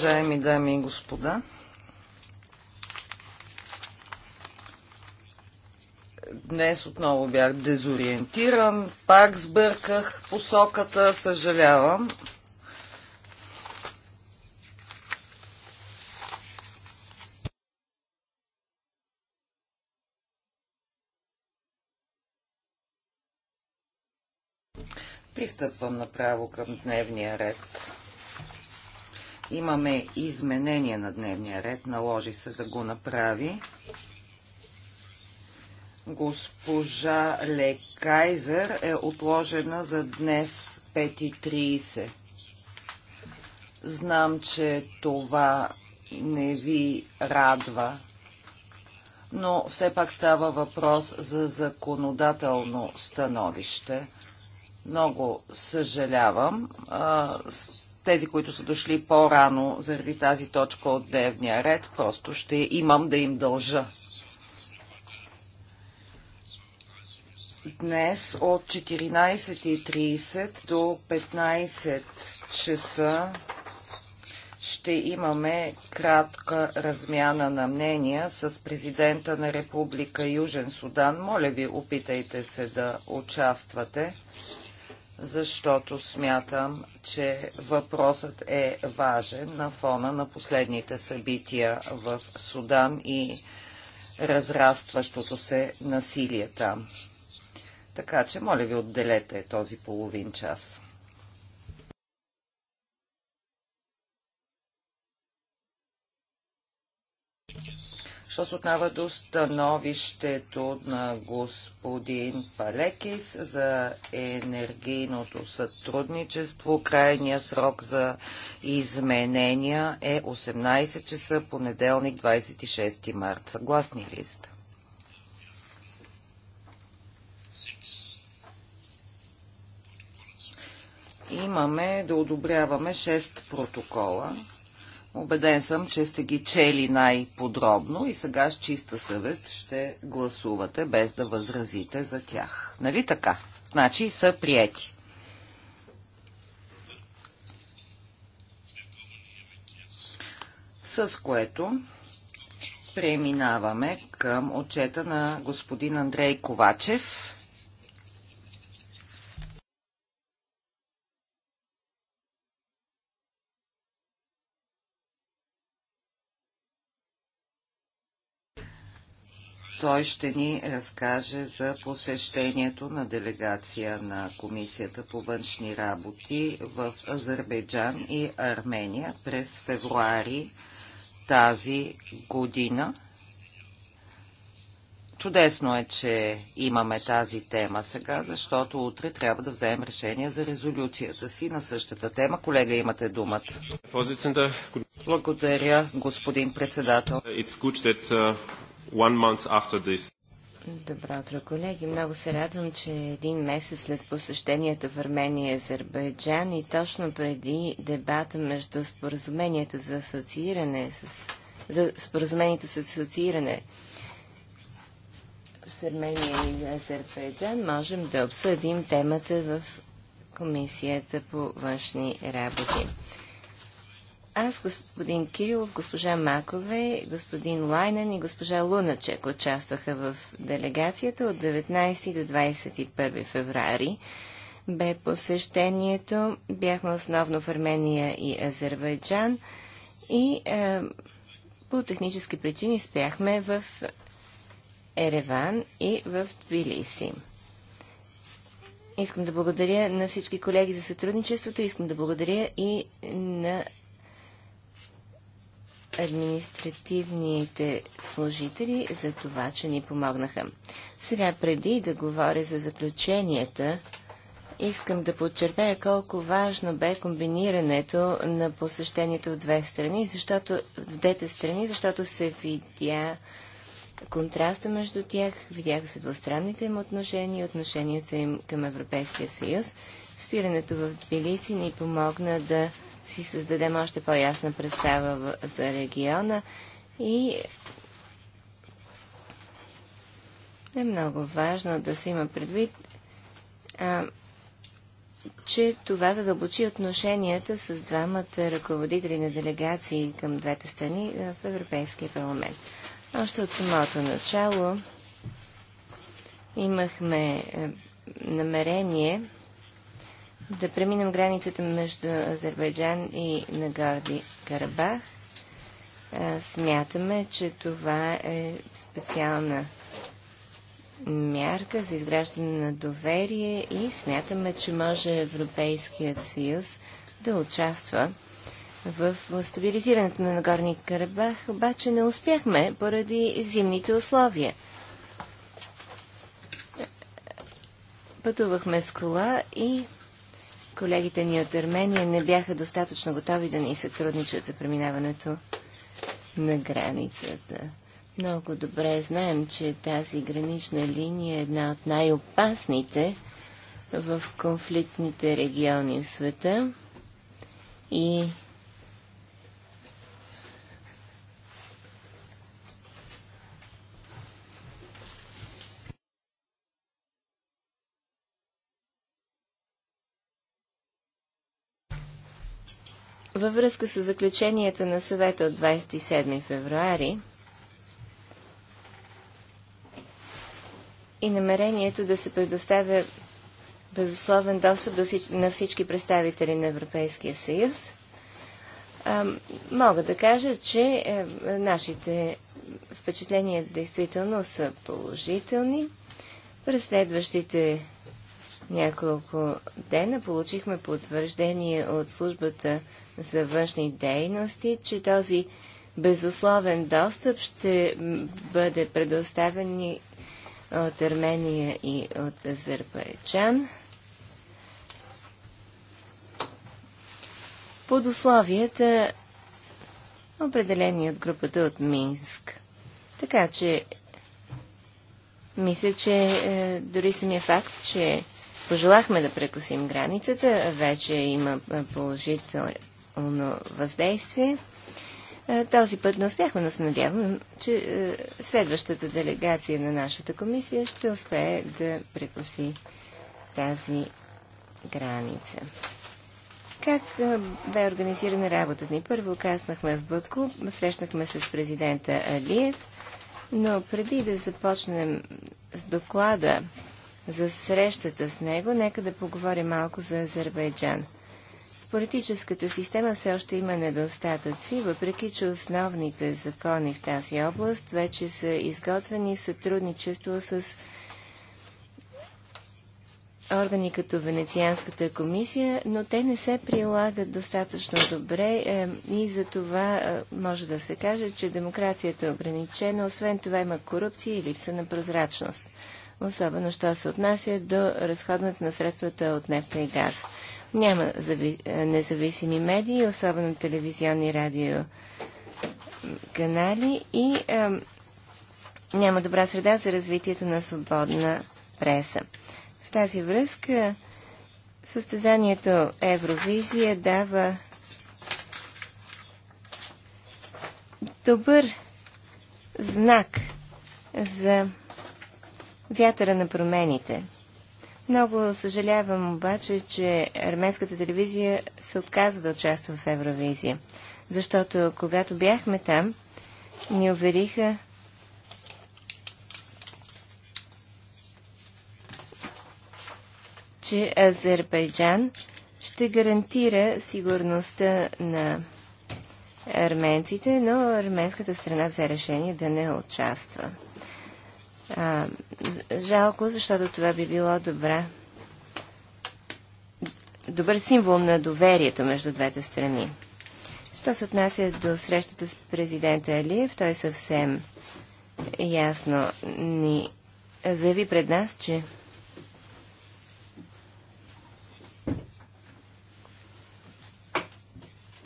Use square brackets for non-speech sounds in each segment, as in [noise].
Уважаеми дами и господа, днес отново бях дезориентиран, пак сбърках посоката, съжалявам. Пристъпвам направо към дневния ред. Имаме изменение на дневния ред, наложи се да го направи. Госпожа Лекайзер е отложена за днес 5.30. Знам, че това не ви радва, но все пак става въпрос за законодателно становище. Много съжалявам тези, които са дошли по-рано заради тази точка от дневния ред, просто ще имам да им дължа. Днес от 14.30 до 15 часа ще имаме кратка размяна на мнения с президента на Република Южен Судан. Моля ви, опитайте се да участвате защото смятам, че въпросът е важен на фона на последните събития в Судан и разрастващото се насилие там. Така че, моля ви, отделете този половин час. Yes. Що се отнава до становището на господин Палекис за енергийното сътрудничество, крайния срок за изменения е 18 часа, понеделник 26 март. Съгласни ли сте? Имаме да одобряваме 6 протокола. Обеден съм, че сте ги чели най-подробно и сега с чиста съвест ще гласувате без да възразите за тях. Нали така? Значи са приети. С което преминаваме към отчета на господин Андрей Ковачев Той ще ни разкаже за посещението на делегация на Комисията по външни работи в Азербайджан и Армения през февруари тази година. Чудесно е, че имаме тази тема сега, защото утре трябва да вземем решение за резолюцията си на същата тема. Колега, имате думата. Благодаря, господин председател. That, uh, one month after this. Добро утро, колеги. Много се радвам, че един месец след посещението в Армения и Азербайджан и точно преди дебата между споразумението за асоцииране с, за споразумението с асоцииране с Армения и Азербайджан можем да обсъдим темата в Комисията по външни работи аз, господин Кирилов, госпожа Макове, господин Лайнен и госпожа Луначек участваха в делегацията от 19 до 21 феврари. Бе посещението, бяхме основно в Армения и Азербайджан и е, по технически причини спяхме в Ереван и в Тбилиси. Искам да благодаря на всички колеги за сътрудничеството, искам да благодаря и на административните служители за това, че ни помогнаха. Сега, преди да говоря за заключенията, искам да подчертая колко важно бе комбинирането на посещението в две страни, защото в двете страни, защото се видя контраста между тях, видяха се двустранните им отношения и отношението им към Европейския съюз. Спирането в Тбилиси ни помогна да си създадем още по-ясна представа за региона и е много важно да се има предвид, а, че това задълбочи отношенията с двамата ръководители на делегации към двете страни в Европейския парламент. Още от самото начало имахме намерение да преминем границата между Азербайджан и Нагорди Карабах. Смятаме, че това е специална мярка за изграждане на доверие и смятаме, че може Европейският съюз да участва в стабилизирането на Нагорни Карабах, обаче не успяхме поради зимните условия. Пътувахме с кола и Колегите ни от Армения не бяха достатъчно готови да ни сътрудничат за преминаването на границата. Много добре знаем, че тази гранична линия е една от най-опасните в конфликтните региони в света и Във връзка с заключенията на съвета от 27 февруари и намерението да се предоставя безусловен достъп до всич... на всички представители на Европейския съюз, а, мога да кажа, че е, нашите впечатления действително са положителни. През следващите няколко дена получихме потвърждение от службата за външни дейности, че този безусловен достъп ще бъде предоставен от Армения и от Азербайджан. Под условията определени от групата от Минск. Така че мисля, че е, дори самия факт, че пожелахме да прекусим границата, вече има е, положител, въздействие. Е, този път не успяхме, но се надявам, че е, следващата делегация на нашата комисия ще успее да прекоси тази граница. Как е, бе организирана работата ни? Първо каснахме в Баку, срещнахме се с президента Алиев, но преди да започнем с доклада за срещата с него, нека да поговорим малко за Азербайджан – Политическата система все още има недостатъци, въпреки че основните закони в тази област вече са изготвени в сътрудничество с органи като Венецианската комисия, но те не се прилагат достатъчно добре е, и за това е, може да се каже, че демокрацията е ограничена. Освен това има корупция и липса на прозрачност. Особено, що се отнася до разходната на средствата от нефта и газ. Няма е, независими медии, особено телевизионни радио канали и а, няма добра среда за развитието на свободна преса. В тази връзка състезанието Евровизия дава добър знак за вятъра на промените – много съжалявам обаче, че арменската телевизия се отказа да участва в Евровизия. Защото когато бяхме там, ни увериха, че Азербайджан ще гарантира сигурността на арменците, но арменската страна взе решение да не участва. А, жалко, защото това би било добра, добър символ на доверието между двете страни. Що се отнася до срещата с президента Алиев, той съвсем ясно ни заяви пред нас, че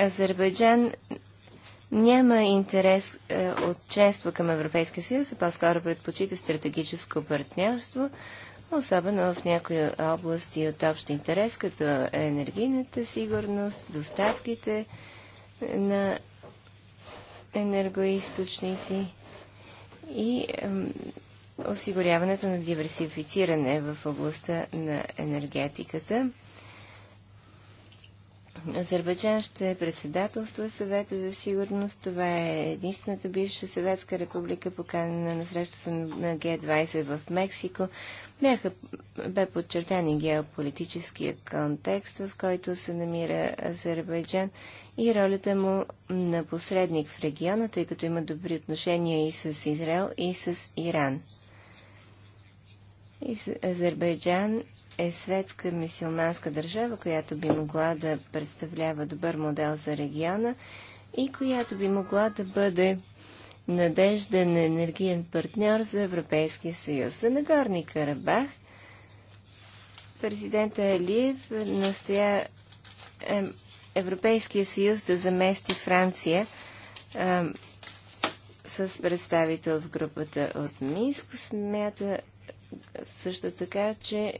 Азербайджан няма интерес е, от членство към Европейския съюз, а по-скоро предпочита стратегическо партньорство, особено в някои области от общ интерес, като енергийната сигурност, доставките на енергоисточници и е, осигуряването на диверсифициране в областта на енергетиката Азербайджан ще председателства съвета за сигурност. Това е единствената бивша съветска република, поканена на срещата на Г-20 в Мексико. Бяха, бе подчертан и геополитическия контекст, в който се намира Азербайджан и ролята му на посредник в региона, тъй като има добри отношения и с Израел, и с Иран. Азербайджан е светска мисиоманска държава, която би могла да представлява добър модел за региона и която би могла да бъде надежден енергиен партньор за Европейския съюз. За Нагорни Карабах президента Алиев настоя е, Европейския съюз да замести Франция а, е, с представител в групата от Минск. Смята също така, че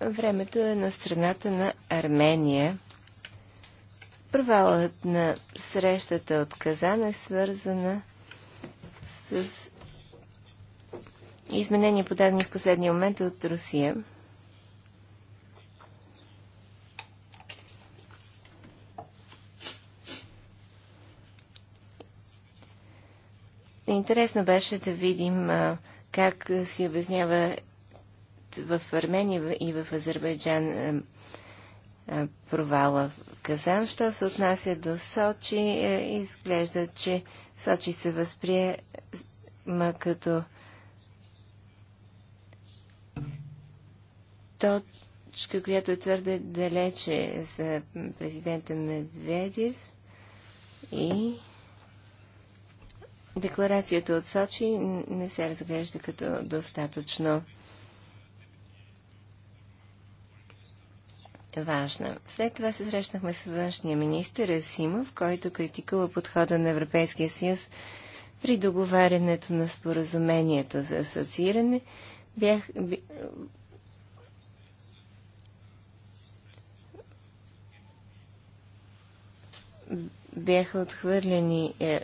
времето е на страната на Армения. Провалът на срещата от Казан е свързана с изменения подадени в последния момент от Русия. Интересно беше да видим как си обяснява в Армения и в Азербайджан е, е, провала в Казан. Що се отнася до Сочи, е, изглежда, че Сочи се възприема като точка, която е твърде далече за президента Медведев и декларацията от Сочи не се разглежда като достатъчно важна. След това се срещнахме с външния министр Асимов, който критикува подхода на Европейския съюз при договарянето на споразумението за асоцииране. Бях, бяха отхвърлени е,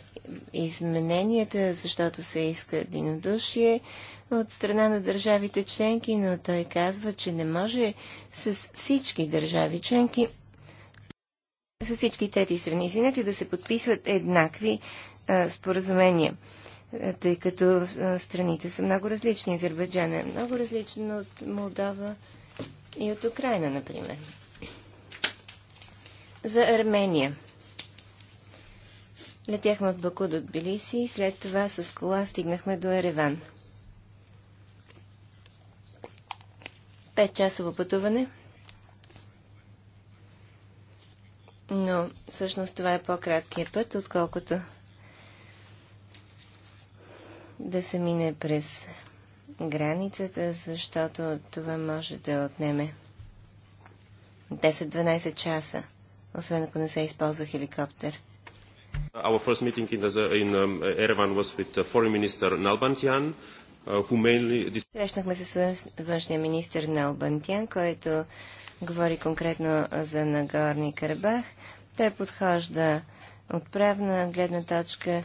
измененията, защото се иска единодушие от страна на държавите членки, но той казва, че не може с всички държави членки, с всички трети страни, извинете, да се подписват еднакви а, споразумения, тъй като а, страните са много различни. Азербайджан е много различен от Молдова и от Украина, например. За Армения. Летяхме от Баку до Тбилиси, след това с кола стигнахме до Ереван. 5-часово пътуване. Но всъщност това е по-краткият път, отколкото да се мине през границата, защото това може да отнеме 10-12 часа, освен ако не се използва хеликоптер. Our first meeting in, the, in um, Erevan was with uh, Foreign Minister Nalbantian. Срещнахме се с външния министр на Албантян, който говори конкретно за Нагорни Карабах. Той подхожда от правна гледна точка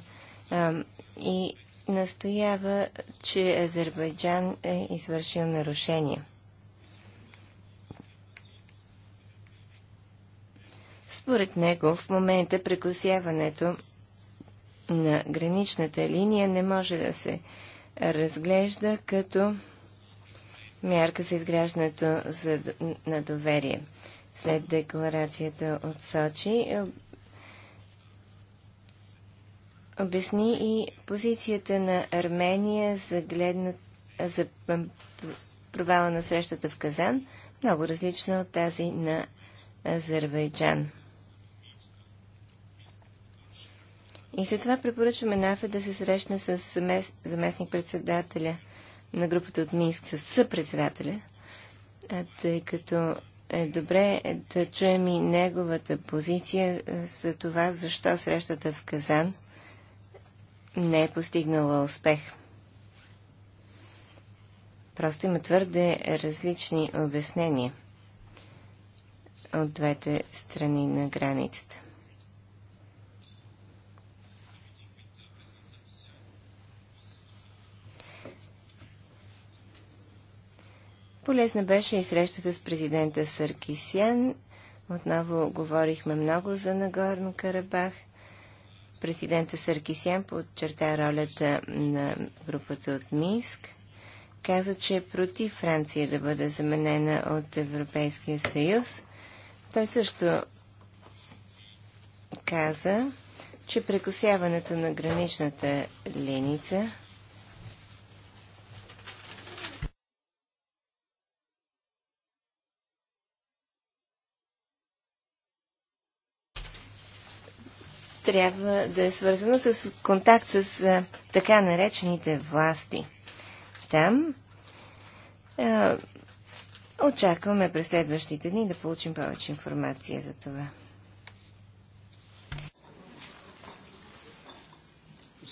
и настоява, че Азербайджан е извършил нарушение. Според него в момента прекосяването на граничната линия не може да се разглежда като мярка за изграждането на доверие. След декларацията от Сочи е, обясни и позицията на Армения за, гледна, за провала на срещата в Казан, много различна от тази на Азербайджан. И след това препоръчваме НАФЕ да се срещне с заместник-председателя на групата от Минск, с съпредседателя, тъй като е добре да чуем и неговата позиция за това, защо срещата в Казан не е постигнала успех. Просто има твърде различни обяснения от двете страни на границата. Полезна беше и срещата с президента Саркисян. Отново говорихме много за Нагорно Карабах. Президента Саркисян подчерта ролята на групата от Минск. Каза, че е против Франция да бъде заменена от Европейския съюз. Той също каза, че прекосяването на граничната леница трябва да е свързано с контакт с а, така наречените власти. Там а, очакваме през следващите дни да получим повече информация за това.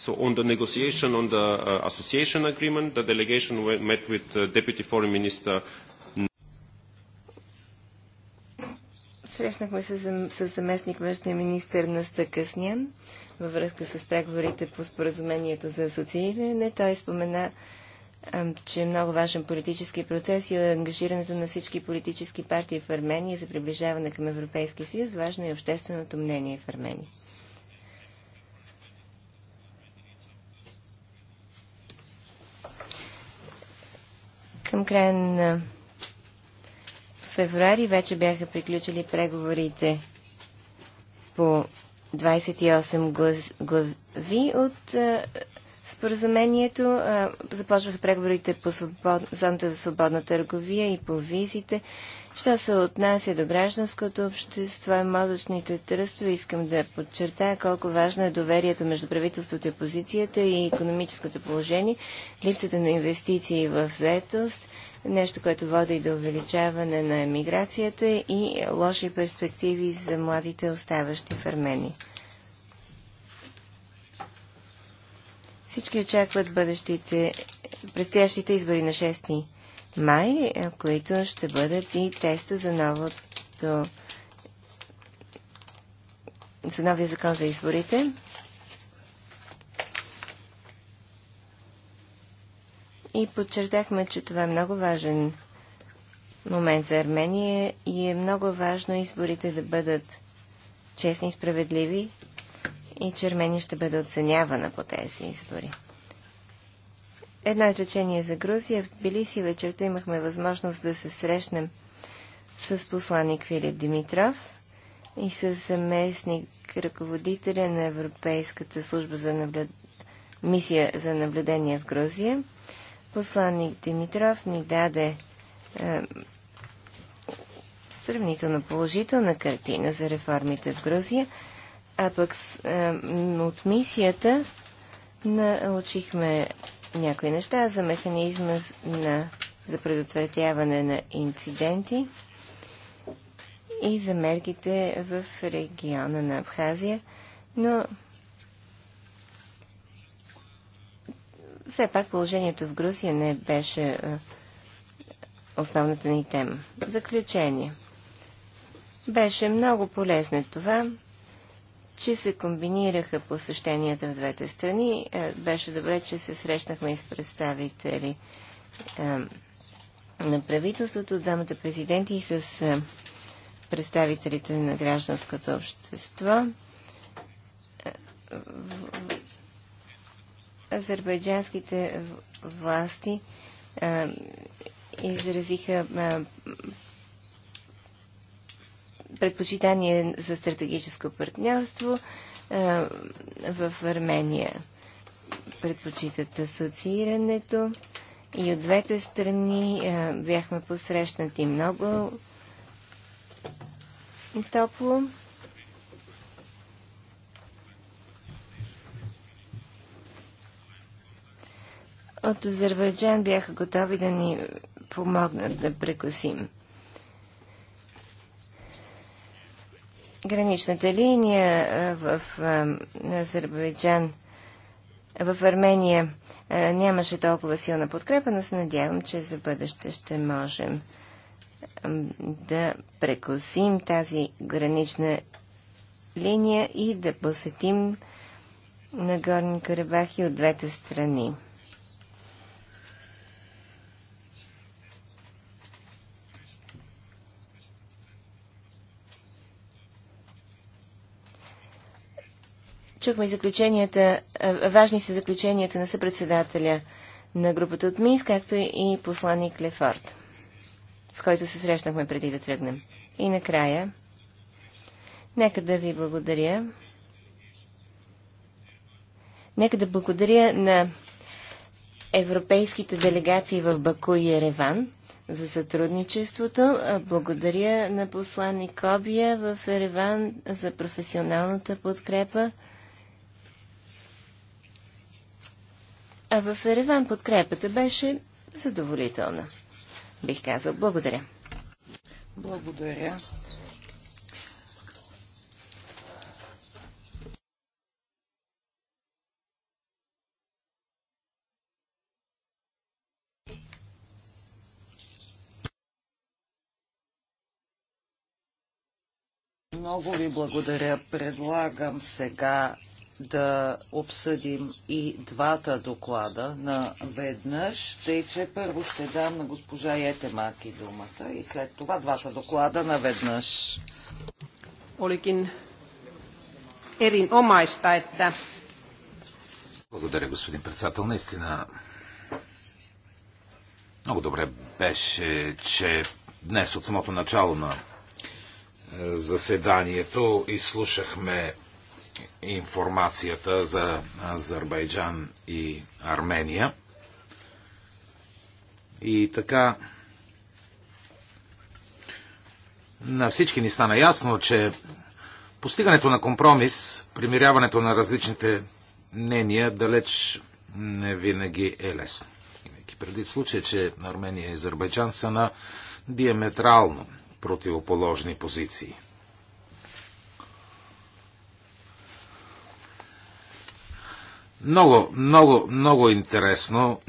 So on the negotiation on the uh, association agreement, the delegation met with uh, Deputy Foreign Minister Срещнахме се с, с заместник външния министр на Стъкъснян във връзка с преговорите по споразумението за асоцииране. Той спомена, че е много важен политически процес и ангажирането на всички политически партии в Армения за приближаване към Европейски съюз. Важно е общественото мнение в Армения. Към края на февруари вече бяха приключили преговорите по 28 глави от споразумението. Започваха преговорите по свобод... зоната за свободна търговия и по визите. Що се отнася до гражданското общество и мозъчните тръстове, искам да подчертая колко важно е доверието между правителството и опозицията и економическото положение, липсата на инвестиции в заетост, нещо, което води до увеличаване на емиграцията и лоши перспективи за младите оставащи в Армения. Всички очакват бъдещите, предстоящите избори на 6 май, които ще бъдат и теста за новото за новия закон за изборите. И подчертахме, че това е много важен момент за Армения и е много важно изборите да бъдат честни, и справедливи и че Армения ще бъде оценявана по тези избори. Едно изречение за Грузия. В Тбилиси вечерта имахме възможност да се срещнем с посланник Филип Димитров и с заместник ръководителя на Европейската служба за наблюд... мисия за наблюдение в Грузия. Посланник Димитров ни даде е, сравнително положителна картина за реформите в Грузия. А пък от мисията научихме някои неща за механизма на, за предотвратяване на инциденти и за мерките в региона на Абхазия, но все пак положението в Грузия не беше е, основната ни тема. Заключение. Беше много полезно това че се комбинираха посещенията в двете страни. Е, беше добре, че се срещнахме и с представители е, на правителството, двамата президенти и с е, представителите на гражданското общество. Азербайджанските власти изразиха предпочитание за стратегическо партньорство в Армения. Предпочитат асоциирането и от двете страни бяхме посрещнати много топло. От Азербайджан бяха готови да ни помогнат да прекосим граничната линия в Азербайджан, в Армения нямаше толкова силна подкрепа, но се надявам, че за бъдеще ще можем да прекосим тази гранична линия и да посетим Нагорни Карабахи от двете страни. Чухме заключенията, важни са заключенията на съпредседателя на групата от МИС, както и посланник Лефорт, с който се срещнахме преди да тръгнем. И накрая, нека да ви благодаря. Нека да благодаря на европейските делегации в Баку и Ереван за сътрудничеството. Благодаря на посланник Кобия в Ереван за професионалната подкрепа. А в Ереван подкрепата беше задоволителна. Бих казал благодаря. Благодаря. Много ви благодаря. Предлагам сега да обсъдим и двата доклада на веднъж, тъй че първо ще дам на госпожа Етемаки думата и след това двата доклада на веднъж. Оликин erinomaista, että... Благодаря, господин председател. Наистина много добре беше, че днес от самото начало на е, заседанието изслушахме информацията за Азербайджан и Армения. И така на всички ни стана ясно, че постигането на компромис, примиряването на различните мнения далеч не винаги е лесно. Имайки преди случая, че Армения и Азербайджан са на диаметрално противоположни позиции. Много, много, много интересно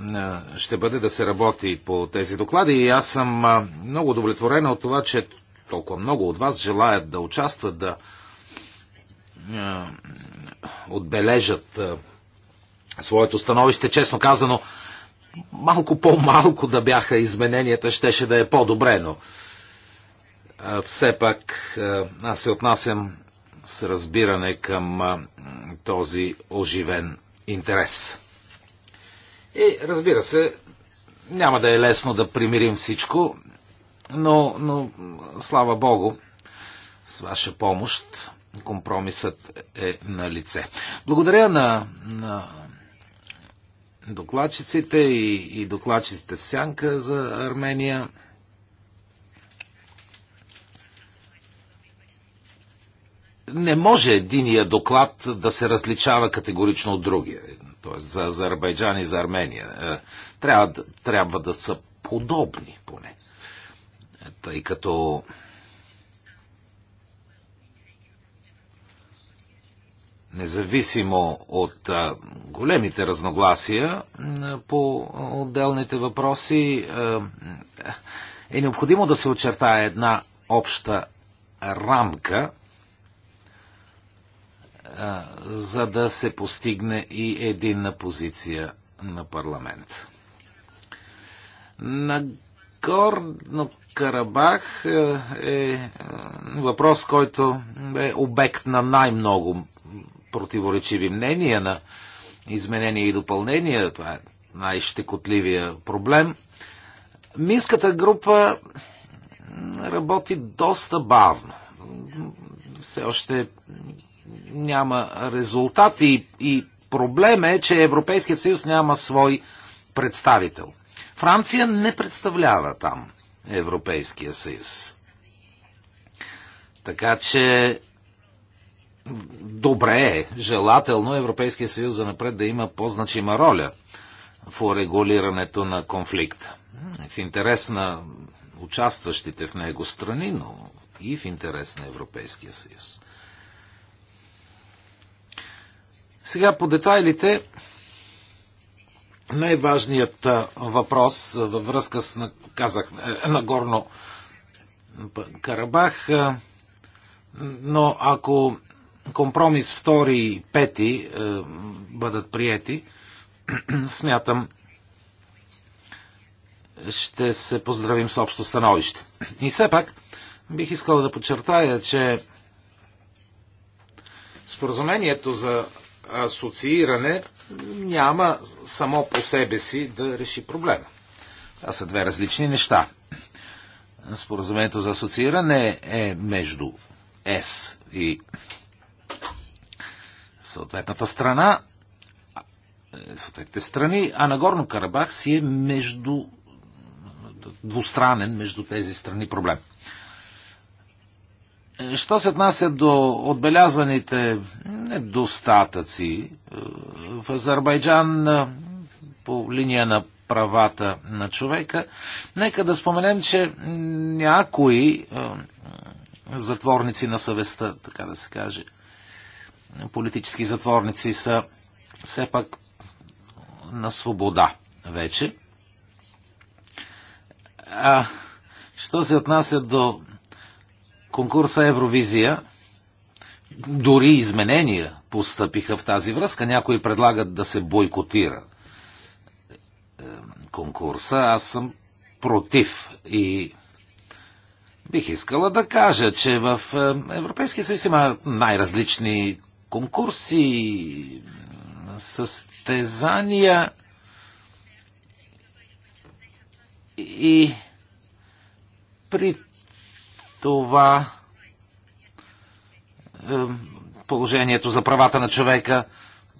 ще бъде да се работи по тези доклади и аз съм много удовлетворена от това, че толкова много от вас желаят да участват, да отбележат своето становище. Честно казано, малко по-малко да бяха измененията, щеше да е по-добре, но все пак аз се отнасям с разбиране към този оживен интерес. И разбира се, няма да е лесно да примирим всичко, но, но слава Богу, с ваша помощ компромисът е на лице. Благодаря на, на докладчиците и, и докладчиците в Сянка за Армения. не може единия доклад да се различава категорично от другия, т.е. за Азербайджан и за Армения. Е, трябва, трябва да са подобни поне, е, тъй като независимо от а, е, големите разногласия а, по отделните въпроси, а, е необходимо да се очертае една обща рамка, за да се постигне и единна позиция на парламент. На Горно Карабах е въпрос, който е обект на най-много противоречиви мнения на изменения и допълнения. Това е най-щекотливия проблем. Минската група работи доста бавно. Все още няма резултат и, и проблем е, че Европейският съюз няма свой представител. Франция не представлява там Европейския съюз. Така че добре е, желателно Европейския съюз за напред да има по-значима роля в регулирането на конфликта. В интерес на участващите в него страни, но и в интерес на Европейския съюз. Сега по детайлите най-важният въпрос във връзка с, казах, е, е, Нагорно Карабах, но ако компромис втори и пети бъдат приети, [clears throat] смятам, ще се поздравим с общо становище. И все пак, бих искал да подчертая, че споразумението за асоцииране няма само по себе си да реши проблема. Това са две различни неща. Споразумението за асоцииране е между ЕС и съответната страна, съответните страни, а Нагорно Карабах си е между двустранен между тези страни проблем. Що се отнася до отбелязаните недостатъци е, в Азербайджан е, по линия на правата на човека, нека да споменем, че някои е, затворници на съвестта, така да се каже, политически затворници са все пак на свобода вече. А, що се отнася до конкурса Евровизия дори изменения постъпиха в тази връзка. Някои предлагат да се бойкотира е, конкурса. Аз съм против и бих искала да кажа, че в е, Европейския съюз има най-различни конкурси, състезания и при това е, положението за правата на човека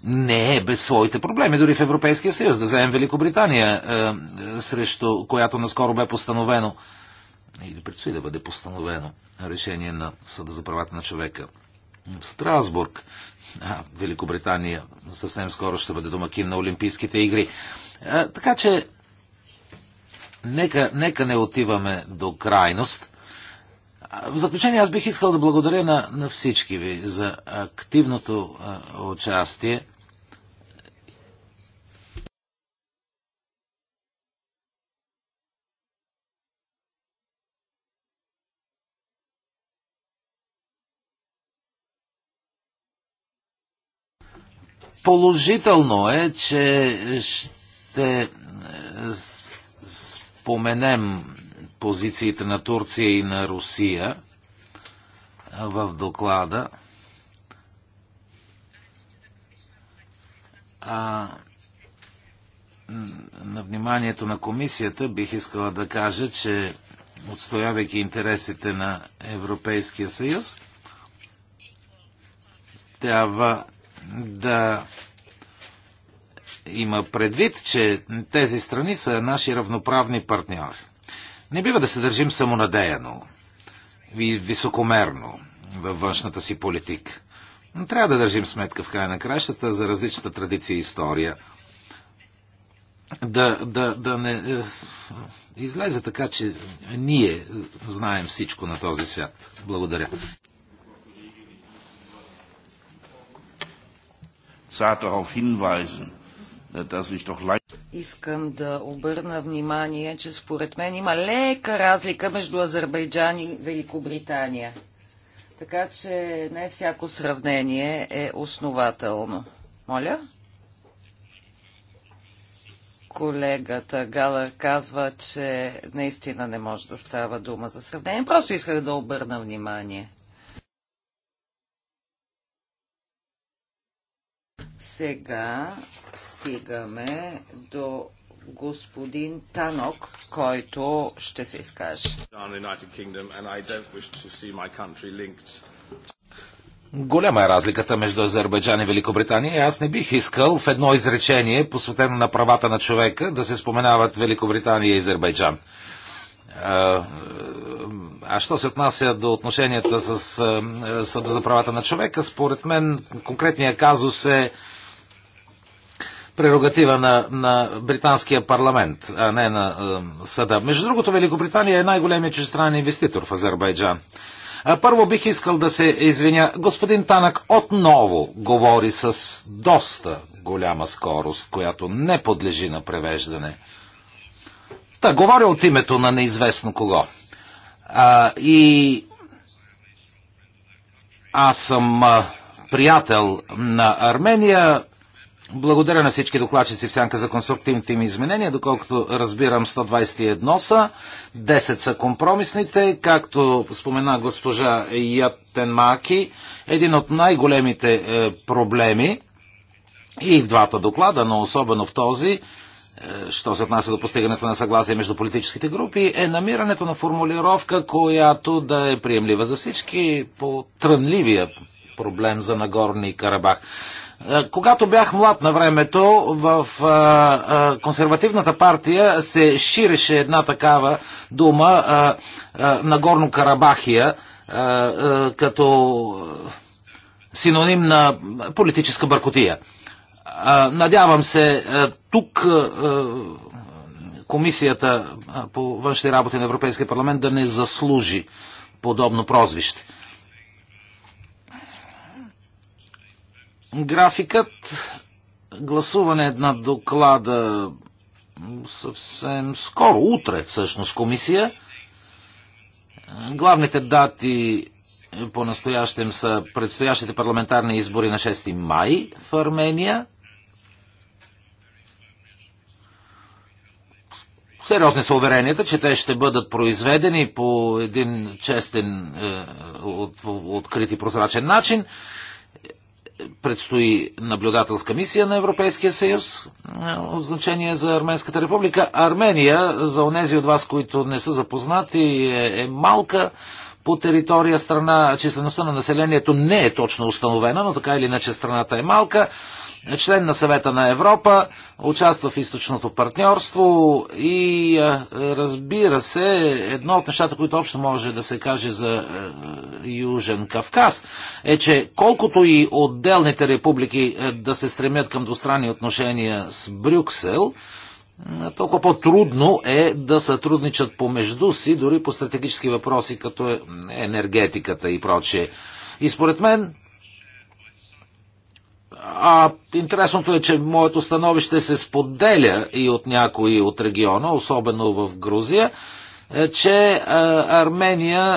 не е без своите проблеми, дори в Европейския съюз. Да вземем Великобритания, е, срещу която наскоро бе постановено или предстои да бъде постановено решение на Съда за правата на човека в Страсбург. А, Великобритания съвсем скоро ще бъде домакин на Олимпийските игри. А, е, така че, нека, нека не отиваме до крайност. В заключение аз бих искал да благодаря на, на всички ви за активното а, участие. Положително е, че ще е, споменем позициите на Турция и на Русия в доклада. А, на вниманието на комисията бих искала да кажа, че отстоявайки интересите на Европейския съюз, трябва да има предвид, че тези страни са наши равноправни партньори. Не бива да се държим самонадеяно и високомерно във външната си политика. Трябва да държим сметка в края на кращата за различната традиция и история. Да, да, да не е, излезе така, че ние знаем всичко на този свят. Благодаря. Zart darauf hinweisen, Искам да обърна внимание, че според мен има лека разлика между Азербайджан и Великобритания. Така че не всяко сравнение е основателно. Моля? Колегата Галър казва, че наистина не може да става дума за сравнение. Просто исках да обърна внимание. Сега стигаме до господин Танок, който ще се изкаже. Голяма е разликата между Азербайджан и Великобритания и аз не бих искал в едно изречение, посветено на правата на човека, да се споменават Великобритания и Азербайджан. А що се отнася до отношенията с Съда за правата на човека, според мен конкретния казус е прерогатива на, на британския парламент, а не на е, съда. Между другото, Великобритания е най-големият чрезстранен инвеститор в Азербайджан. А първо бих искал да се извиня. Господин Танък отново говори с доста голяма скорост, която не подлежи на превеждане. Та, говоря от името на неизвестно кого. А, и аз съм а, приятел на Армения. Благодаря на всички докладчици в сянка за конструктивните им изменения. Доколкото разбирам, 121 са, 10 са компромисните, както спомена госпожа Ятенмаки, един от най-големите е, проблеми и в двата доклада, но особено в този, е, що се отнася до постигането на съгласие между политическите групи, е намирането на формулировка, която да е приемлива за всички по трънливия проблем за Нагорни Карабах. Е, когато бях млад на времето, в а, е, а, консервативната партия се ширеше една такава дума а, а, Нагорно Карабахия а, а, като синоним на политическа бъркотия. Надявам се, тук комисията по външни работи на Европейския парламент да не заслужи подобно прозвище. Графикът гласуване на доклада съвсем скоро, утре всъщност комисия. Главните дати по-настоящем са предстоящите парламентарни избори на 6 май в Армения – Сериозни са уверенията, че те ще бъдат произведени по един честен, е, открит и прозрачен начин. Предстои наблюдателска мисия на Европейския съюз, е, значение за Арменската република. Армения, за онези от вас, които не са запознати, е, е малка по територия страна. Числеността на населението не е точно установена, но така или иначе страната е малка член на съвета на Европа, участва в източното партньорство и разбира се, едно от нещата, които общо може да се каже за Южен Кавказ, е, че колкото и отделните републики да се стремят към двустранни отношения с Брюксел, толкова по-трудно е да сътрудничат помежду си, дори по стратегически въпроси, като е енергетиката и прочее. И според мен а интересното е, че моето становище се споделя и от някои от региона, особено в Грузия, е, че е, Армения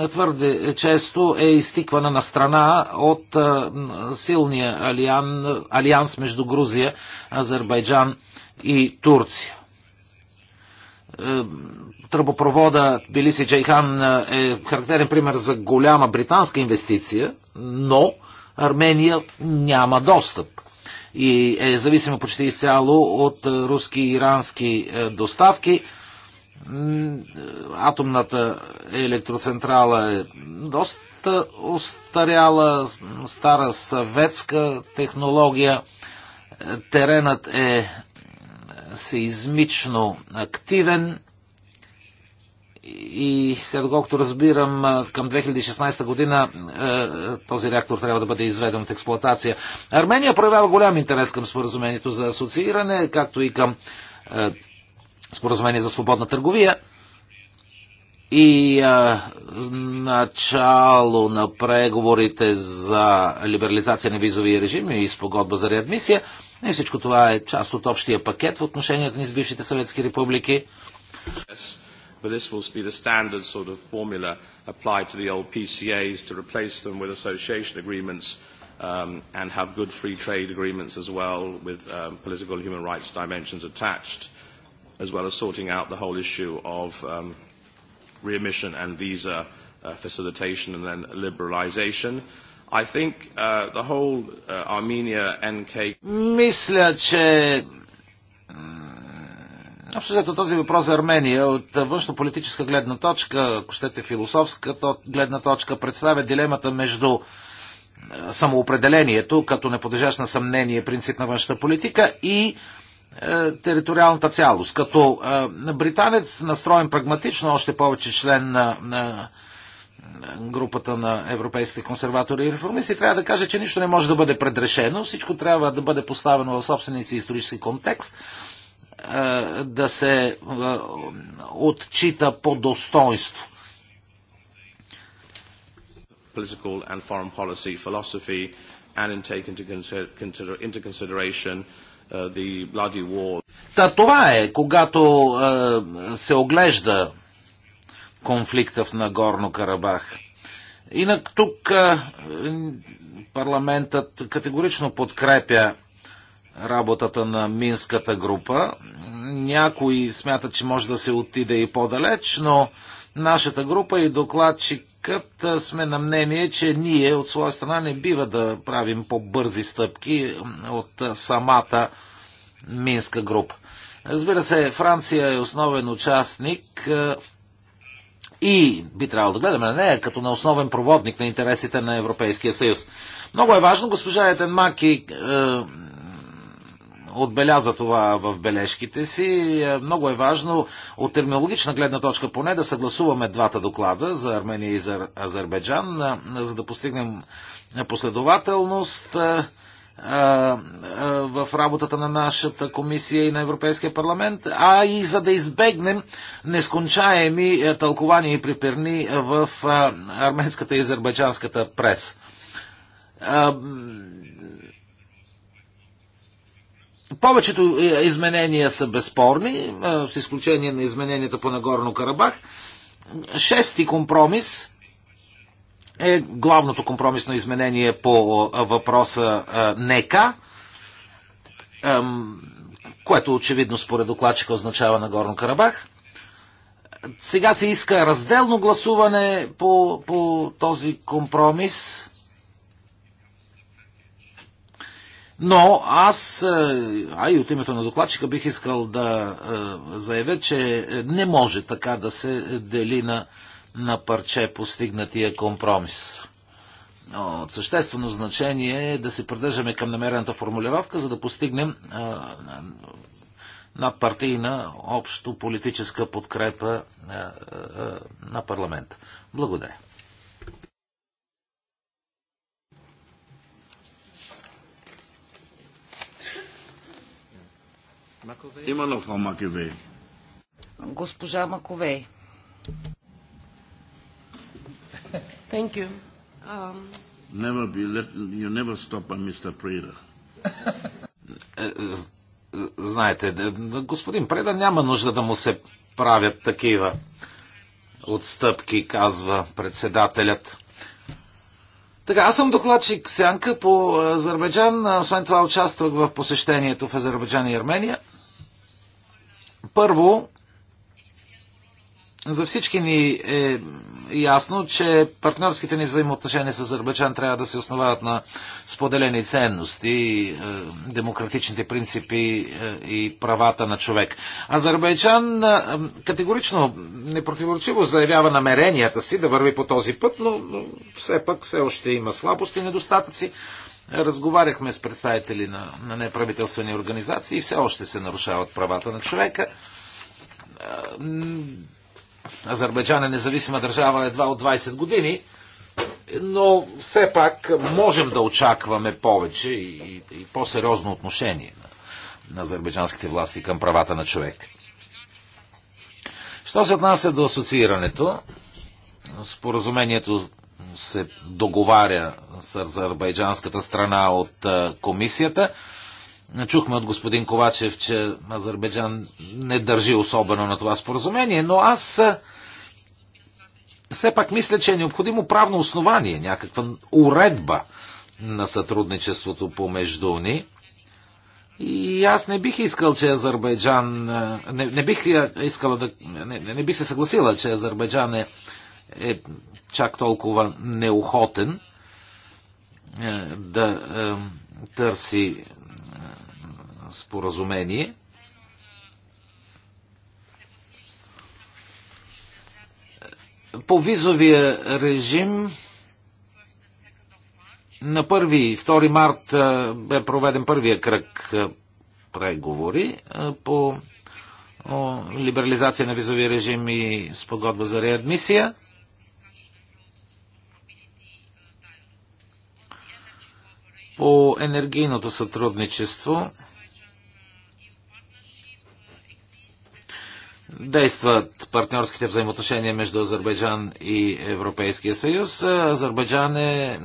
е, твърде често е изтиквана на страна от силния алиан, алианс между Грузия, Азербайджан и Турция. Тръбопровода Билиси Джейхан е характерен пример за голяма британска инвестиция, но Армения няма достъп и е зависима почти изцяло от е, руски и ирански е, доставки. Е, атомната електроцентрала е доста устаряла, стара съветска технология. Теренът е сеизмично активен и след доколкото разбирам, към 2016 година този реактор трябва да бъде изведен от експлоатация. Армения проявява голям интерес към споразумението за асоцииране, както и към споразумение за свободна търговия. И а, начало на преговорите за либерализация на визовия режим и спогодба за реадмисия. И всичко това е част от общия пакет в отношенията ни с бившите съветски републики. Yes but this will be the standard sort of formula applied to the old PCAs to replace them with association agreements um, and have good free trade agreements as well with um, political and human rights dimensions attached, as well as sorting out the whole issue of um, readmission and visa uh, facilitation and then liberalization. I think uh, the whole uh, Armenia NK... Мисля, че Общо взето този въпрос за Армения от външно-политическа гледна точка, ако щете философска то гледна точка, представя дилемата между е, самоопределението, като не подлежащ на съмнение принцип на външната политика и е, териториалната цялост. Като е, британец, настроен прагматично, още повече член на, на групата на европейските консерватори и реформисти, трябва да кажа, че нищо не може да бъде предрешено, всичко трябва да бъде поставено в собствения си исторически контекст – е, да се е, отчита по достоинство. Political and foreign policy philosophy, and in take into, consider, into consideration uh, the bloody war. Та, това е, когато е, се оглежда конфликта в Нагорно Карабах. Инак тук парламентът категорично подкрепя работата на Минската група. Някои смятат, че може да се отиде и по-далеч, но нашата група и докладчикът сме на мнение, че ние от своя страна не бива да правим по-бързи стъпки от самата Минска група. Разбира се, Франция е основен участник и би трябвало да гледаме на нея като на основен проводник на интересите на Европейския съюз. Много е важно госпожа Етенмаки отбеляза това в бележките си. Е, много е важно от терминологична гледна точка поне да съгласуваме двата доклада за Армения и за Азербайджан, е, за да постигнем последователност е, в работата на нашата комисия и на Европейския парламент, а и за да избегнем нескончаеми тълкования и приперни в арменската и азербайджанската прес. Повечето е, изменения са безспорни, е, с изключение на измененията по Нагорно Карабах. Шести компромис е главното компромисно изменение по е, въпроса НЕКА, което очевидно според докладчика означава Нагорно Карабах. Сега се иска разделно гласуване по, по този компромис. Но аз, е, а и от името на докладчика, бих искал да е, заявя, че не може така да се дели на, на парче постигнатия компромис. Но от съществено значение е да се придържаме към намерената формулировка, за да постигнем е, надпартийна общо политическа подкрепа на парламента. Благодаря. Има на Фрау Маковей. Госпожа Маковей. Thank you. Um... Never be let, you never stop uh, Mr. Е, е, е, знаете, господин Преда няма нужда да му се правят такива отстъпки, казва председателят. Така, аз съм докладчик Сянка по Азербайджан. Освен това участвах в посещението в Азербайджан и Армения. Първо, за всички ни е ясно, че партньорските ни взаимоотношения с Азербайджан трябва да се основават на споделени ценности, е, демократичните принципи е, и правата на човек. Азербайджан е, категорично непротиворечиво заявява намеренията си да върви по този път, но все пък все още има слабости и недостатъци. Разговаряхме с представители на, на неправителствени организации и все още се нарушават правата на човека. Азербайджан е независима държава едва от 20 години, но все пак можем да очакваме повече и, и по-сериозно отношение на, на азербайджанските власти към правата на човек. Що се отнася до асоциирането, споразумението се договаря с азербайджанската страна от комисията. Чухме от господин Ковачев, че Азербайджан не държи особено на това споразумение, но аз все пак мисля, че е необходимо правно основание, някаква уредба на сътрудничеството помежду ни. И аз не бих искал, че Азербайджан... Не, не бих искала да... Не, не бих се съгласила, че Азербайджан е е чак толкова неохотен е, да е, търси е, споразумение. По визовия режим на 1 и 2 март бе проведен първия кръг преговори по либерализация на визовия режим и спогодба за реадмисия. По енергийното сътрудничество действат партньорските взаимоотношения между Азербайджан и Европейския съюз. Азербайджан е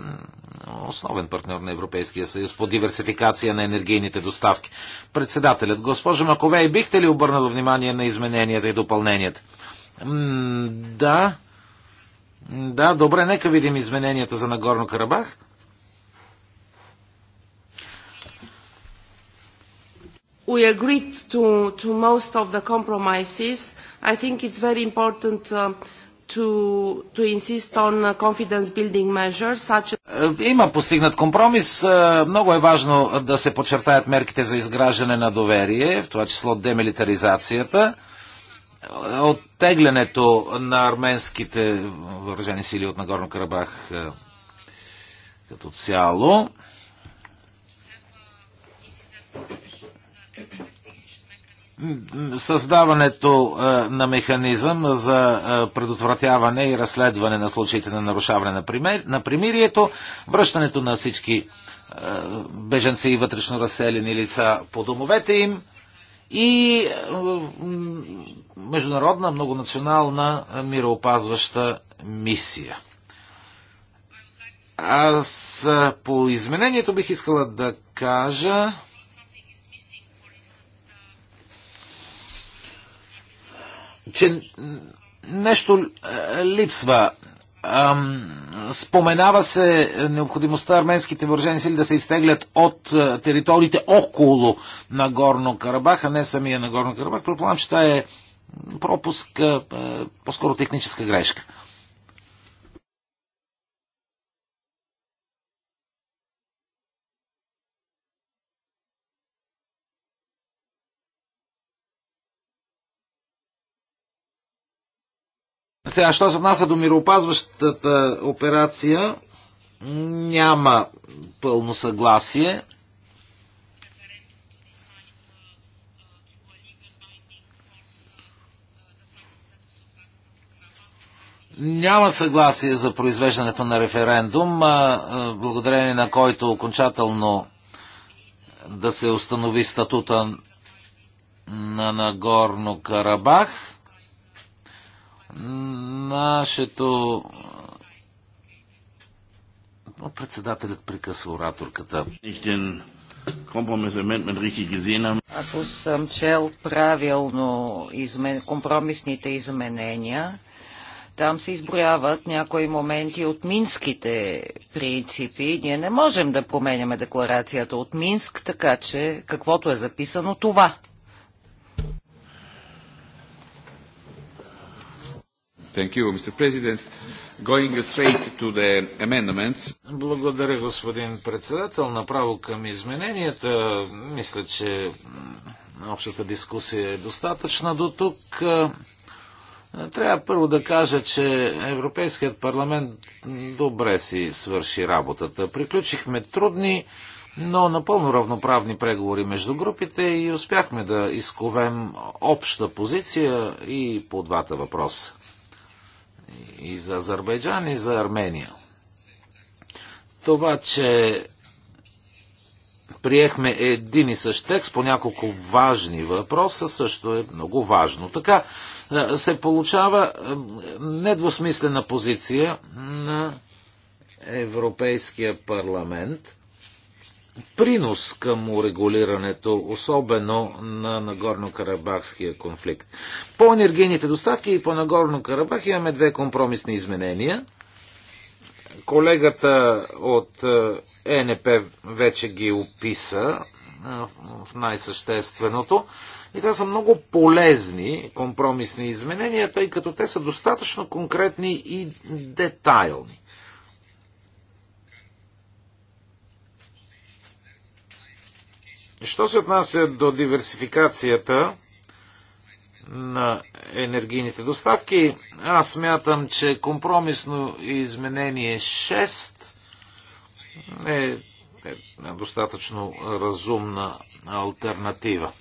основен партньор на Европейския съюз по диверсификация на енергийните доставки. Председателят, госпожа Маковей, бихте ли обърнала внимание на измененията и допълненията? да. Да, добре, нека видим измененията за Нагорно Карабах. we agreed to, to most of the compromises. I think it's very important uh, to, to insist on uh, confidence building measures such as... Е, има постигнат компромис. Е, много е важно да се подчертаят мерките за изграждане на доверие, в това число демилитаризацията, оттеглянето на арменските въоръжени сили от Нагорно Карабах е, като цяло създаването е, на механизъм за е, предотвратяване и разследване на случаите на нарушаване на примирието, връщането на всички е, беженци и вътрешно разселени лица по домовете им и международна многонационална мироопазваща мисия. Аз по изменението бих искала да кажа, че нещо е, липсва. Споменава се необходимостта арменските въоръжени сили да се изтеглят от е, териториите около Нагорно Карабах, а не самия Нагорно Карабах. Предполагам, че това е пропуск, е, по-скоро техническа грешка. Сега, що се отнася до мироопазващата операция, няма пълно съгласие. Няма съгласие за произвеждането на референдум, благодарение на който окончателно да се установи статута на Нагорно Карабах. Нашето но председателят прекъсва ораторката. Ако съм чел правилно измен... компромисните изменения, там се изброяват някои моменти от минските принципи. Ние не можем да променяме декларацията от Минск, така че каквото е записано това Thank you, Mr. President. Going straight to the amendments. Благодаря, господин председател. Направо към измененията. Мисля, че общата дискусия е достатъчна до тук. Трябва първо да кажа, че Европейският парламент добре си свърши работата. Приключихме трудни, но напълно равноправни преговори между групите и успяхме да изковем обща позиция и по двата въпроса и за Азербайджан, и за Армения. Това, че приехме един и същ текст по няколко важни въпроса, също е много важно. Така се получава недвусмислена позиция на Европейския парламент принос към урегулирането, особено на Нагорно-Карабахския конфликт. По енергийните доставки и по Нагорно-Карабах имаме две компромисни изменения. Колегата от ЕНП е вече ги описа е, в най-същественото. И това са много полезни компромисни изменения, тъй като те са достатъчно конкретни и детайлни. Що се отнася до диверсификацията на енергийните доставки, аз смятам, че компромисно изменение 6 е, е една достатъчно разумна альтернатива.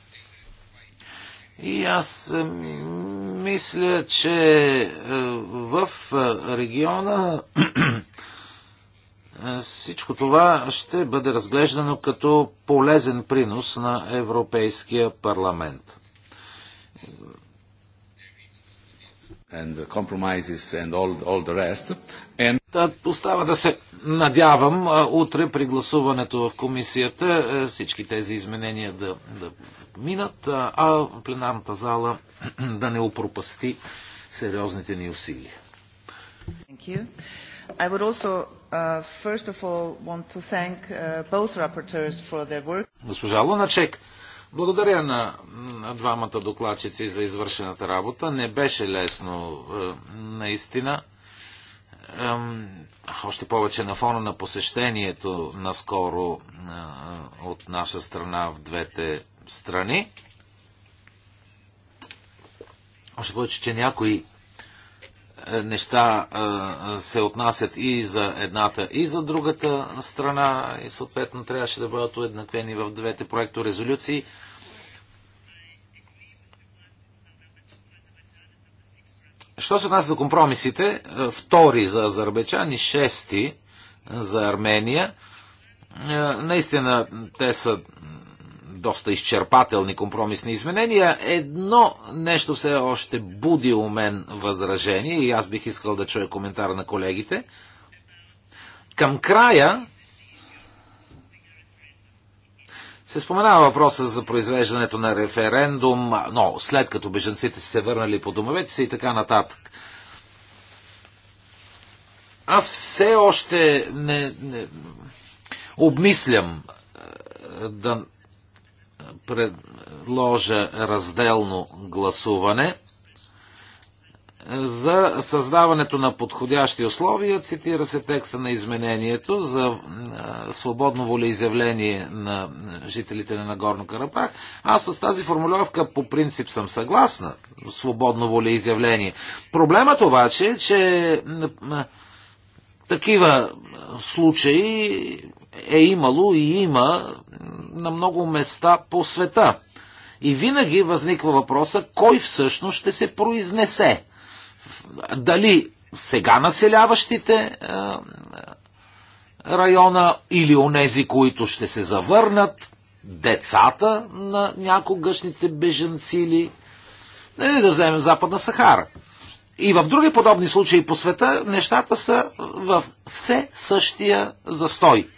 И аз е, мисля, че е, в региона е, всичко това ще бъде разглеждано като полезен принос на Европейския парламент. And and all, all and... да, остава да се надявам утре при гласуването в комисията е, всички тези изменения да, да минат, а пленарната зала [clears throat] да не опропасти сериозните ни усилия. Thank you. I would also Uh, first of all, want to thank uh, both rapporteurs for their work. Госпожа Луначек, благодаря на, двамата докладчици за извършената работа. Не беше лесно, е, наистина. Още повече на фона на посещението наскоро е, от наша страна в двете страни. Още повече, че някои е, неща е, се отнасят и за едната, и за другата страна и съответно трябваше да бъдат уеднаквени в двете проекто резолюции. Що се отнася до компромисите, е, втори за Азербайджан и шести за Армения, наистина те са доста изчерпателни компромисни изменения, едно нещо все още буди у мен възражение и аз бих искал да чуя коментар на колегите. Към края се споменава въпроса за произвеждането на референдум, но след като беженците се върнали по домовете си и така нататък. Аз все още не, не обмислям е, да предложа разделно гласуване за създаването на подходящи условия, цитира се текста на изменението за свободно волеизявление на жителите на Нагорно Карабах. Аз с тази формулировка по принцип съм съгласна. Свободно волеизявление. Проблемът обаче е, че такива случаи е имало и има на много места по света. И винаги възниква въпроса, кой всъщност ще се произнесе. Дали сега населяващите е, района или онези, които ще се завърнат, децата на някогашните беженци или нали, да вземем Западна Сахара. И в други подобни случаи по света нещата са в все същия застой.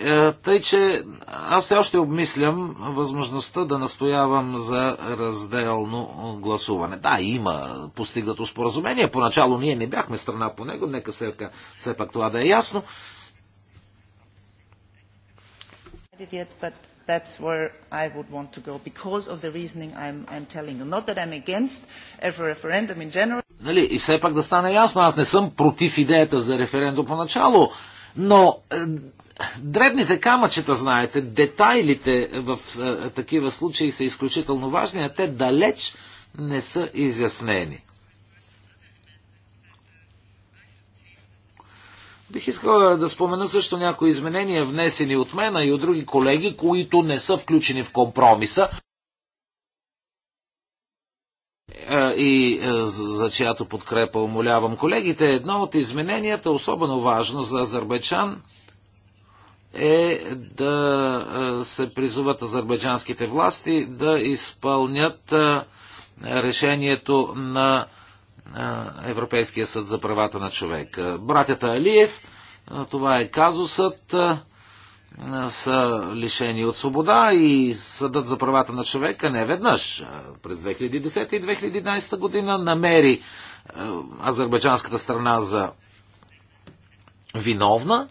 Е, тъй, че аз все още обмислям възможността да настоявам за разделно гласуване. Да, има постигнато споразумение. Поначало ние не бяхме страна по него. Нека все, все пак това да е ясно. that's where I would want to go because of the reasoning I'm, I'm telling you. Not that I'm against referendum in general. Нали, и все пак да стане ясно, аз не съм против идеята за референдум поначало, но е, Дребните камъчета, знаете, детайлите в е, такива случаи са изключително важни, а те далеч не са изяснени. Бих искала е, да спомена също някои изменения, внесени от мен и от други колеги, които не са включени в компромиса е, и за чиято подкрепа умолявам колегите. Едно от измененията, особено важно за Азербайджан, е да се призуват азербайджанските власти да изпълнят решението на Европейския съд за правата на човека. Братята Алиев, това е казусът, са лишени от свобода и съдът за правата на човека не веднъж през 2010 и 2011 година намери азербайджанската страна за виновна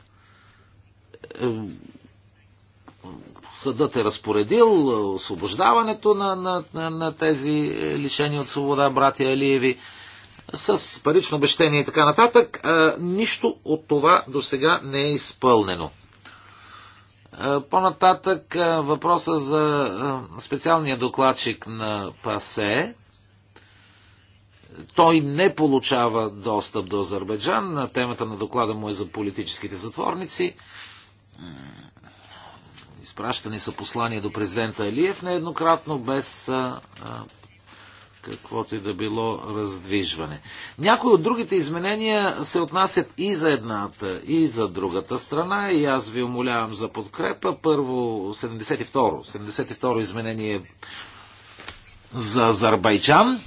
съдът е разпоредил освобождаването на, на, на, на тези е, лишени от свобода братя Алиеви с парично обещение и така нататък. А, нищо от това до сега не е изпълнено. По-нататък въпроса за специалния докладчик на ПАСЕ. Той не получава достъп до Азербайджан. Темата на доклада му е за политическите затворници изпращани са послания до президента Елиев нееднократно без а, каквото и да било раздвижване. Някои от другите изменения се отнасят и за едната, и за другата страна и аз ви умолявам за подкрепа. Първо 72-ро. 72-ро изменение за Азербайджан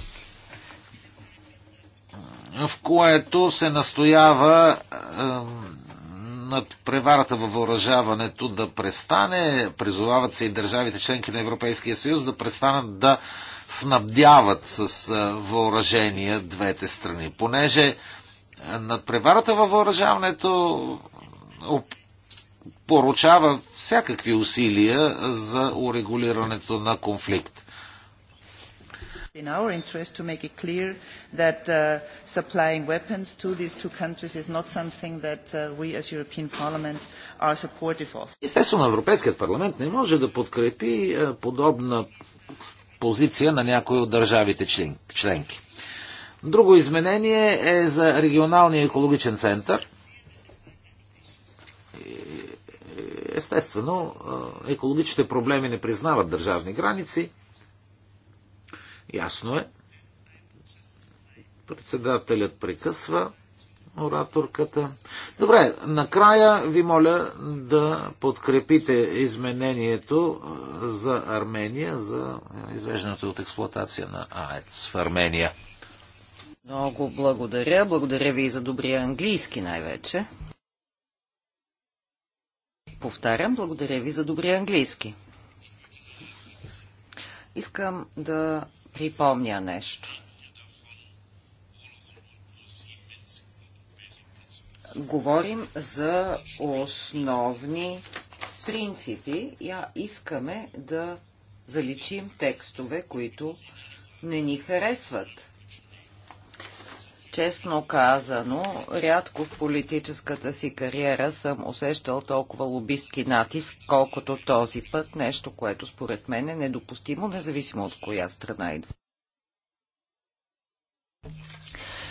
в което се настоява А, над преварата във въоръжаването да престане. Призовават се и държавите членки на Европейския съюз да престанат да снабдяват с въоръжения двете страни. Понеже над преварата във въоръжаването поручава всякакви усилия за урегулирането на конфликт in our interest to make it clear that uh, supplying weapons to these two countries is not something that uh, we as European Parliament are supportive of. Естествено, Европейският парламент не може да подкрепи е, подобна позиция на някои от държавите член, членки. Друго изменение е за регионалния екологичен център. Естествено, е, екологичните проблеми не признават държавни граници Ясно е. Председателят прекъсва ораторката. Добре, накрая ви моля да подкрепите изменението за Армения, за извеждането от експлуатация на АЕЦ в Армения. Много благодаря. Благодаря ви и за добрия английски най-вече. Повтарям, благодаря ви за добрия английски. Искам да припомня нещо. Говорим за основни принципи и искаме да заличим текстове, които не ни харесват. Честно казано, рядко в политическата си кариера съм усещал толкова лобистки натиск, колкото този път, нещо, което според мен е недопустимо, независимо от коя страна идва.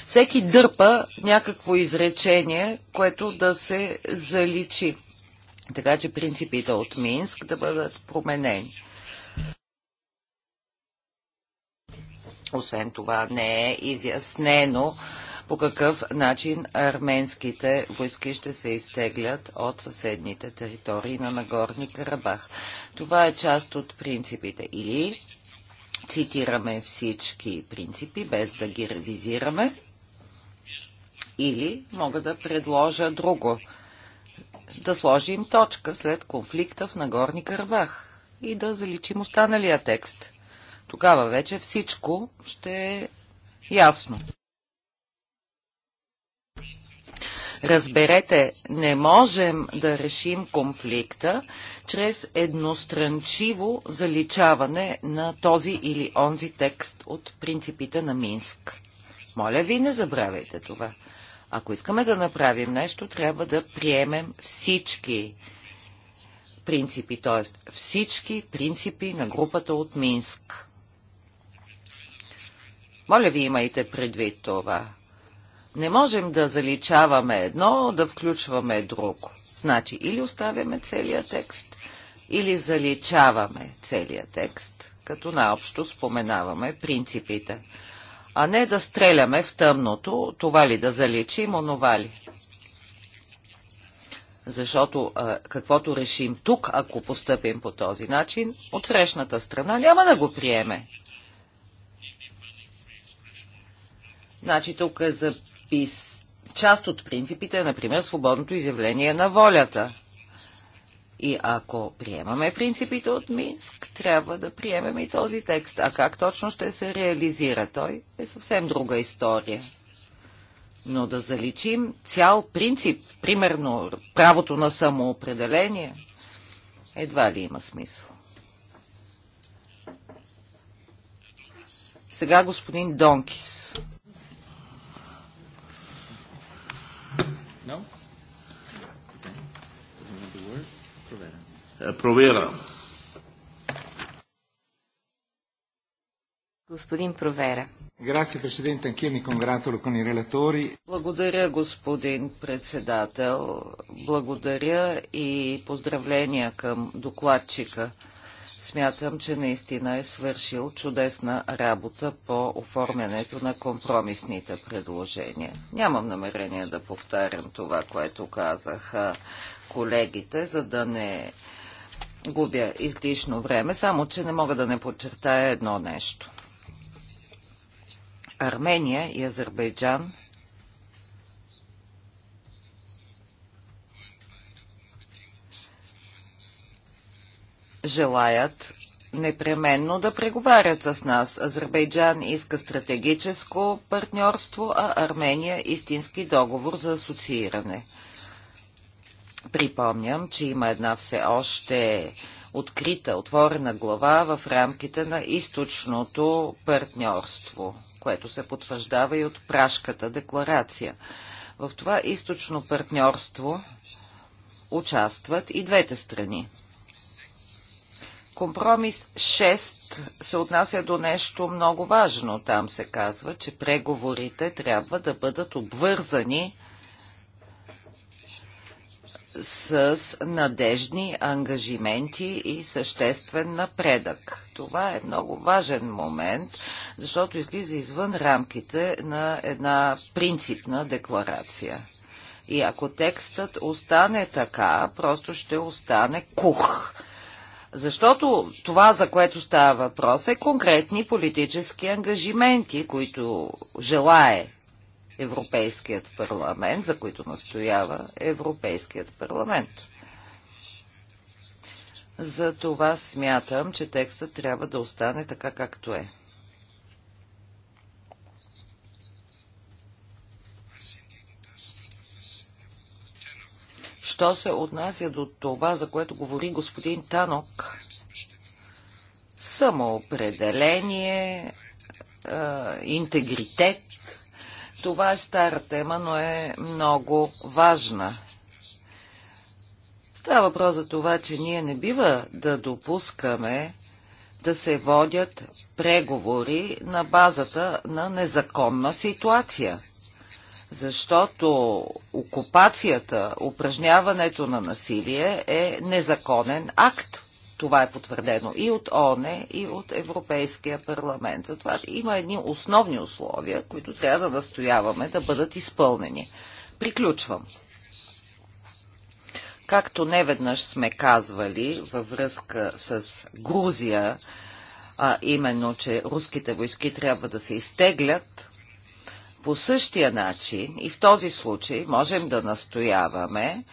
Всеки дърпа някакво изречение, което да се заличи. Така че принципите от Минск да бъдат променени. Освен това не е изяснено по какъв начин арменските войски ще се изтеглят от съседните територии на Нагорни Карабах. Това е част от принципите. Или цитираме всички принципи, без да ги ревизираме, или мога да предложа друго. Да сложим точка след конфликта в Нагорни Карабах и да заличим останалия текст. Тогава вече всичко ще е ясно. Разберете, не можем да решим конфликта чрез едностранчиво заличаване на този или онзи текст от принципите на Минск. Моля ви, не забравяйте това. Ако искаме да направим нещо, трябва да приемем всички принципи, т.е. всички принципи на групата от Минск. Моля ви, имайте предвид това. Не можем да заличаваме едно, да включваме друго. Значи, или оставяме целият текст, или заличаваме целият текст, като наобщо споменаваме принципите. А не да стреляме в тъмното, това ли да заличим, онова ли. Защото а, каквото решим тук, ако постъпим по този начин, от срещната страна няма да го приеме. Значи тук е запис... Част от принципите е, например, свободното изявление на волята. И ако приемаме принципите от Минск, трябва да приемем и този текст. А как точно ще се реализира той е съвсем друга история. Но да заличим цял принцип, примерно правото на самоопределение, едва ли има смисъл. Сега господин Донкис. No? Okay. Doesn't have the word? Provera. Господин Провера. Грация, президент, анкия ми конгратуло кон и релатори. Благодаря, господин председател. Благодаря и поздравления към докладчика. Смятам, че наистина е свършил чудесна работа по оформянето на компромисните предложения. Нямам намерение да повтарям това, което казаха колегите, за да не губя излишно време, само че не мога да не подчертая едно нещо. Армения и Азербайджан желаят непременно да преговарят с нас. Азербайджан иска стратегическо партньорство, а Армения истински договор за асоцииране. Припомням, че има една все още открита, отворена глава в рамките на източното партньорство, което се потвърждава и от прашката декларация. В това източно партньорство участват и двете страни. Компромис 6 се отнася до нещо много важно. Там се казва, че преговорите трябва да бъдат обвързани с надежни ангажименти и съществен напредък. Това е много важен момент, защото излиза извън рамките на една принципна декларация. И ако текстът остане така, просто ще остане кух защото това, за което става въпрос, е конкретни политически ангажименти, които желае Европейският парламент, за които настоява Европейският парламент. За това смятам, че текстът трябва да остане така както е. Що се отнася до това, за което говори господин Танок, самоопределение, е, интегритет, това е стара тема, но е много важна. Става въпрос за това, че ние не бива да допускаме да се водят преговори на базата на незаконна ситуация – защото окупацията, упражняването на насилие е незаконен акт. Това е потвърдено и от ОНЕ, и от Европейския парламент. Затова има едни основни условия, които трябва да настояваме да бъдат изпълнени. Приключвам. Както неведнъж сме казвали във връзка с Грузия, а именно, че руските войски трябва да се изтеглят по същия начин и в този случай можем да настояваме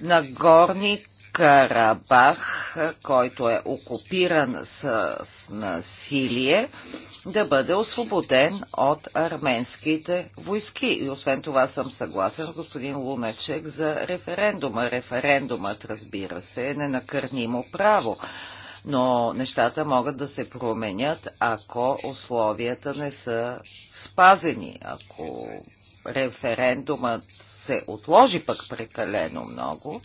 на горни Карабах, който е окупиран с, с насилие, да бъде освободен от арменските войски. И освен това съм съгласен с господин Луначек за референдума. Референдумът, разбира се, е ненакърнимо право но нещата могат да се променят, ако условията не са спазени, ако референдумът се отложи пък прекалено много,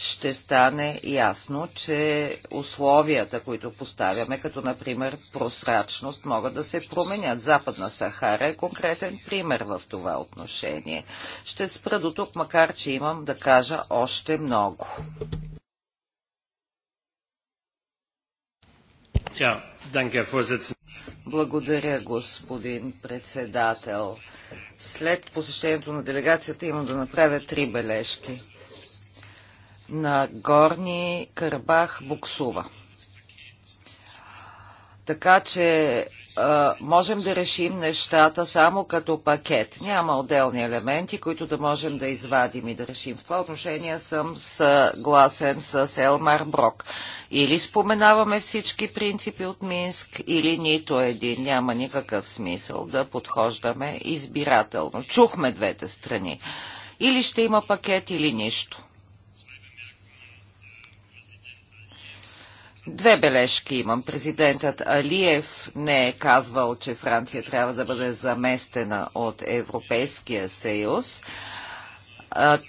ще стане ясно, че условията, които поставяме, като например просрачност, могат да се променят. Западна Сахара е конкретен пример в това отношение. Ще спра до тук, макар че имам да кажа още много. Благодаря, господин председател. След посещението на делегацията имам да направя три бележки. На Горни Карабах буксува. Така че можем да решим нещата само като пакет. Няма отделни елементи, които да можем да извадим и да решим. В това отношение съм съгласен с Елмар Брок. Или споменаваме всички принципи от Минск, или нито един. Няма никакъв смисъл да подхождаме избирателно. Чухме двете страни. Или ще има пакет, или нищо. Две бележки имам. Президентът Алиев не е казвал, че Франция трябва да бъде заместена от Европейския съюз.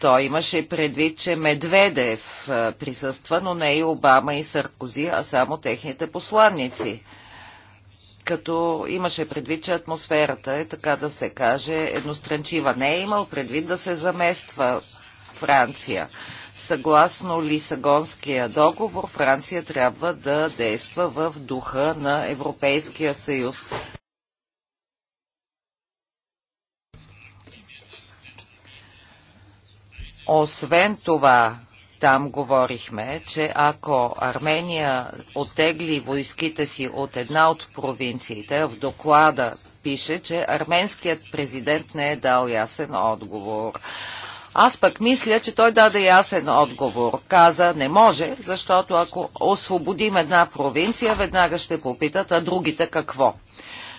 Той имаше предвид, че Медведев присъства, но не и Обама и Саркози, а само техните посланници като имаше предвид, че атмосферата е, така да се каже, едностранчива. Не е имал предвид да се замества Франция. Съгласно Лисагонския договор, Франция трябва да действа в духа на Европейския съюз. Освен това, там говорихме, че ако Армения отегли войските си от една от провинциите, в доклада пише, че арменският президент не е дал ясен отговор. Аз пък мисля, че той даде ясен отговор. Каза, не може, защото ако освободим една провинция, веднага ще попитат, а другите какво?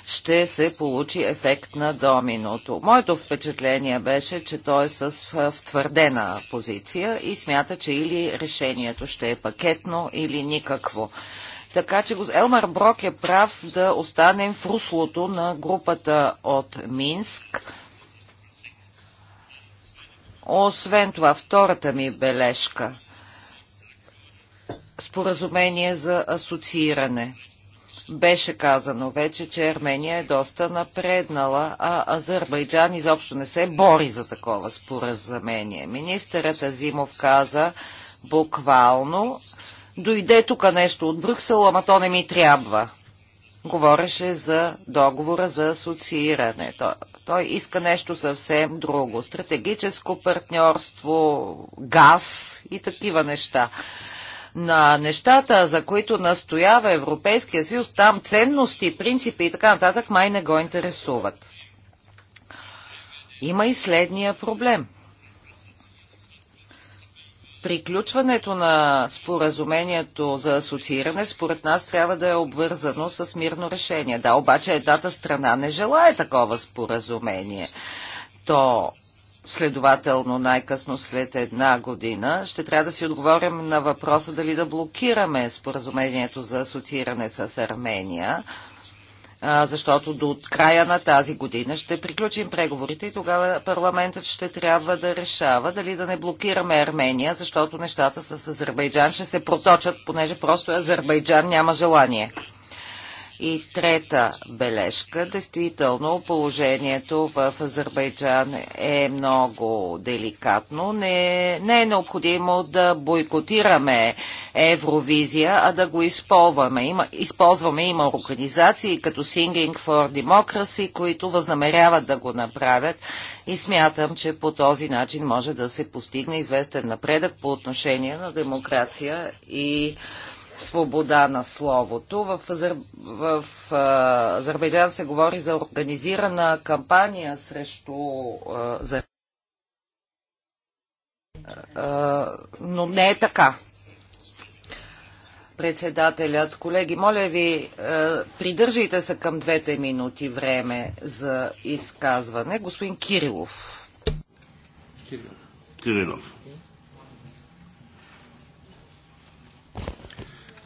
ще се получи ефект на доминото. Моето впечатление беше, че той е с втвърдена позиция и смята, че или решението ще е пакетно, или никакво. Така че Елмар Брок е прав да останем в руслото на групата от Минск освен това, втората ми бележка – споразумение за асоцииране. Беше казано вече, че Армения е доста напреднала, а Азербайджан изобщо не се бори за такова споразумение. Министърът Азимов каза буквално, дойде тук нещо от Брюксел, ама то не ми трябва говореше за договора за асоцииране. Той, той иска нещо съвсем друго. Стратегическо партньорство, газ и такива неща. На нещата, за които настоява Европейския съюз, там ценности, принципи и така нататък, май не го интересуват. Има и следния проблем – Приключването на споразумението за асоцииране, според нас, трябва да е обвързано с мирно решение. Да, обаче едната страна не желая такова споразумение. То следователно най-късно след една година, ще трябва да си отговорим на въпроса дали да блокираме споразумението за асоцииране с Армения, защото до края на тази година ще приключим преговорите и тогава парламентът ще трябва да решава дали да не блокираме Армения, защото нещата с Азербайджан ще се проточат, понеже просто Азербайджан няма желание. И трета бележка. Действително, положението в Азербайджан е много деликатно. Не, не е необходимо да бойкотираме Евровизия, а да го използваме. Има, използваме. Има организации като Singing for Democracy, които възнамеряват да го направят и смятам, че по този начин може да се постигне известен напредък по отношение на демокрация и свобода на словото. В, Азер... в Азербайджан се говори за организирана кампания срещу за... но не е така. Председателят, колеги, моля ви, придържайте се към двете минути време за изказване. Господин Кирилов. Кирилов. Кирилов.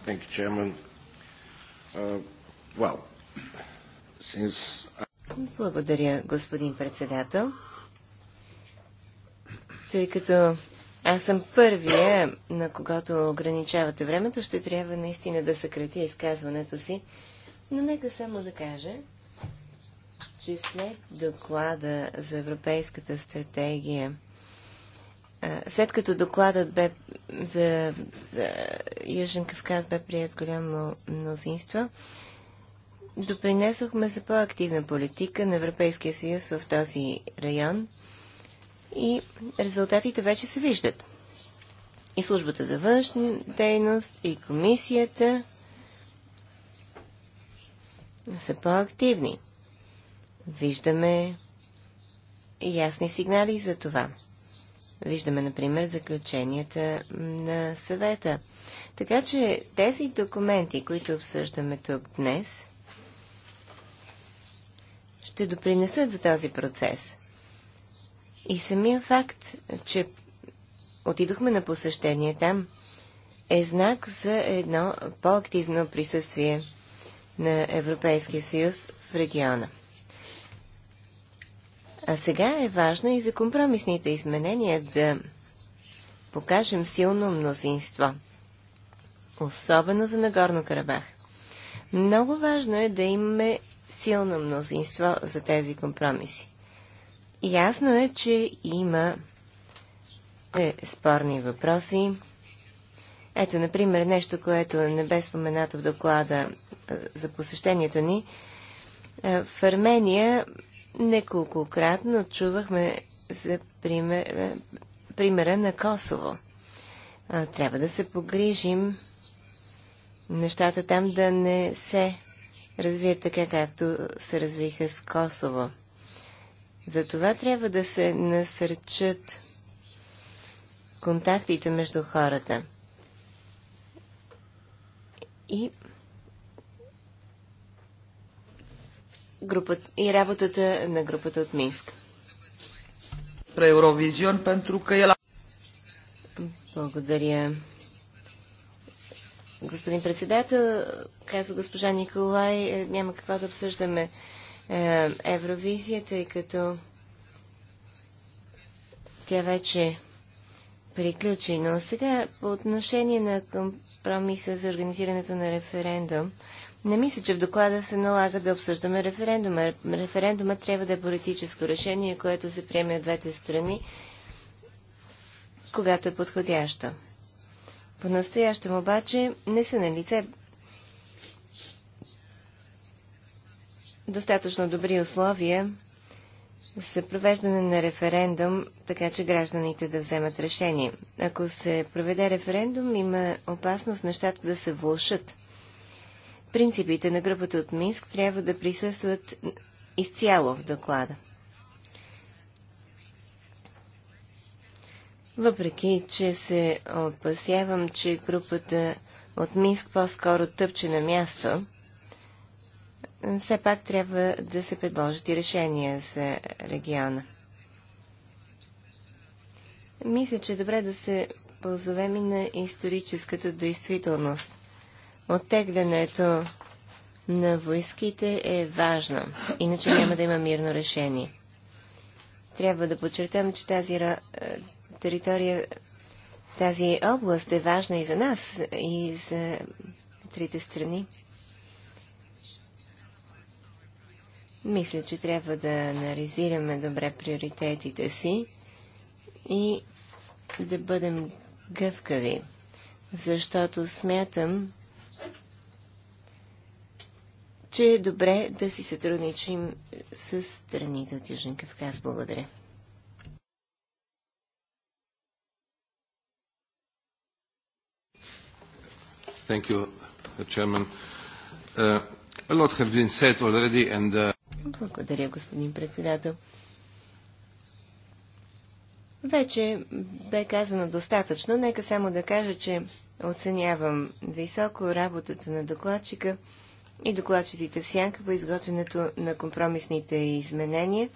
Thank you, Chairman. Uh, well, since... Благодаря, господин председател. Тъй като аз съм първия, на когато ограничавате времето, ще трябва наистина да съкратя изказването си. Но нека само да кажа, че след доклада за Европейската стратегия след като докладът бе за, за Южен Кавказ бе прият с голямо мнозинство, допринесохме за по-активна политика на Европейския съюз в този район и резултатите вече се виждат. И службата за външна дейност, и комисията са по-активни. Виждаме ясни сигнали за това. Виждаме, например, заключенията на съвета. Така че тези документи, които обсъждаме тук днес, ще допринесат за този процес. И самия факт, че отидохме на посещение там, е знак за едно по-активно присъствие на Европейския съюз в региона. А сега е важно и за компромисните изменения да покажем силно мнозинство. Особено за Нагорно Карабах. Много важно е да имаме силно мнозинство за тези компромиси. Ясно е, че има е, спорни въпроси. Ето, например, нещо, което не бе споменато в доклада е, за посещението ни. Е, в Армения Неколкократно чувахме за пример, примера на Косово. Трябва да се погрижим нещата там да не се развият така, както се развиха с Косово. Затова трябва да се насърчат контактите между хората. И групата, и работата на групата от Минск. Благодаря. Господин председател, казва госпожа Николай, е, няма какво да обсъждаме е, евровизията, тъй като тя вече приключи. Но сега по отношение на компромиса за организирането на референдум, не мисля, че в доклада се налага да обсъждаме референдума. Референдума трябва да е политическо решение, което се приеме от двете страни, когато е подходящо. По-настоящем обаче не са на лице достатъчно добри условия за провеждане на референдум, така че гражданите да вземат решение. Ако се проведе референдум, има опасност нещата да се влушат. Принципите на групата от Минск трябва да присъстват изцяло в доклада. Въпреки, че се опасявам, че групата от Минск по-скоро тъпче на място, все пак трябва да се предложат и решения за региона. Мисля, че е добре да се позовем и на историческата действителност оттеглянето на войските е важно, иначе няма да има мирно решение. Трябва да подчертам, че тази територия, тази област е важна и за нас, и за трите страни. Мисля, че трябва да анализираме добре приоритетите си и да бъдем гъвкави, защото смятам, че е добре да си сътрудничим с страните от Южен Кавказ. Благодаря. Thank you, Chairman. Uh, a lot have been said already and uh... Благодаря, господин председател. Вече бе казано достатъчно. Нека само да кажа, че оценявам високо работата на докладчика – и докладчетите в сянка по изготвянето на компромисните изменения.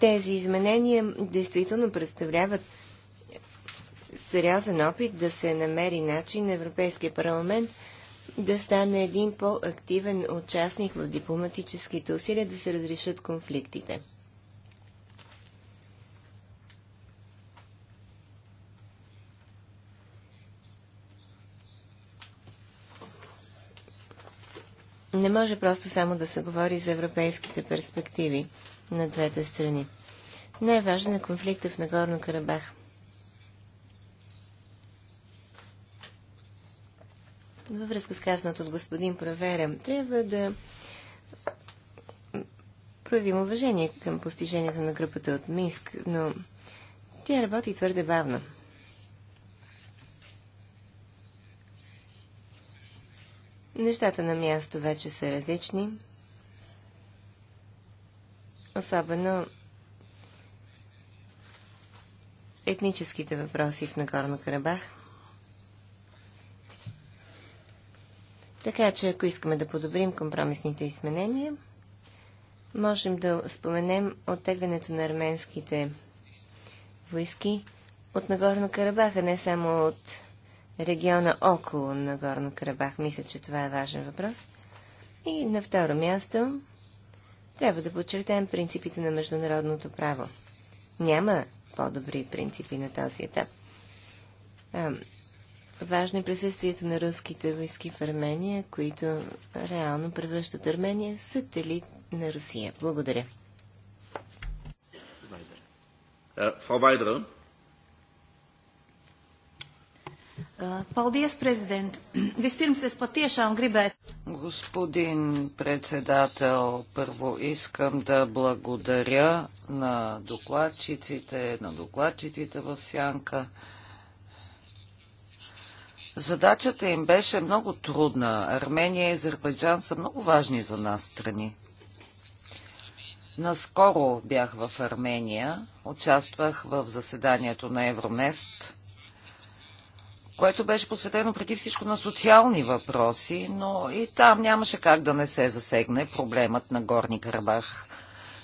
Тези изменения действително представляват сериозен опит да се намери начин на Европейския парламент да стане един по-активен участник в дипломатическите усилия да се разрешат конфликтите. Не може просто само да се говори за европейските перспективи на двете страни. Най-важен е, е конфликта в Нагорно Карабах. Във връзка с казаното от господин Проверям, трябва да проявим уважение към постижението на групата от Минск, но тя работи твърде бавно. Нещата на място вече са различни. Особено етническите въпроси в Нагорно Карабах. Така че, ако искаме да подобрим компромисните изменения, можем да споменем оттеглянето на арменските войски от Нагорно Карабаха, не само от региона около Нагорно Карабах. Мисля, че това е важен въпрос. И на второ място трябва да подчертаем принципите на международното право. Няма по-добри принципи на този етап. важно е присъствието на руските войски в Армения, които реално превръщат Армения в сателит на Русия. Благодаря. Е, фрау Вайдера. Paldies, prezident. Vispirms es patiešām gribētu. Господин председател, първо искам да благодаря на докладчиците, на докладчиците в Сянка. Задачата им беше много трудна. Армения и Азербайджан са много важни за нас страни. Наскоро бях в Армения, участвах в заседанието на Евронест – което беше посветено преди всичко на социални въпроси, но и там нямаше как да не се засегне проблемът на Горни Карабах.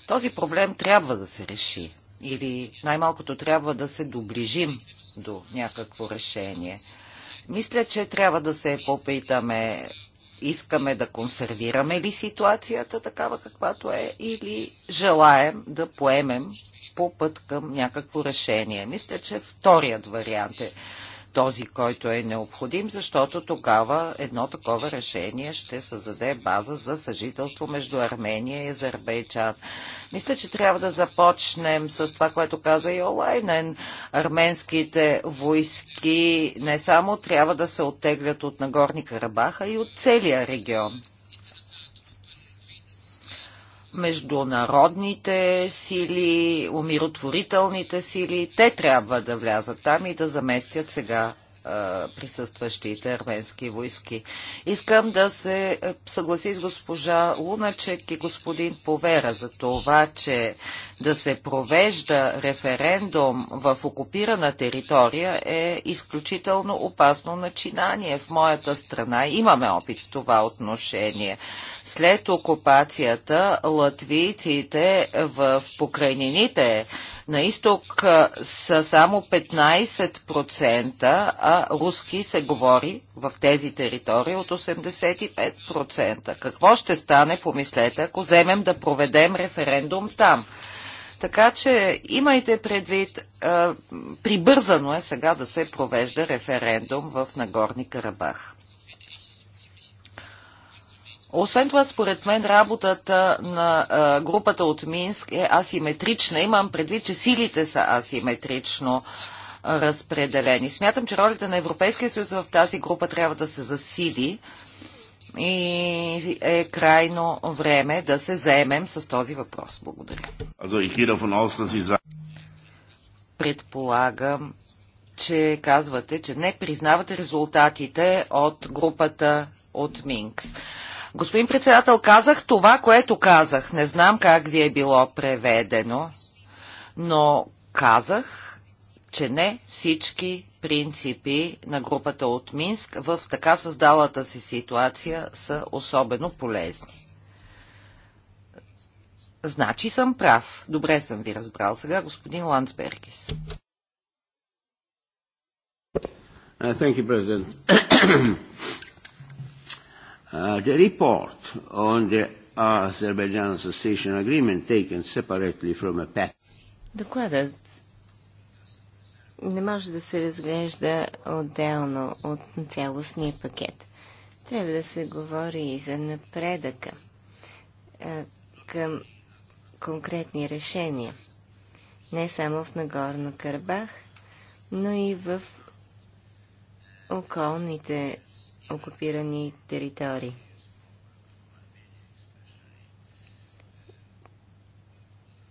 Този проблем трябва да се реши или най-малкото трябва да се доближим до някакво решение. Мисля, че трябва да се попитаме, искаме да консервираме ли ситуацията такава каквато е или желаем да поемем по път към някакво решение. Мисля, че вторият вариант е този, който е необходим, защото тогава едно такова решение ще създаде база за съжителство между Армения и Азербайджан. Мисля, че трябва да започнем с това, което каза и Олайнен. Арменските войски не само трябва да се оттеглят от Нагорни Карабаха и от целия регион международните сили, умиротворителните сили, те трябва да влязат там и да заместят сега присъстващите арменски войски. Искам да се съгласи с госпожа Луначек и господин Повера за това, че да се провежда референдум в окупирана територия е изключително опасно начинание. В моята страна имаме опит в това отношение. След окупацията латвийците в покрайнините на изток са само 15%, а руски се говори в тези територии от 85%. Какво ще стане, помислете, ако вземем да проведем референдум там? Така че имайте предвид, прибързано е сега да се провежда референдум в Нагорни Карабах. Освен това, според мен, работата на групата от Минск е асиметрична. Имам предвид, че силите са асиметрично разпределени. Смятам, че ролята на Европейския съюз в тази група трябва да се засили и е крайно време да се заемем с този въпрос. Благодаря. Предполагам, че казвате, че не признавате резултатите от групата от Минкс. Господин председател, казах това, което казах. Не знам как ви е било преведено, но казах, че не всички принципи на групата от Минск в така създалата си ситуация са особено полезни. Значи съм прав. Добре съм ви разбрал. Сега господин Ландсбергис. Uh, Uh, the report on the Azerbaijan Association Agreement taken separately from a pact. Докладът не може да се разглежда отделно от цялостния пакет. Трябва да се говори и за напредъка към конкретни решения. Не само в Нагорно Карбах, но и в околните окупирани територии.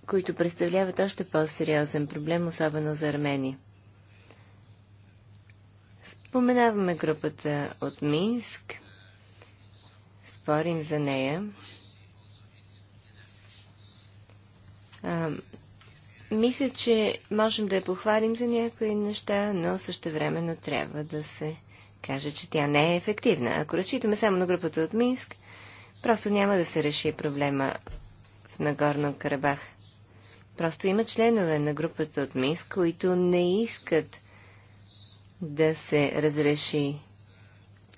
които представляват още по-сериозен проблем, особено за Армения. Споменаваме групата от Минск, спорим за нея. А, мисля, че можем да я похвалим за някои неща, но също времено трябва да се каже, че тя не е ефективна. Ако разчитаме само на групата от Минск, просто няма да се реши проблема в Нагорно Карабах. Просто има членове на групата от Минск, които не искат да се разреши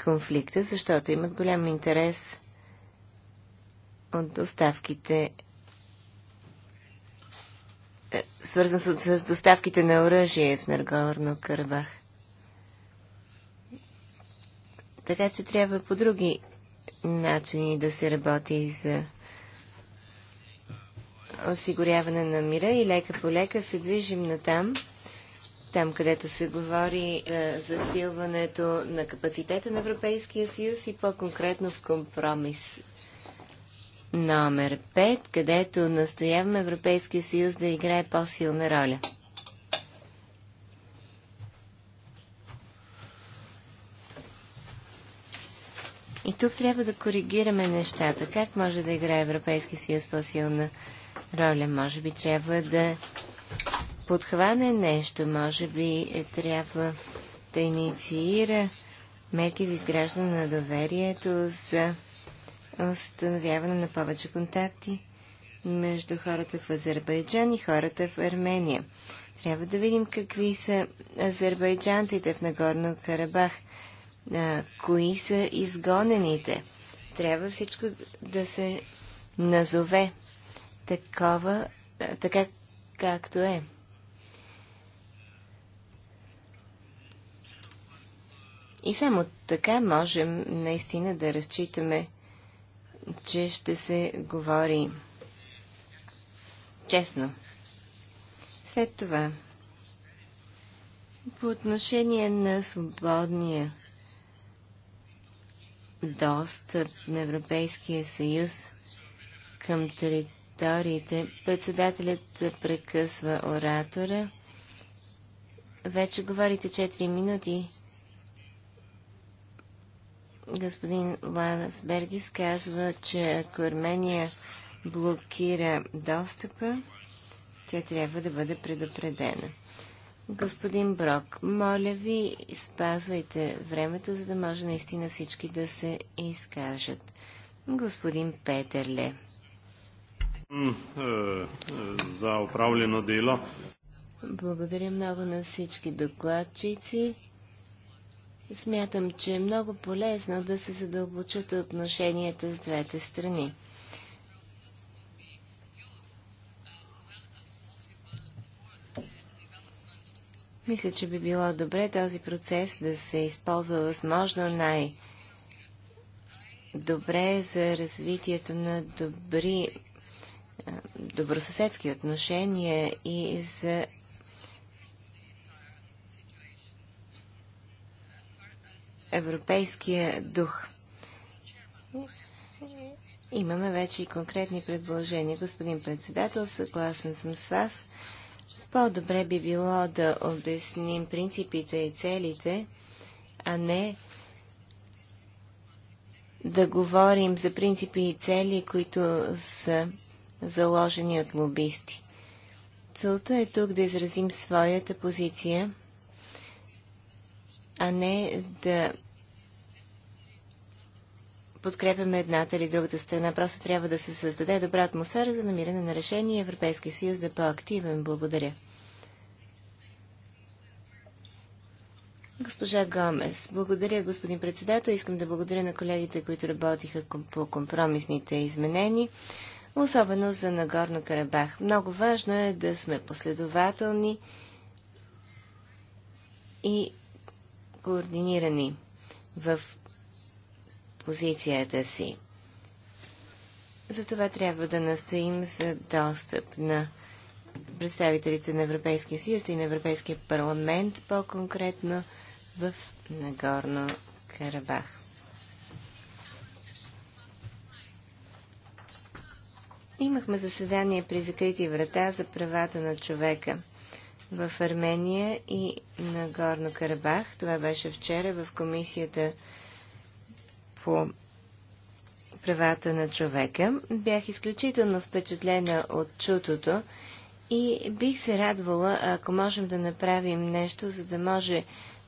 конфликта, защото имат голям интерес от доставките е, свързан с, с доставките на оръжие в Нагорно Карабах. Така че трябва по други начини да се работи за осигуряване на мира и лека по лека се движим на там, там където се говори е, за засилването на капацитета на Европейския съюз и по-конкретно в компромис номер 5, където настояваме Европейския съюз да играе по-силна роля. И тук трябва да коригираме нещата. Как може да играе Европейски съюз по-силна роля? Може би трябва да подхване нещо, може би е, трябва да инициира мерки за изграждане на доверието, за установяване на повече контакти между хората в Азербайджан и хората в Армения. Трябва да видим какви са азербайджанците в Нагорно Карабах а, кои са изгонените. Трябва всичко да се назове такова, а, така както е. И само така можем наистина да разчитаме, че ще се говори честно. След това, по отношение на свободния достъп на Европейския съюз към териториите, председателят прекъсва оратора. Вече говорите 4 минути. Господин Ланасбергис казва, че ако Армения блокира достъпа, тя трябва да бъде предупредена. Господин Брок, моля ви, спазвайте времето, за да може наистина всички да се изкажат. Господин Петерле. Е, е, за управлено дело. Благодаря много на всички докладчици. Смятам, че е много полезно да се задълбочат отношенията с двете страни. Мисля, че би било добре този процес да се използва възможно най- добре за развитието на добри добросъседски отношения и за европейския дух. Имаме вече и конкретни предложения. Господин председател, съгласен съм с вас. По-добре би било да обясним принципите и целите, а не да говорим за принципи и цели, които са заложени от лобисти. Целта е тук да изразим своята позиция, а не да подкрепяме едната или другата страна. Просто трябва да се създаде добра атмосфера за намиране на решение и Европейския съюз да е по-активен. Благодаря. Госпожа Гомес, благодаря, господин председател. Искам да благодаря на колегите, които работиха по компромисните изменени, особено за Нагорно Карабах. Много важно е да сме последователни и координирани в позицията си. Затова трябва да настоим за достъп на представителите на Европейския съюз и на Европейския парламент, по-конкретно в Нагорно Карабах. Имахме заседание при закрити врата за правата на човека в Армения и Нагорно Карабах. Това беше вчера в комисията по правата на човека. Бях изключително впечатлена от чутото и бих се радвала, ако можем да направим нещо, за да може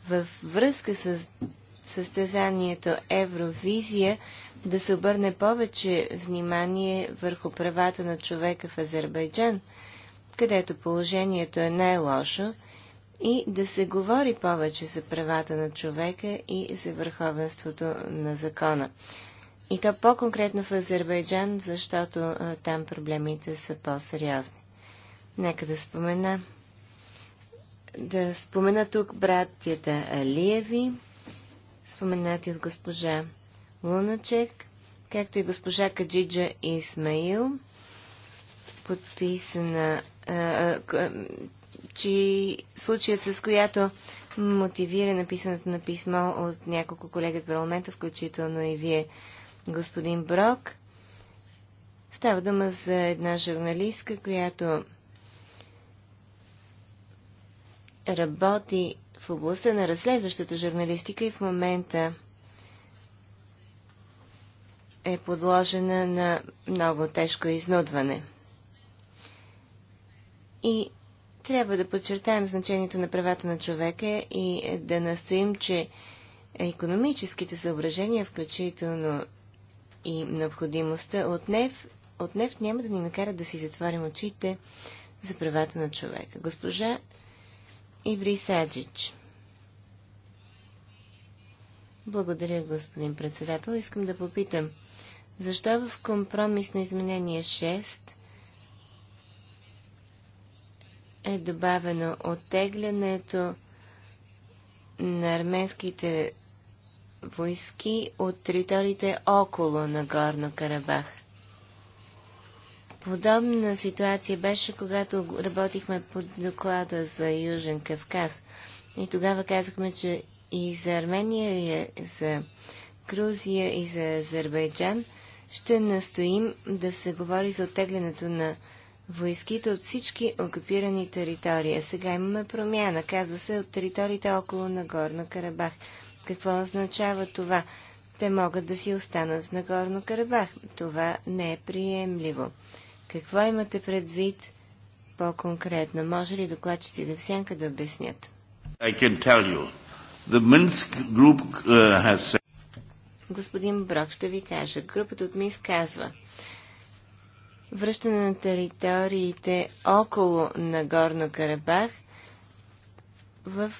във връзка с състезанието Евровизия да се обърне повече внимание върху правата на човека в Азербайджан, където положението е най-лошо и да се говори повече за правата на човека и за върховенството на закона. И то по-конкретно в Азербайджан, защото там проблемите са по-сериозни. Нека да спомена. Да спомена тук братята Алиеви, споменати от госпожа Луначек, както и госпожа Каджиджа Исмаил, подписана, че случаят с която мотивира написаното на писмо от няколко колеги от парламента, включително и вие, господин Брок. Става дума за една журналистка, която работи в областта на разследващата журналистика и в момента е подложена на много тежко изнудване. И трябва да подчертаем значението на правата на човека и да настоим, че економическите съображения, включително и необходимостта от нефт, от нефт няма да ни накарат да си затворим очите за правата на човека. Госпожа Иври Саджич. Благодаря, господин председател. Искам да попитам, защо в компромисно изменение 6 е добавено оттеглянето на арменските войски от териториите около Нагорно Карабах. Подобна ситуация беше, когато работихме под доклада за Южен Кавказ. И тогава казахме, че и за Армения, и за Грузия, и за Азербайджан ще настоим да се говори за оттеглянето на войските от всички окупирани територии. Сега имаме промяна, казва се, от териториите около Нагорно Карабах. Какво означава това? Те могат да си останат в Нагорно Карабах. Това не е приемливо. Какво имате предвид по-конкретно? Може ли докладчите да сянка да обяснят? I can tell you. The Minsk group, uh, Господин Брок, ще ви кажа. Групата от Минск казва – връщане на териториите около Нагорно Карабах в,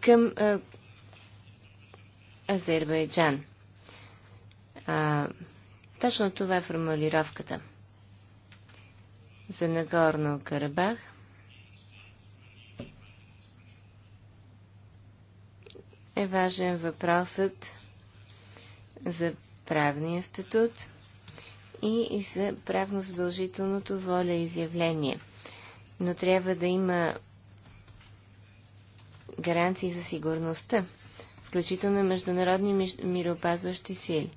към а, Азербайджан. А, точно това е формулировката за Нагорно Карабах. Е важен въпросът за правния статут – и за правно задължителното воля изявление. Но трябва да има гаранции за сигурността, включително международни мироопазващи сили.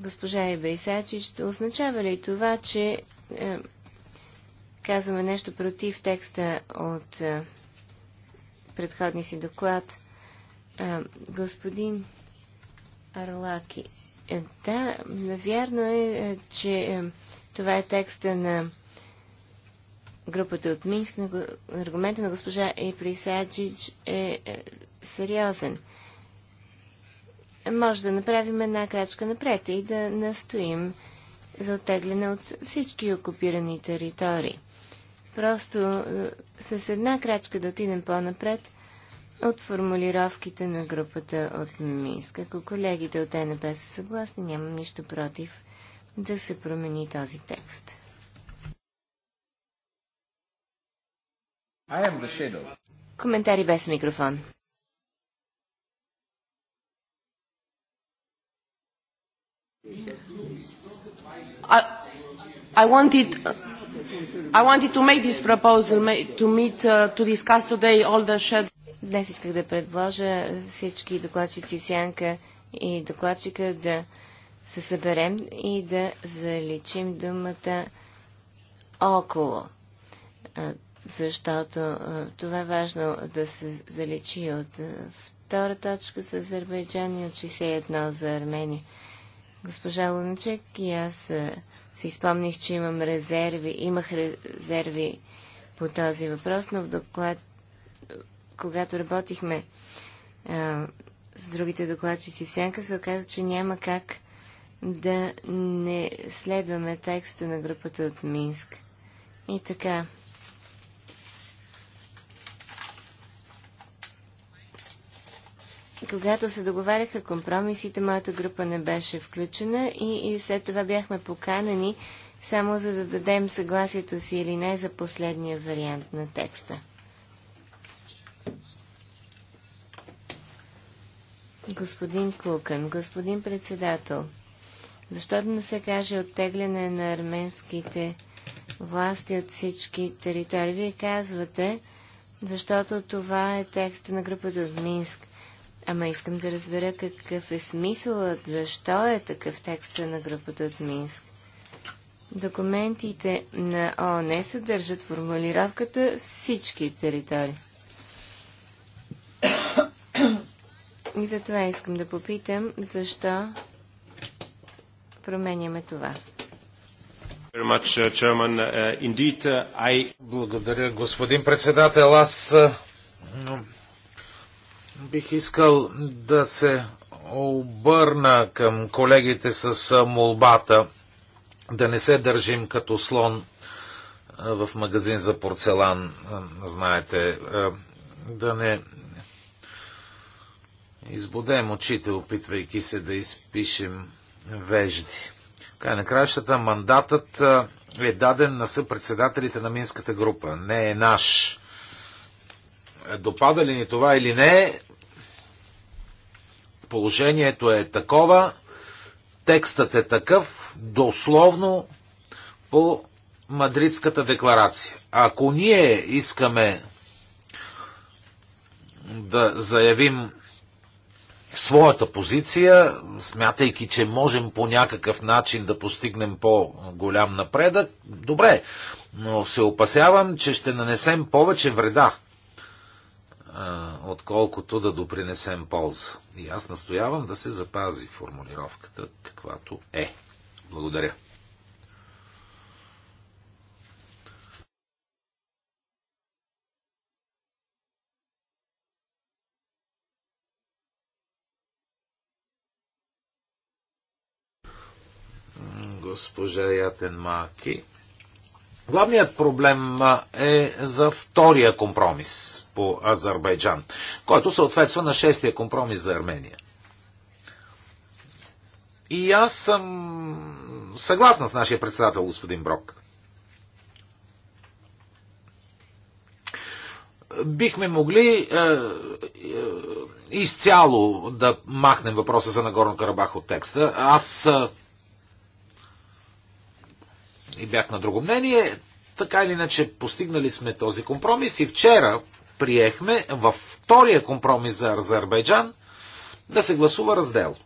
Госпожа Ибрисачич, означава ли това, че е, казваме нещо против текста от е, предходния си доклад? Е, господин Арлаки, е, да, навярно е, е, че е, това е текста на групата от Минск. Но аргумента на госпожа Еприсаджич е сериозен. Може да направим една крачка напред и да настоим за оттегляне от всички окупирани територии. Просто с една крачка да отидем по-напред от формулировките на групата от Минск. Ако колегите от ЕНП са съгласни, нямам нищо против да се промени този текст. I am the Коментари без микрофон. I, I wanted I wanted to make this proposal to meet uh, to discuss today all the shed Днес исках да предложа всички докладчици Сянка и докладчика да се съберем и да заличим думата около. Защото това е важно да се заличи от втора точка с Азербайджан и от 61 за Армения. Госпожа Луначек и аз си спомних, че имам резерви, имах резерви по този въпрос, но в доклад когато работихме а, с другите докладчици в сянка, се оказа, че няма как да не следваме текста на групата от Минск. И така. Когато се договаряха компромисите, моята група не беше включена и, и след това бяхме поканени само за да дадем съгласието си или не за последния вариант на текста. Господин Кукън, господин председател, защото да не се каже оттегляне на арменските власти от всички територии? Вие казвате, защото това е текста на групата от Минск. Ама искам да разбера какъв е смисълът, защо е такъв текста на групата от Минск. Документите на ООН съдържат формулировката всички територии. И за това искам да попитам, защо променяме това. Uh, uh, uh, Благодаря, господин председател. Аз бих искал да се обърна към колегите с молбата да не се държим като слон в магазин за порцелан, знаете, да не избудем очите, опитвайки се да изпишем вежди. Край на кращата, мандатът е даден на съпредседателите на Минската група. Не е наш. Е, допада ли ни това или не, положението е такова, текстът е такъв, дословно по Мадридската декларация. Ако ние искаме да заявим своята позиция, смятайки, че можем по някакъв начин да постигнем по-голям напредък, добре, но се опасявам, че ще нанесем повече вреда, отколкото да допринесем полза. И аз настоявам да се запази формулировката, каквато е. Благодаря. госпожа Ятен Маки. Главният проблем е за втория компромис по Азербайджан, който съответства на шестия компромис за Армения. И аз съм съгласна с нашия председател, господин Брок. Бихме могли е, е, изцяло да махнем въпроса за Нагорно Карабах от текста. Аз е, и бях на друго мнение. Така или иначе, постигнали сме този компромис и вчера приехме във втория компромис за Азербайджан да се гласува раздел.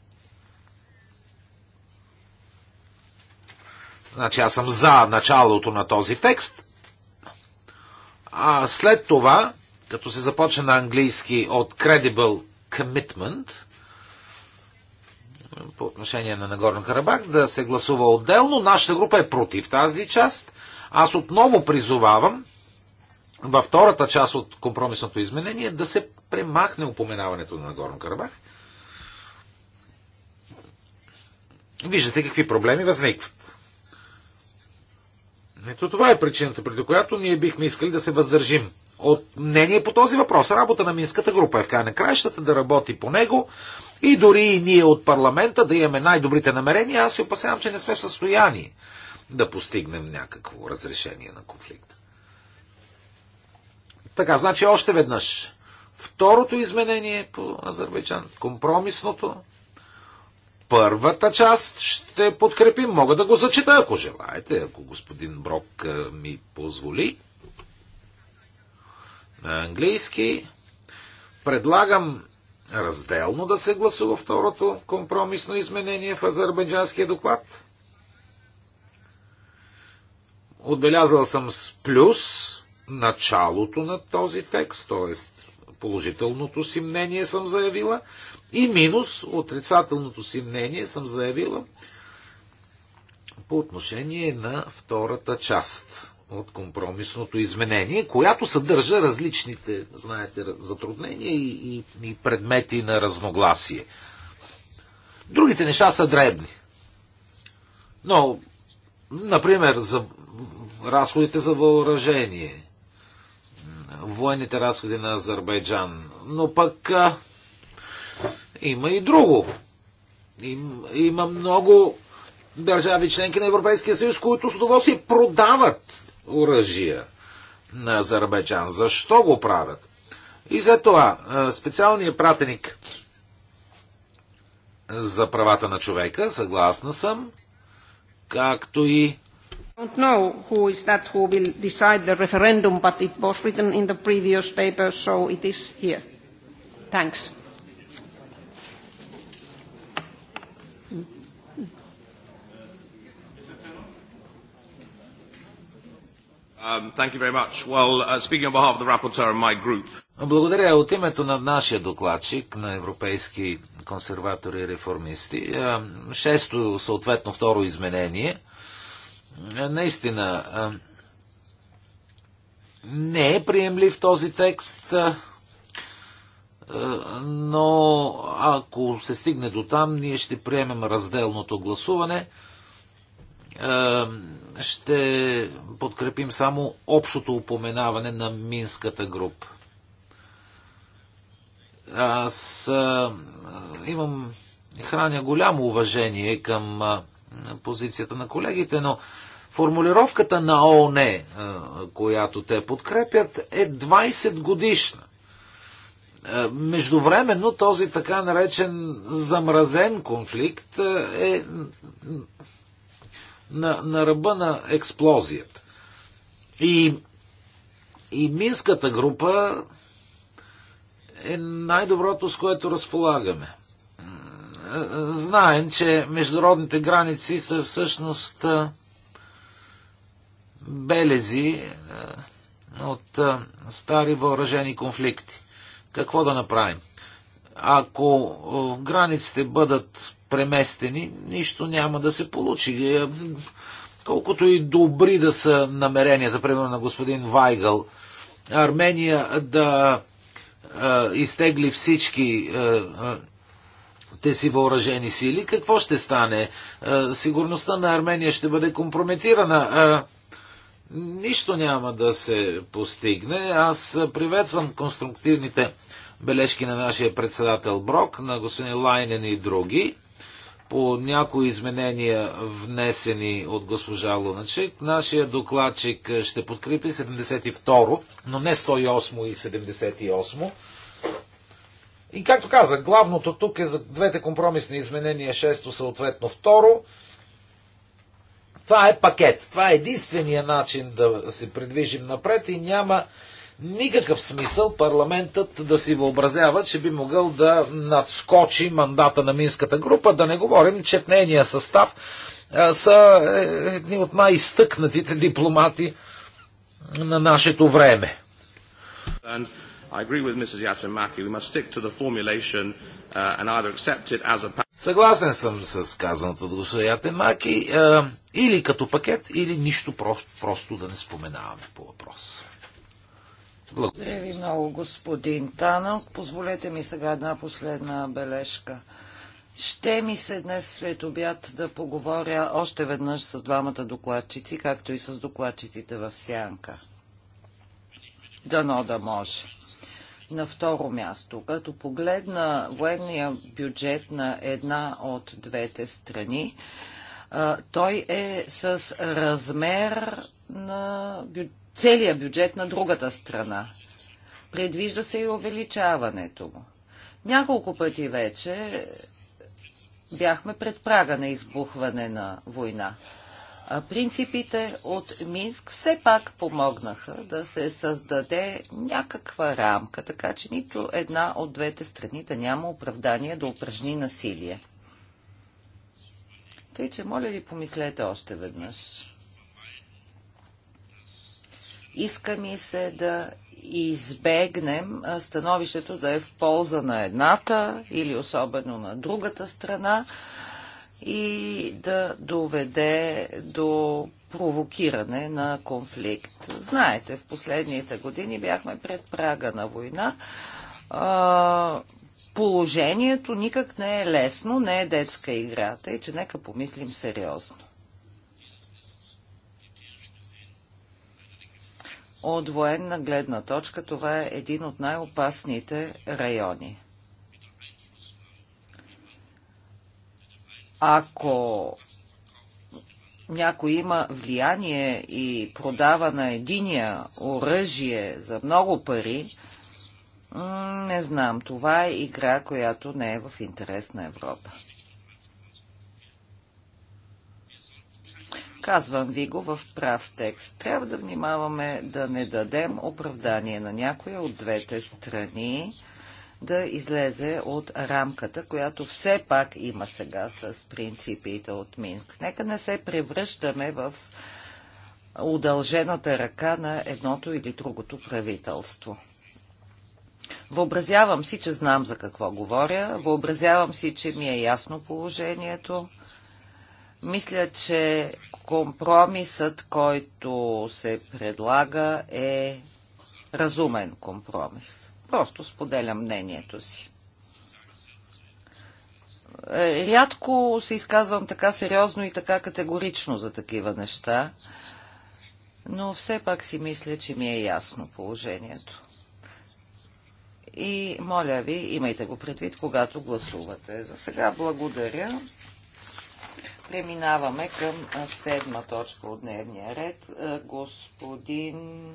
Значи аз съм за началото на този текст, а след това, като се започне на английски от credible commitment – по отношение на Нагорен Карабах да се гласува отделно. Нашата група е против тази част. Аз отново призовавам във втората част от компромисното изменение да се премахне упоменаването на Нагорен Карабах. Виждате какви проблеми възникват. Ето това е причината, преди която ние бихме искали да се въздържим от мнение по този въпрос. Работа на Минската група е в край на краищата да работи по него, и дори и ние от парламента да имаме най-добрите намерения, аз се опасявам, че не сме в състояние да постигнем някакво разрешение на конфликта. Така, значи още веднъж. Второто изменение по Азербайджан, компромисното, първата част ще подкрепим. Мога да го зачита, ако желаете, ако господин Брок ми позволи. На английски предлагам разделно да се гласува второто компромисно изменение в азербайджанския доклад. Отбелязал съм с плюс началото на този текст, т.е. положителното си мнение съм заявила и минус отрицателното си мнение съм заявила по отношение на втората част от компромисното изменение, която съдържа различните, знаете, затруднения и, и, и предмети на разногласие. Другите неща са дребни. Но, например, за разходите за въоръжение, военните разходи на Азербайджан, но пък а, има и друго. Им, има много държави членки на Европейския съюз, които с удоволствие продават оръжия на Азербайджан. Защо го правят? И за това специалният пратеник за правата на човека, съгласна съм, както и don't know who is that who will decide the referendum, but it was written in the previous paper, so it is here. Thanks. Um, uh, Благодаря. От името на нашия докладчик на европейски консерватори и реформисти, шесто, съответно второ изменение, наистина не е приемлив този текст, но ако се стигне до там, ние ще приемем разделното гласуване ще подкрепим само общото упоменаване на Минската група. Аз а, имам, храня голямо уважение към а, позицията на колегите, но формулировката на ООН, а, която те подкрепят, е 20 годишна. Междувременно този така наречен замразен конфликт е на, на ръба на експлозията. И, и Минската група е най-доброто, с което разполагаме. Знаем, че международните граници са всъщност белези от стари въоръжени конфликти. Какво да направим? Ако границите бъдат преместени, нищо няма да се получи. Е, колкото и добри да са намеренията, примерно на господин Вайгъл, Армения да а, изтегли всички а, а, въоръжени сили, какво ще стане? А, сигурността на Армения ще бъде компрометирана. А, нищо няма да се постигне. Аз приветствам конструктивните бележки на нашия председател Брок, на господин Лайнен и други по някои изменения внесени от госпожа Луначек. Нашия докладчик е, ще подкрепи 72, но не 108 и 78. И както казах, главното тук е за двете компромисни изменения, 6 съответно 2. Това е пакет. Това е единствения начин да се придвижим напред и няма никакъв смисъл парламентът да си въобразява, че би могъл да надскочи мандата на Минската група, да не говорим, че в нейния състав са е, едни от най-изтъкнатите дипломати на нашето време. Uh, Съгласен съм с казаното от господин Ятемаки. Или като пакет, или нищо просто да не споменаваме по въпроса. Благодаря ви много, господин Танок. Позволете ми сега една последна бележка. Ще ми се днес след обяд да поговоря още веднъж с двамата докладчици, както и с докладчиците в Сянка. Дано да може. На второ място, като погледна военния бюджет на една от двете страни, той е с размер на бюджет целият бюджет на другата страна. Предвижда се и увеличаването му. Няколко пъти вече бяхме пред прага на избухване на война. А принципите от Минск все пак помогнаха да се създаде някаква рамка, така че нито една от двете страни да няма оправдание да упражни насилие. Тъй, че моля ви помислете още веднъж. Иска ми се да избегнем становището да е в полза на едната или особено на другата страна и да доведе до провокиране на конфликт. Знаете, в последните години бяхме пред прага на война. положението никак не е лесно, не е детска играта и че нека помислим сериозно. От военна гледна точка това е един от най-опасните райони. Ако някой има влияние и продава на единия оръжие за много пари, не знам, това е игра, която не е в интерес на Европа. Казвам ви го в прав текст. Трябва да внимаваме да не дадем оправдание на някоя от двете страни да излезе от рамката, която все пак има сега с принципите от Минск. Нека не се превръщаме в удължената ръка на едното или другото правителство. Въобразявам си, че знам за какво говоря, въобразявам си, че ми е ясно положението, мисля, че компромисът, който се предлага е разумен компромис. Просто споделя мнението си. Е, рядко се изказвам така сериозно и така категорично за такива неща, но все пак си мисля, че ми е ясно положението. И моля ви, имайте го предвид, когато гласувате. За сега благодаря. Преминаваме към седма точка от дневния ред. Господин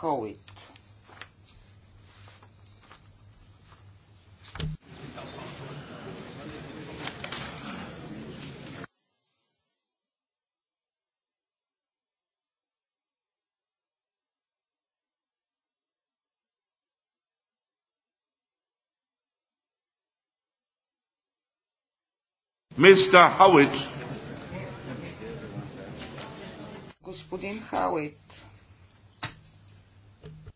Хоуит. Mr. Howitt Господин Хауит.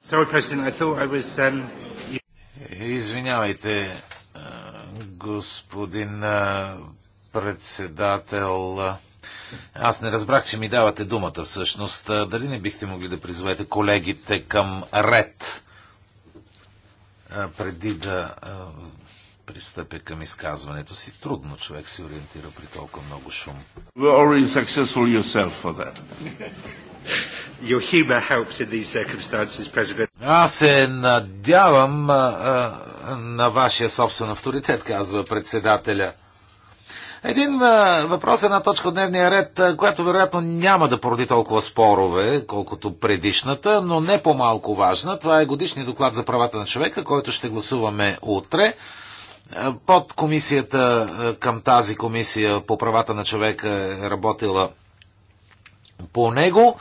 Um, е, извинявайте, е, господин е, председател. Аз не разбрах, че ми давате думата всъщност. Дали не бихте могли да призовете колегите към ред, преди да пристъпя към изказването си. Трудно човек се ориентира при толкова много шум. Аз се надявам а, а, на вашия собствен авторитет, казва председателя. Един въпрос е на точка от дневния ред, която вероятно няма да породи толкова спорове, колкото предишната, но не по-малко важна. Това е годишният доклад за правата на човека, който ще гласуваме утре. Е, под комисията е, към тази комисия по правата на човека е работила по него.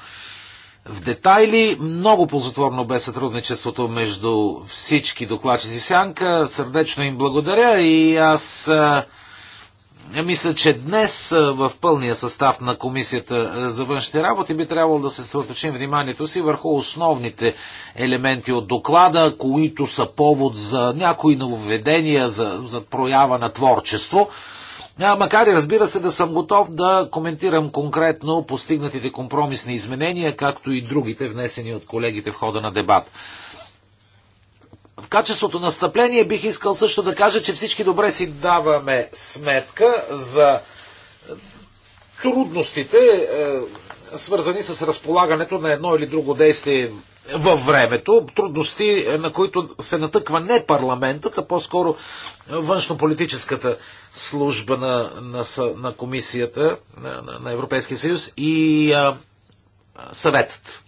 В детайли много ползотворно бе сътрудничеството между всички докладчици Сянка. Сърдечно им благодаря и аз е, мисля, че днес в пълния състав на Комисията за външните работи би трябвало да се съсредоточим вниманието си върху основните елементи от доклада, които са повод за някои нововведения, за, за проява на творчество. Макар и разбира се да съм готов да коментирам конкретно постигнатите компромисни изменения, както и другите внесени от колегите в хода на дебат. В качеството на стъпление бих искал също да кажа, че всички добре си даваме сметка за трудностите, е, свързани с разполагането на едно или друго действие във времето, трудности, е, на които се натъква не парламентът, а по-скоро външнополитическата служба на, на, на комисията на, на Европейския съюз и а, е, съветът.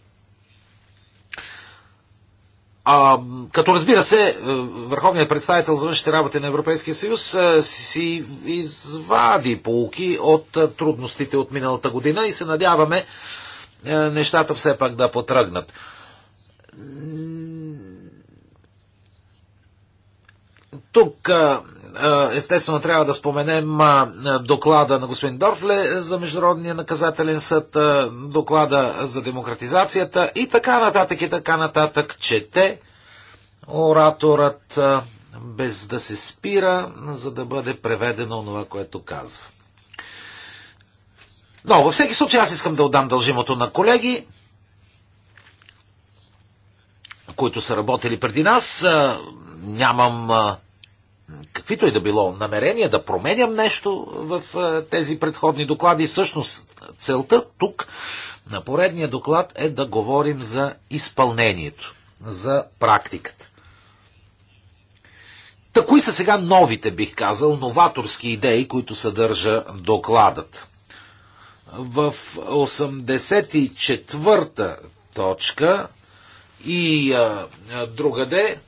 А, като разбира се, е, върховният представител за външните работи на Европейския съюз е, си извади полки от е, трудностите от миналата година и се надяваме нещата все пак да потръгнат. Тук е, естествено трябва да споменем доклада на господин Дорфле за Международния наказателен съд, доклада за демократизацията и така нататък и така нататък. Чете ораторът без да се спира, за да бъде преведено това, което казва. Но във всеки случай аз искам да отдам дължимото на колеги, които са работили преди нас. Нямам каквито и да било намерения да променям нещо в е, тези предходни доклади. Всъщност целта тук на поредния доклад е да говорим за изпълнението, за практиката. Та кои са сега новите, бих казал, новаторски идеи, които съдържа докладът? В 84-та точка и а, е, е, другаде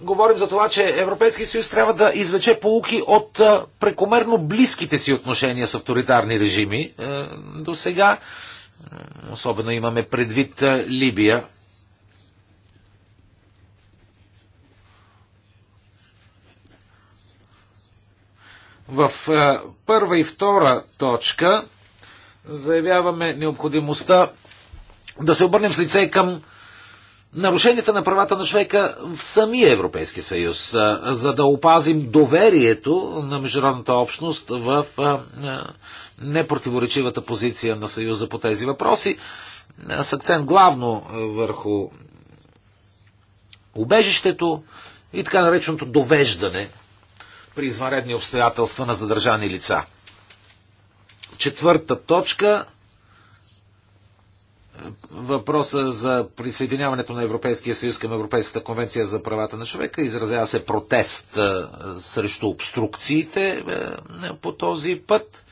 говорим за това, че Европейския съюз трябва да извлече полуки от прекомерно близките си отношения с авторитарни режими е, до сега. Е, особено имаме предвид е, Либия. В първа и втора точка заявяваме необходимостта да се обърнем с лице към нарушенията на правата на човека в самия Европейски съюз, за да опазим доверието на международната общност в непротиворечивата позиция на съюза по тези въпроси, с акцент главно върху убежището и така нареченото довеждане при извънредни обстоятелства на задържани лица. Четвърта точка – въпроса за присъединяването на Европейския съюз към Европейската конвенция за правата на човека. Изразява се протест срещу обструкциите по този път.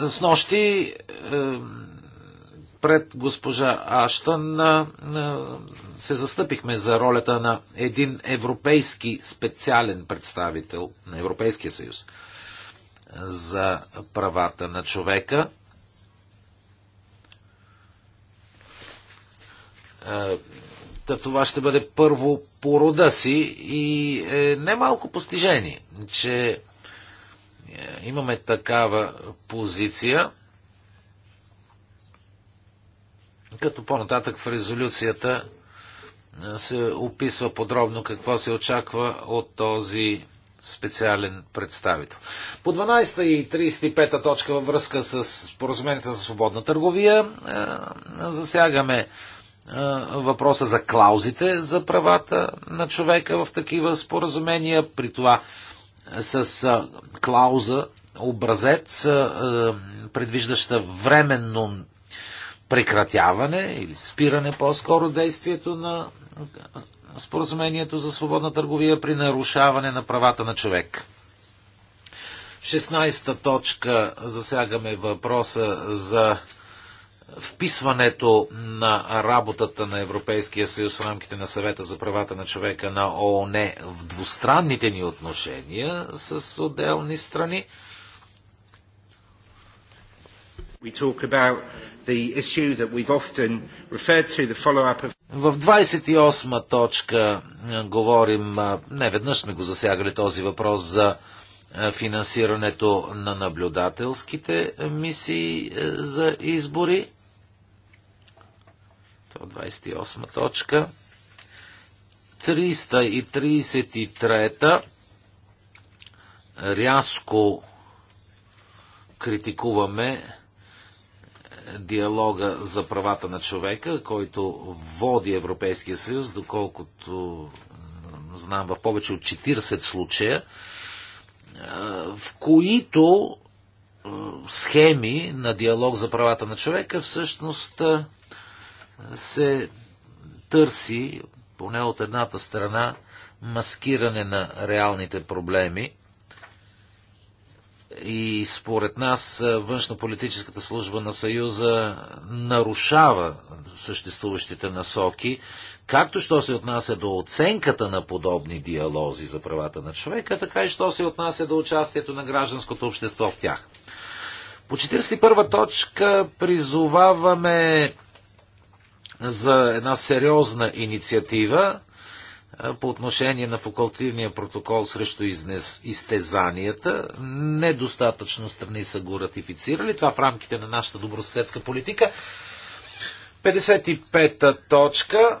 С нощи пред госпожа Аштън се застъпихме за ролята на един европейски специален представител на Европейския съюз за правата на човека – Та това ще бъде първо по рода си и е немалко постижение, че е, имаме такава позиция. Като по-нататък в резолюцията е, се описва подробно какво се очаква от този специален представител. По 12 и 35 точка във връзка с споразумението за свободна търговия е, засягаме въпроса за клаузите за правата на човека в такива споразумения, при това с клауза образец, предвиждаща временно прекратяване или спиране по-скоро действието на споразумението за свободна търговия при нарушаване на правата на човек. В 16-та точка засягаме въпроса за вписването на работата на Европейския съюз в рамките на съвета за правата на човека на ООН в двустранните ни отношения с отделни страни. Of... В 28 точка говорим, не веднъж сме го засягали този въпрос за финансирането на наблюдателските мисии за избори. 28 точка. 333 рязко критикуваме диалога за правата на човека, който води Европейския съюз, доколкото знам в повече от 40 случая, в които е, схеми на диалог за правата на човека всъщност е, се търси, поне от едната страна, маскиране на реалните проблеми. И според нас външнополитическата служба на Съюза нарушава съществуващите насоки, както що се отнася до оценката на подобни диалози за правата на човека, така и що се отнася до участието на гражданското общество в тях. По 41 точка призоваваме за една сериозна инициатива по отношение на факултивния протокол срещу изнес, изтезанията. Недостатъчно страни са го ратифицирали. Това в рамките на нашата добросъседска политика. 55-та точка.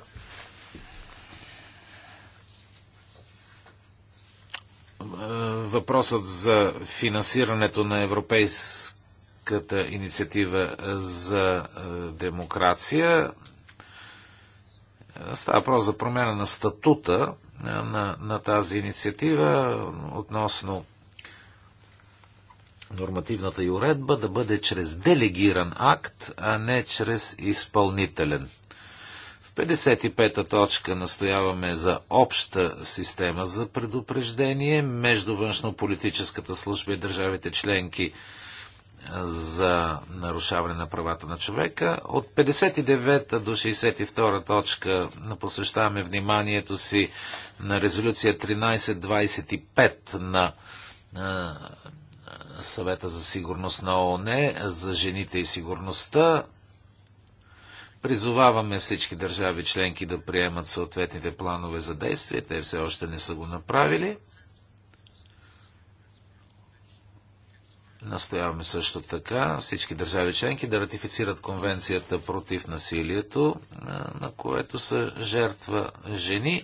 Въпросът за финансирането на европейската инициатива за е, демокрация Става въпрос за промяна на статута на, на тази инициатива относно нормативната и уредба да бъде чрез делегиран акт, а не чрез изпълнителен. В 55-та точка настояваме за обща система за предупреждение между външно политическата служба и държавите членки за нарушаване на правата на човека. От 59 до 62 точка посвещаваме вниманието си на резолюция 1325 на съвета за сигурност на ООН за жените и сигурността. Призоваваме всички държави членки да приемат съответните планове за действие. Те все още не са го направили. Настояваме също така всички държави членки да ратифицират конвенцията против насилието, на което са жертва жени,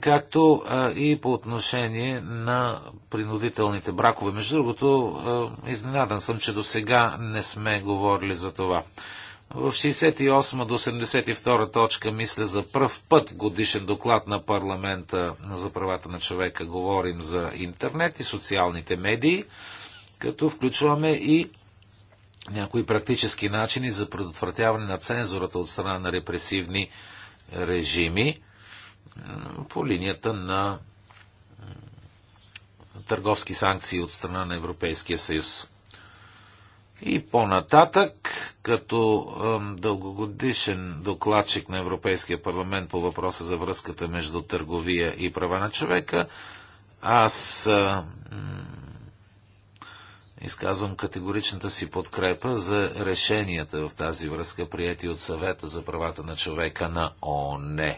както и по отношение на принудителните бракове. Между другото, изненадан съм, че до сега не сме говорили за това. В 68 до 82 точка, мисля, за първ път в годишен доклад на парламента за правата на човека говорим за интернет и социалните медии като включваме и някои практически начини за предотвратяване на цензурата от страна на репресивни режими е, по линията на е, търговски санкции от страна на Европейския съюз. И по-нататък, като е, дългогодишен докладчик на Европейския парламент по въпроса за връзката между търговия и права на човека, аз Изказвам категоричната си подкрепа за решенията в тази връзка, прияти от съвета за правата на човека на ООН.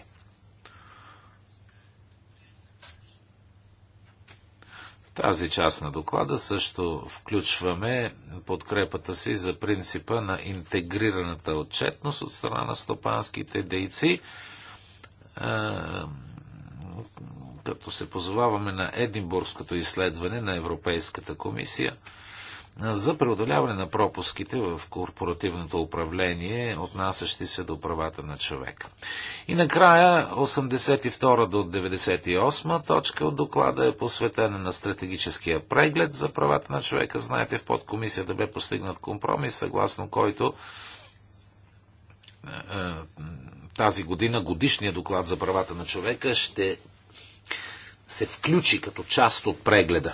тази част на доклада също включваме подкрепата си за принципа на интегрираната отчетност от страна на стопанските дейци, като се позоваваме на Единбургското изследване на Европейската комисия – за преодоляване на пропуските в корпоративното управление, отнасящи се до правата на човека. И накрая 82 до 98 точка от доклада е посветена на стратегическия преглед за правата на човека. Знаете, в подкомисията бе постигнат компромис, съгласно който тази година годишния доклад за правата на човека ще се включи като част от прегледа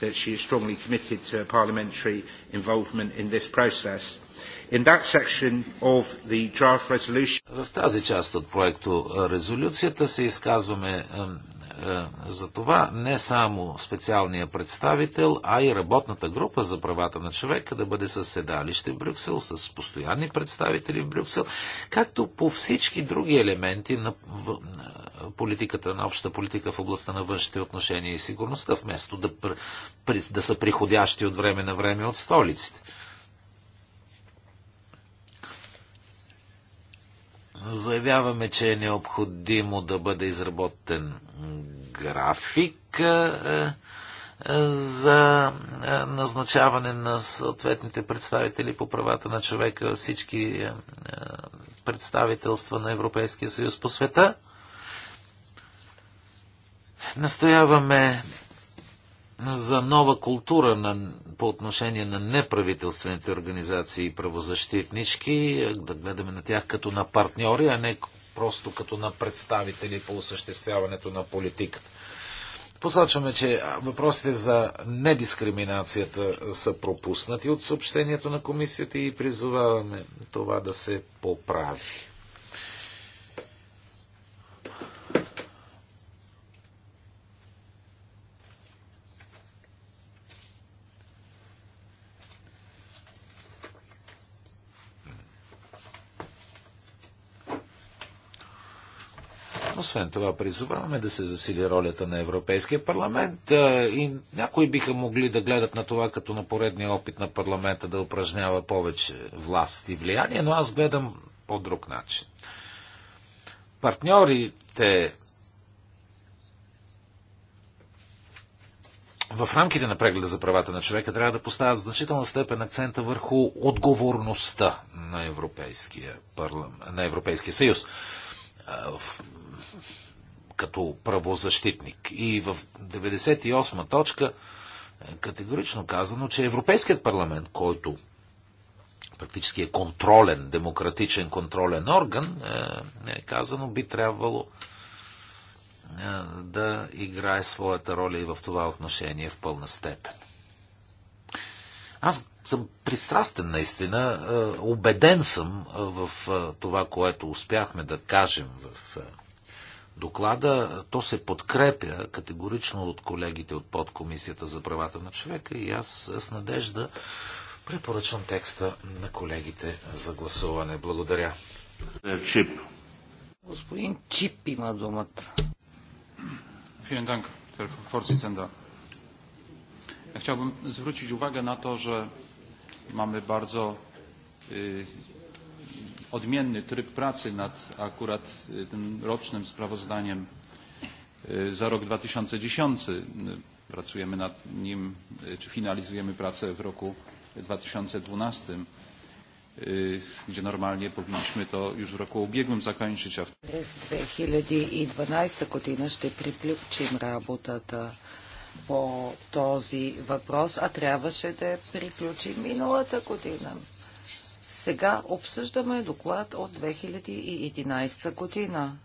that she is strongly committed to her parliamentary involvement in this process. In that section of the draft resolution... В тази част от проекто резолюцията се изказваме е, за това не само специалния представител, а и работната група за правата на човека да бъде със седалище в Брюксел, с постоянни представители в Брюксел, както по всички други елементи на е, политиката, на общата политика в областта на външните отношения и сигурността, вместо да, да са приходящи от време на време от столиците. заявяваме, че е необходимо да бъде изработен график е, е, за е, назначаване на съответните представители по правата на човека във всички представителства на Европейския съюз по света. Настояваме за нова култура на, по отношение на неправителствените организации и правозащитнички, да гледаме на тях като на партньори, а не просто като на представители по осъществяването на политиката. Посочваме, че въпросите за недискриминацията са пропуснати от съобщението на комисията и призоваваме това да се поправи. Освен това, призоваваме да се засили ролята на Европейския парламент и някои биха могли да гледат на това като на поредния опит на парламента да упражнява повече власт и влияние, но аз гледам по друг начин. Партньорите в рамките на прегледа за правата на човека трябва да поставят значителна степен акцента върху отговорността на Европейския, парламент, на Европейския съюз като правозащитник. И в 98 точка е категорично казано, че Европейският парламент, който практически е контролен, демократичен контролен орган, е, е казано, би трябвало е, да играе своята роля и в това отношение в пълна степен. Аз съм пристрастен наистина, убеден съм в това, което успяхме да кажем в доклада. То се подкрепя категорично от колегите от подкомисията за правата на човека и аз с надежда препоръчвам текста на колегите за гласуване. Благодаря. Чип. Господин Чип има думата. Vielen Dank, Herr Vorsitzender. Ja chciałbym zwrócić uwagę na to, że mamy bardzo odmienny tryb pracy nad akurat tym rocznym sprawozdaniem za rok 2010. Pracujemy nad nim, czy finalizujemy pracę w roku 2012, gdzie normalnie powinniśmy to już w roku ubiegłym zakończyć. W 2012 година ще приключим работата по този въпрос, а трябваше да приключим миналата година. Сега обсъждаме доклад от 2011 година.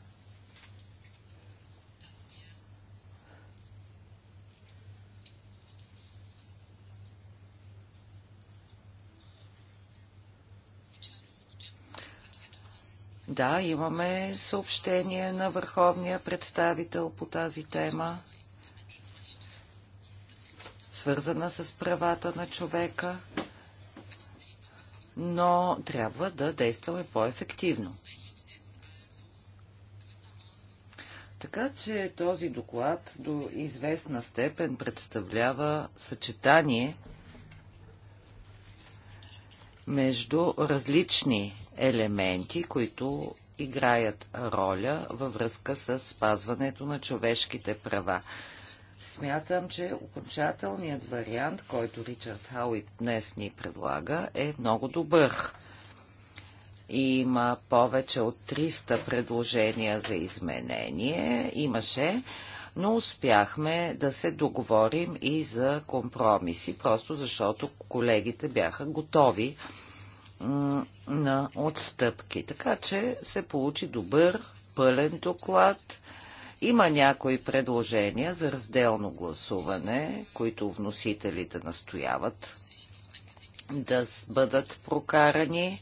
Да, имаме съобщение на върховния представител по тази тема, свързана с правата на човека но трябва да действаме по-ефективно. Така че този доклад до известна степен представлява съчетание между различни елементи, които играят роля във връзка с спазването на човешките права. Смятам, че окончателният вариант, който Ричард Хауит днес ни предлага, е много добър. Има повече от 300 предложения за изменение. Имаше но успяхме да се договорим и за компромиси, просто защото колегите бяха готови на отстъпки. Така че се получи добър, пълен доклад, има някои предложения за разделно гласуване, които вносителите настояват да бъдат прокарани.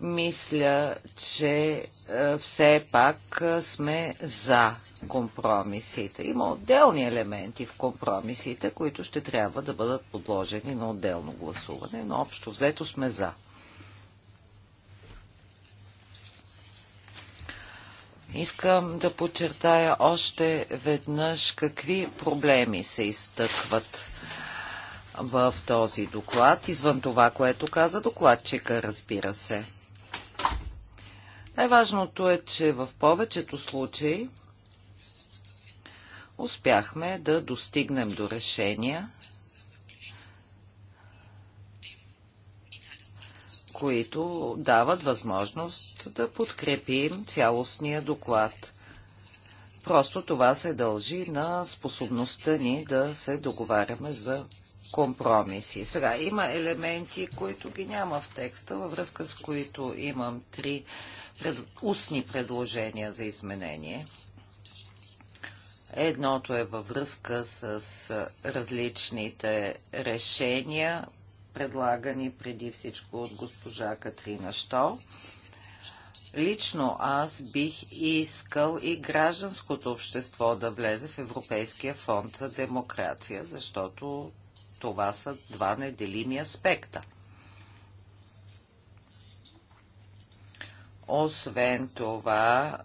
Мисля, че е, все пак е, сме за компромисите. Има отделни елементи в компромисите, които ще трябва да бъдат подложени на отделно гласуване, но общо взето сме за. Искам да подчертая още веднъж какви проблеми се изтъкват в този доклад, извън това, което каза докладчика, разбира се. Най-важното е, че в повечето случаи успяхме да достигнем до решения, които дават възможност да подкрепим цялостния доклад. Просто това се дължи на способността ни да се договаряме за компромиси. Сега има елементи, които ги няма в текста, във връзка с които имам три пред... устни предложения за изменение. Едното е във връзка с различните решения, предлагани преди всичко от госпожа Катрина Штол. Лично аз бих искал и гражданското общество да влезе в Европейския фонд за демокрация, защото това са два неделими аспекта. Освен това,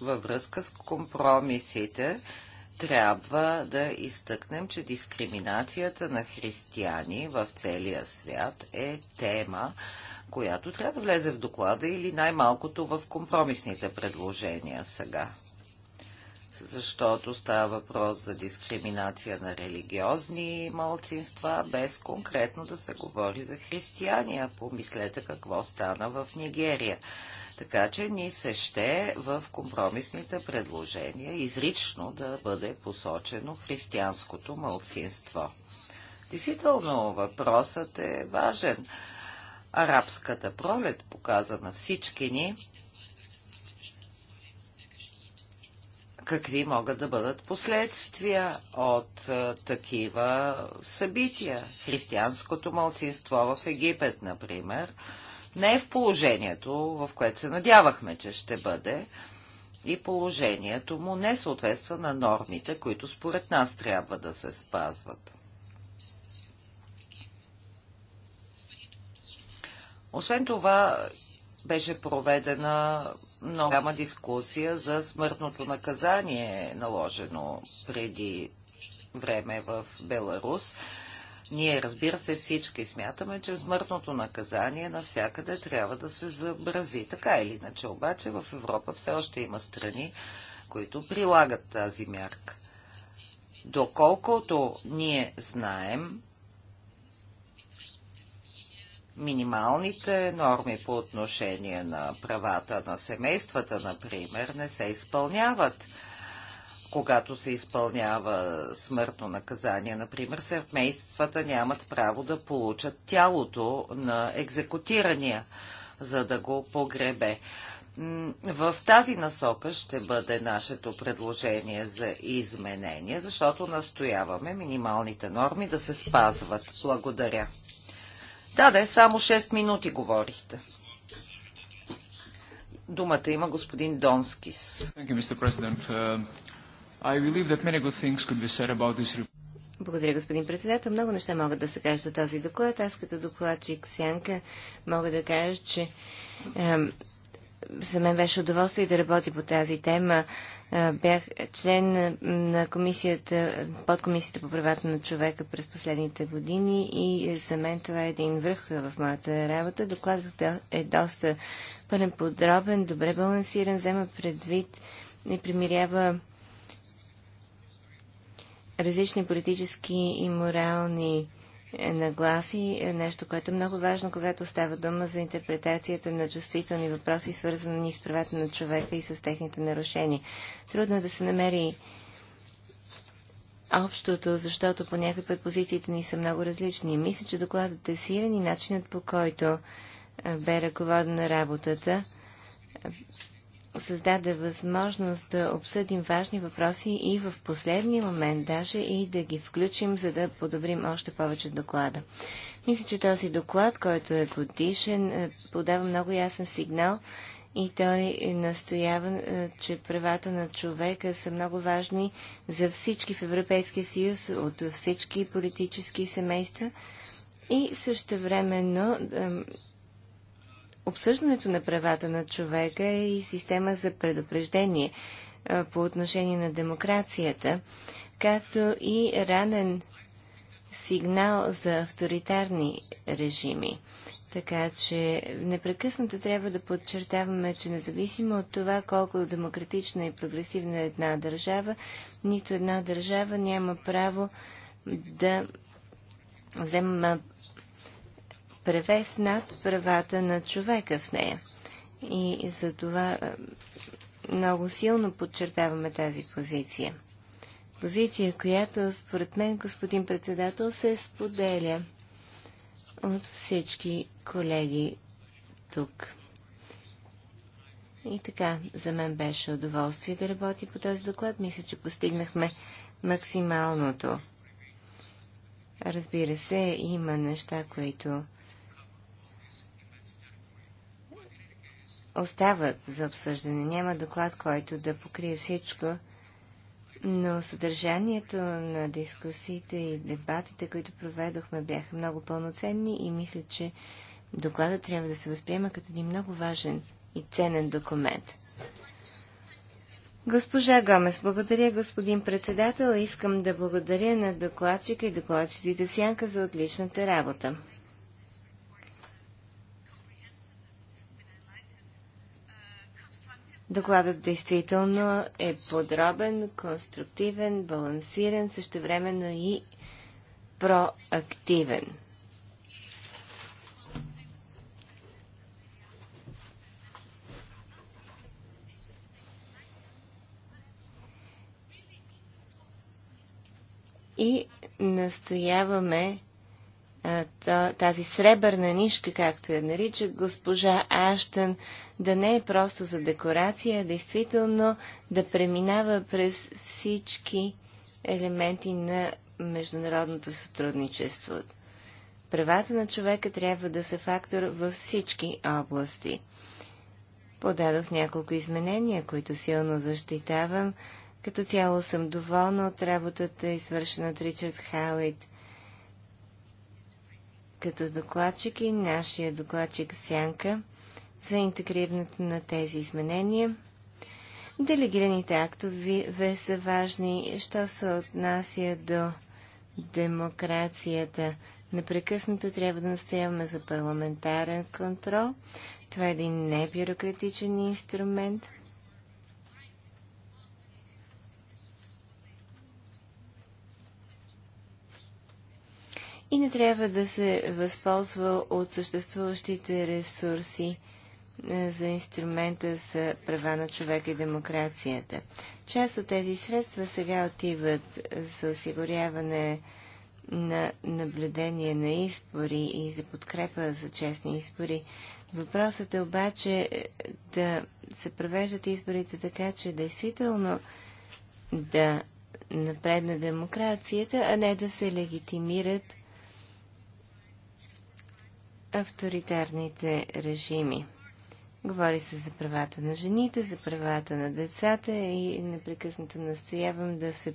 във връзка с компромисите, трябва да изтъкнем, че дискриминацията на християни в целия свят е тема, която трябва да влезе в доклада или най-малкото в компромисните предложения сега. Защото става въпрос за дискриминация на религиозни малцинства, без конкретно да се говори за християния. Помислете какво стана в Нигерия. Така че ни се ще в компромисните предложения изрично да бъде посочено християнското мълцинство. Действително, въпросът е важен. Арабската пролет показа на всички ни какви могат да бъдат последствия от е, такива събития. Християнското малцинство в Египет, например, не е в положението, в което се надявахме, че ще бъде и положението му не съответства на нормите, които според нас трябва да се спазват. Освен това, беше проведена много голяма дискусия за смъртното наказание, наложено преди време в Беларус. Ние, разбира се, всички смятаме, че смъртното наказание навсякъде трябва да се забрази. Така или иначе, обаче в Европа все още има страни, които прилагат тази мярка. Доколкото ние знаем, Минималните норми по отношение на правата на семействата, например, не се изпълняват. Когато се изпълнява смъртно наказание, например, семействата нямат право да получат тялото на екзекутирания, за да го погребе. В тази насока ще бъде нашето предложение за изменение, защото настояваме минималните норми да се спазват. Благодаря. Да, да, само 6 минути говорихте. Думата има господин Донскис. Uh, Благодаря, господин председател. Много неща могат да се кажат за този доклад. Аз като докладчик Сянка мога да кажа, че ем, за мен беше удоволствие да работя по тази тема. Бях член на комисията, подкомисията по правата на човека през последните години и за мен това е един връх в моята работа. Докладът е доста пълен подробен, добре балансиран, взема предвид и примирява различни политически и морални е, нагласи е нещо, което е много важно, когато става дума за интерпретацията на чувствителни въпроси, свързани с правата на човека и с техните нарушения. Трудно е да се намери общото, защото по някакви позициите ни са много различни. Мисля, че докладът е силен и начинът по който е, бе ръководена работата създаде възможност да обсъдим важни въпроси и в последния момент даже и да ги включим, за да подобрим още повече доклада. Мисля, че този доклад, който е годишен, е, подава много ясен сигнал и той настоява, е, че правата на човека са много важни за всички в Европейския съюз, от всички политически семейства и също времено обсъждането на правата на човека и система за предупреждение по отношение на демокрацията, както и ранен сигнал за авторитарни режими. Така че непрекъснато трябва да подчертаваме, че независимо от това колко демократична и прогресивна е една държава, нито една държава няма право да взема превес над правата на човека в нея. И за това е, много силно подчертаваме тази позиция. Позиция, която според мен, господин председател, се споделя от всички колеги тук. И така, за мен беше удоволствие да работи по този доклад. Мисля, че постигнахме максималното. Разбира се, има неща, които остават за обсъждане. Няма доклад, който да покрие всичко, но съдържанието на дискусиите и дебатите, които проведохме, бяха много пълноценни и мисля, че докладът трябва да се възприема като един много важен и ценен документ. Госпожа Гомес, благодаря господин председател. Искам да благодаря на докладчика и докладчиците Сянка за отличната работа. Докладът действително е подробен, конструктивен, балансиран, същевременно и проактивен. И настояваме тази сребърна нишка, както я нарича госпожа Аштън, да не е просто за декорация, а действително да преминава през всички елементи на международното сътрудничество. Правата на човека трябва да са фактор във всички области. Подадох няколко изменения, които силно защитавам. Като цяло съм доволна от работата, извършена от Ричард Хауит като докладчик и нашия докладчик Сянка за интегрирането на тези изменения. Делегираните актове са важни, що се отнася до демокрацията. Непрекъснато трябва да настояваме за парламентарен контрол. Това е един небюрократичен инструмент. и не трябва да се възползва от съществуващите ресурси е, за инструмента за права на човека и демокрацията. Част от тези средства сега отиват за осигуряване на наблюдение на избори и за подкрепа за честни избори. Въпросът е обаче е, да се провеждат изборите така, че действително да напредна демокрацията, а не да се легитимират авторитарните режими. Говори се за правата на жените, за правата на децата и непрекъснато настоявам да се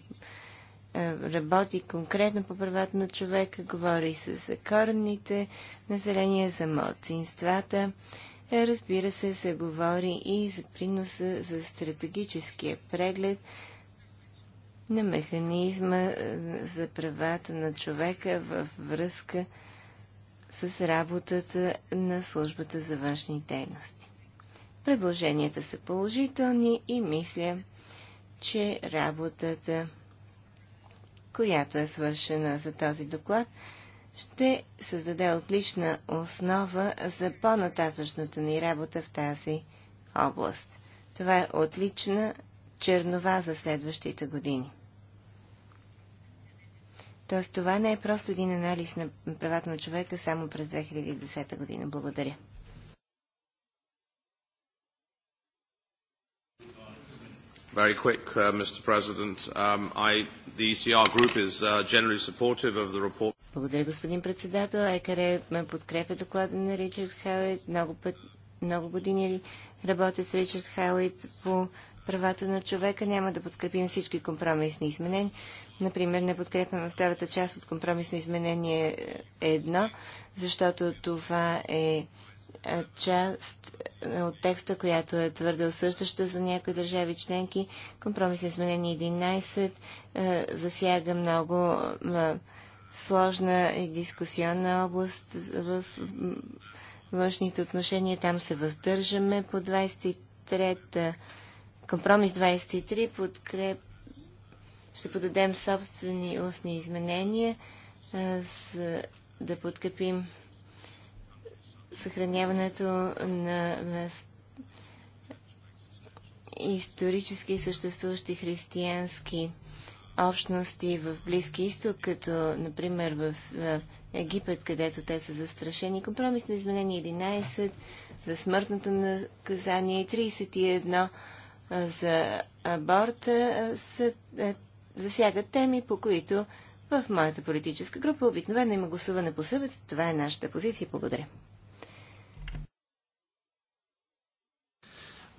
е, работи конкретно по правата на човека. Говори се за коренните населения, за младсинствата. Е, разбира се, се говори и за приноса за стратегическия преглед на механизма е, за правата на човека във връзка с с работата на службата за външни дейности. Предложенията са положителни и мисля, че работата, която е свършена за този доклад, ще създаде отлична основа за по-нататъчната ни работа в тази област. Това е отлична чернова за следващите години. Тоест това не е просто един анализ на правата на човека само през 2010 година. Благодаря. Very quick, uh, Mr. President. Um, I, the ECR group is uh, generally supportive of the report. Благодаря, господин председател. ЕКР ме подкрепя доклада на Ричард Хауит. Много, път, много години работя с Ричард Хауит по правата на човека, няма да подкрепим всички компромисни изменения. Например, не подкрепяме втората част от компромисно изменение е, едно, защото това е, е част е, от текста, която е твърде осъщаща за някои държави членки. Компромисно изменение 11 засяга много сложна и дискусионна област в външните отношения. Там се въздържаме по 23-та Компромис 23 подкреп... ще подадем собствени устни изменения за да подкрепим съхраняването на, исторически съществуващи християнски общности в Близки изток, като например в Египет, където те са застрашени. на изменение 11 за смъртното наказание и 31 за аборта са, е, засягат теми, по които в моята политическа група обикновено има гласуване по съвет. Това е нашата позиция. Благодаря.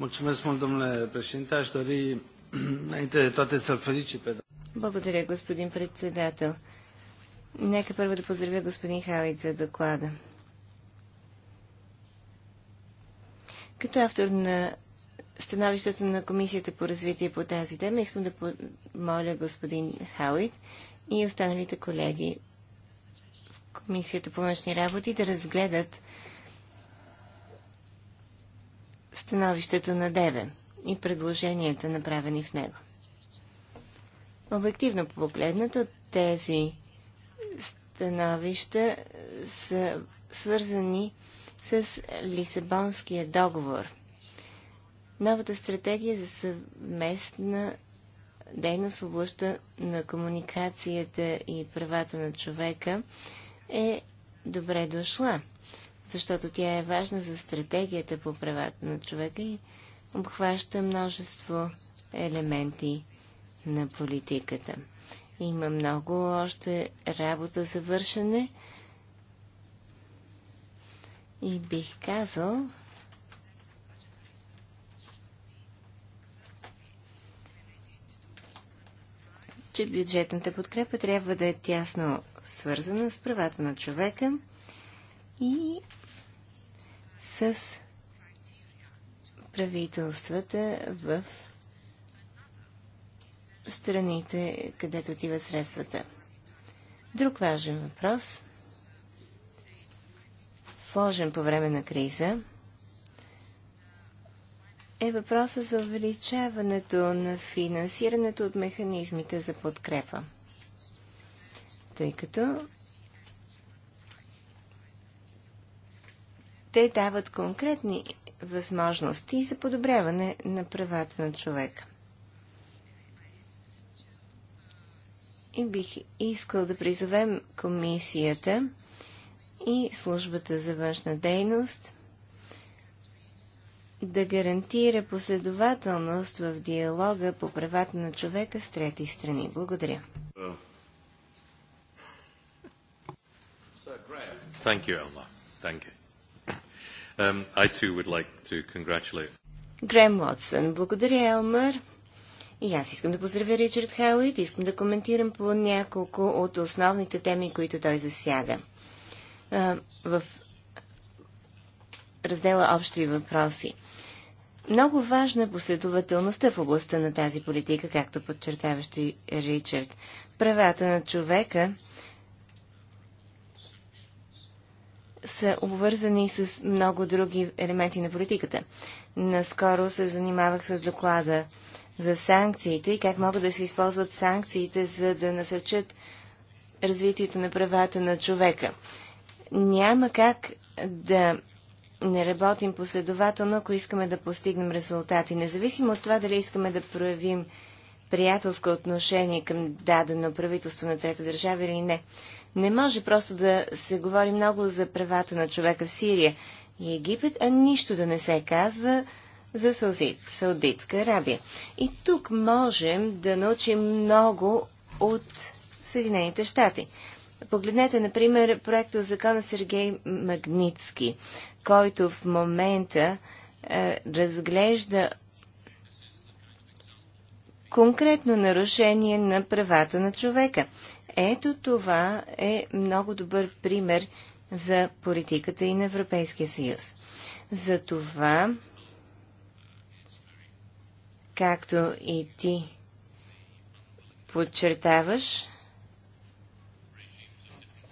Mulțumesc mult, domnule președinte. Aș dori, [clears throat] înainte de toate, să-l felicit pe... Благодаря, господин председател. Нека първо да поздравя господин Хауит за доклада. Като автор на становището на Комисията по развитие по тази тема. Искам да помоля господин Хауит и останалите колеги в Комисията по външни работи да разгледат становището на Деве и предложенията, направени в него. Обективно погледнато, тези становища са свързани с Лисабонския договор – новата стратегия за съвместна дейност в областта на комуникацията и правата на човека е добре дошла, защото тя е важна за стратегията по правата на човека и обхваща множество елементи на политиката. Има много още работа за вършене и бих казал, че бюджетната подкрепа трябва да е тясно свързана с правата на човека и с правителствата в страните, където отиват средствата. Друг важен въпрос, сложен по време на криза – е въпроса за увеличаването на финансирането от механизмите за подкрепа. Тъй като те дават конкретни възможности за подобряване на правата на човека. И бих искал да призовем комисията и службата за външна дейност – да гарантира последователност в диалога по правата на човека с трети страни. Благодаря. Thank you, Thank you. Um, I too would like to congratulate. Грем Уотсън. Благодаря, Елмар. И аз искам да поздравя Ричард Хауит. Искам да коментирам по няколко от основните теми, които той засяга. Uh, в раздела Общи въпроси много важна е последователността в областта на тази политика, както подчертаващи Ричард. Правата на човека са обвързани с много други елементи на политиката. Наскоро се занимавах с доклада за санкциите и как могат да се използват санкциите, за да насърчат развитието на правата на човека. Няма как да не работим последователно, ако искаме да постигнем резултати. Независимо от това дали искаме да проявим приятелско отношение към дадено правителство на трета държава или не. Не може просто да се говори много за правата на човека в Сирия и Египет, а нищо да не се казва за Саузит, Саудитска Арабия. И тук можем да научим много от Съединените щати. Погледнете, например, проекта закона Сергей Магницки който в момента е, разглежда конкретно нарушение на правата на човека. Ето това е много добър пример за политиката и на Европейския съюз. За това, както и ти подчертаваш,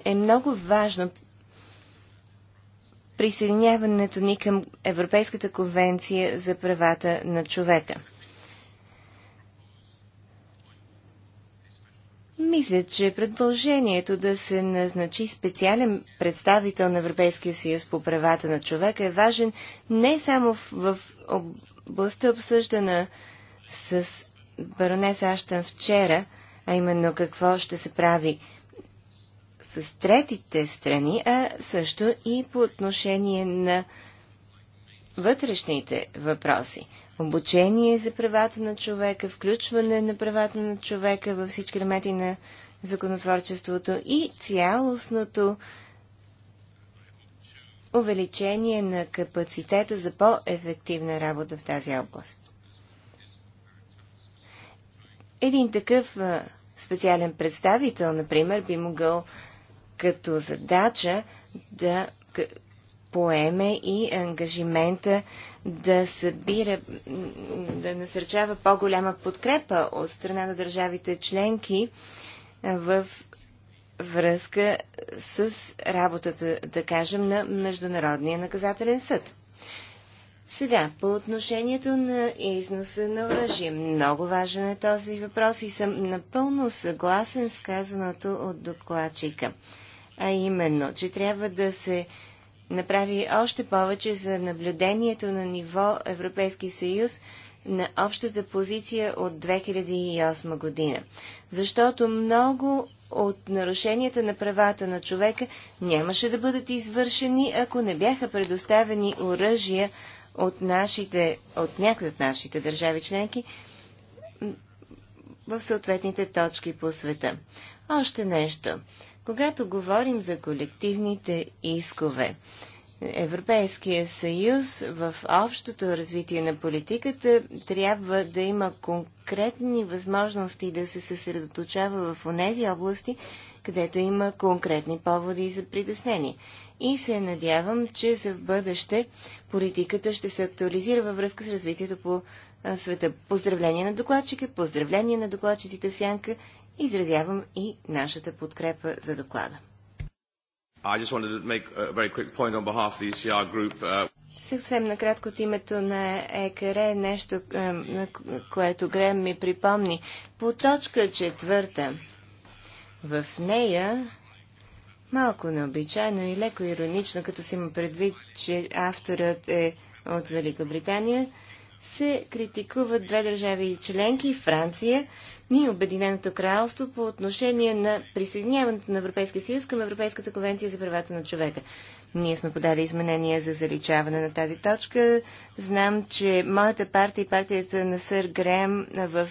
е много важно присъединяването ни към Европейската конвенция за правата на човека. Мисля, че предложението да се назначи специален представител на Европейския съюз по правата на човека е важен не само в, областта обсъждана с баронеса Аштан вчера, а именно какво ще се прави с третите страни, а също и по отношение на вътрешните въпроси. Обучение за правата на човека, включване на правата на човека във всички рамети на законотворчеството и цялостното увеличение на капацитета за по-ефективна работа в тази област. Един такъв специален представител, например, би могъл като задача да поеме и ангажимента да събира, да насърчава по-голяма подкрепа от страна на държавите членки в връзка с работата, да кажем, на Международния наказателен съд. Сега, по отношението на износа на оръжие. Много важен е този въпрос и съм напълно съгласен с казаното от докладчика а именно, че трябва да се направи още повече за наблюдението на ниво Европейски съюз на общата позиция от 2008 година. Защото много от нарушенията на правата на човека нямаше да бъдат извършени, ако не бяха предоставени оръжия от, нашите, от някои от нашите държави членки в съответните точки по света. Още нещо. Когато говорим за колективните искове, Европейския съюз в общото развитие на политиката трябва да има конкретни възможности да се съсредоточава в онези области, където има конкретни поводи за притеснение. И се надявам, че за в бъдеще политиката ще се актуализира във връзка с развитието по света. Поздравление на докладчика, поздравление на докладчиците Сянка изразявам и нашата подкрепа за доклада. E uh, Съвсем накратко от името на ЕКР е нещо, което Грем ми припомни. По точка четвърта, в нея, малко необичайно и леко иронично, като си има предвид, че авторът е от Великобритания, се критикуват две държави и членки, Франция, и Обединеното кралство по отношение на присъединяването на Европейския съюз към Европейската конвенция за правата на човека. Ние сме подали изменения за заличаване на тази точка. Знам, че моята партия и партията на сър Грем в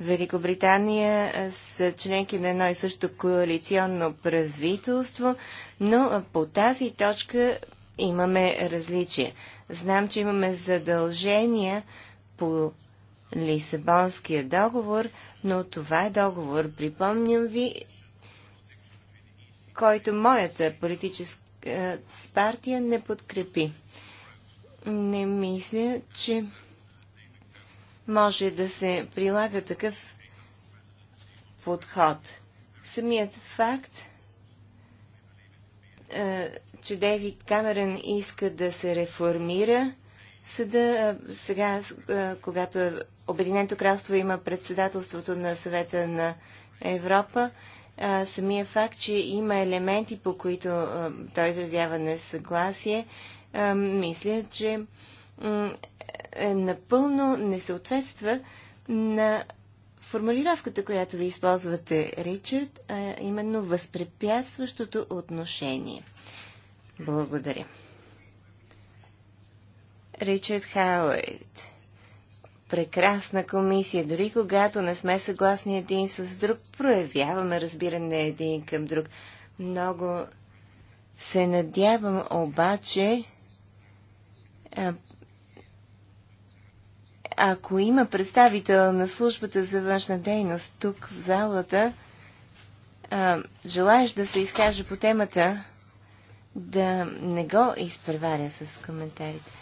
Великобритания са членки на едно и също коалиционно правителство, но по тази точка имаме различия. Знам, че имаме задължения по Лисабонския договор, но това е договор, припомням ви, който моята политическа е, партия не подкрепи. Не мисля, че може да се прилага такъв подход. Самият факт, е, че Дейвид Камерън иска да се реформира съда, е, сега, когато е Обединеното кралство има председателството на съвета на Европа. А, самия факт, че има елементи, по които а, той изразява несъгласие, а, мисля, че е напълно не съответства на формулировката, която ви използвате, Ричард, а именно възпрепятстващото отношение. Благодаря. Ричард Хауърд прекрасна комисия. Дори когато не сме съгласни един с друг, проявяваме разбиране един към друг. Много се надявам обаче, ако има представител на службата за външна дейност тук в залата, а, желаеш да се изкаже по темата, да не го изпреваря с коментарите.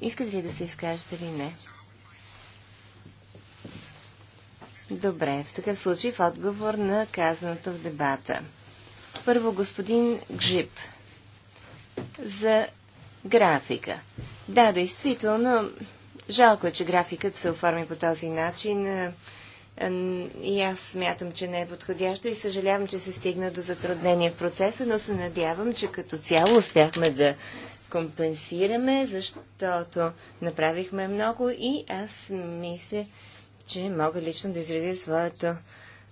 Искате ли да се изкажете или не? Добре, в такъв случай в отговор на казаното в дебата. Първо господин Гжип за графика. Да, действително, жалко е, че графикът се оформи по този начин и аз смятам, че не е подходящо и съжалявам, че се стигна до затруднения в процеса, но се надявам, че като цяло успяхме да компенсираме, защото направихме много и аз мисля, че мога лично да изразя своето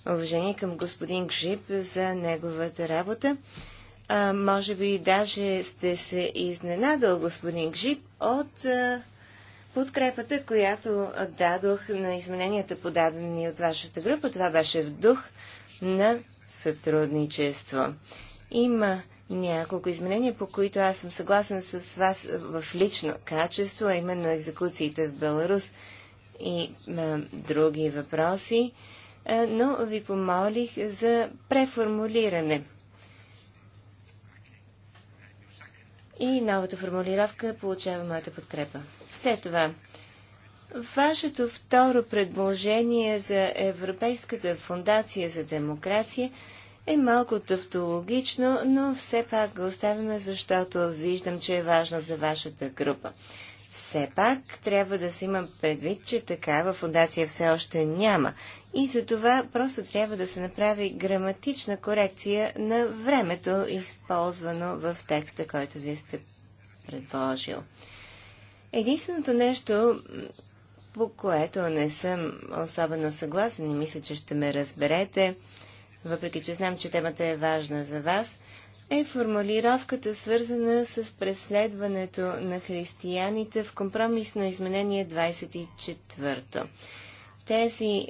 уважение към господин Гжип за неговата работа. А, може би даже сте се изненадал, господин Гжип, от а, подкрепата, която дадох на измененията, подадени от вашата група. Това беше в дух на сътрудничество. Има няколко изменения, по които аз съм съгласен с вас в лично качество, а именно екзекуциите в Беларус и а, други въпроси, а, но ви помолих за преформулиране. И новата формулировка получава моята подкрепа. След това, вашето второ предложение за Европейската фундация за демокрация – е малко тавтологично, но все пак го оставяме, защото виждам, че е важно за вашата група. Все пак трябва да се има предвид, че такава фундация все още няма. И за това просто трябва да се направи граматична корекция на времето, използвано в текста, който вие сте предложил. Единственото нещо, по което не съм особено съгласен и мисля, че ще ме разберете, въпреки че знам, че темата е важна за вас, е формулировката свързана с преследването на християните в компромисно изменение 24. Тези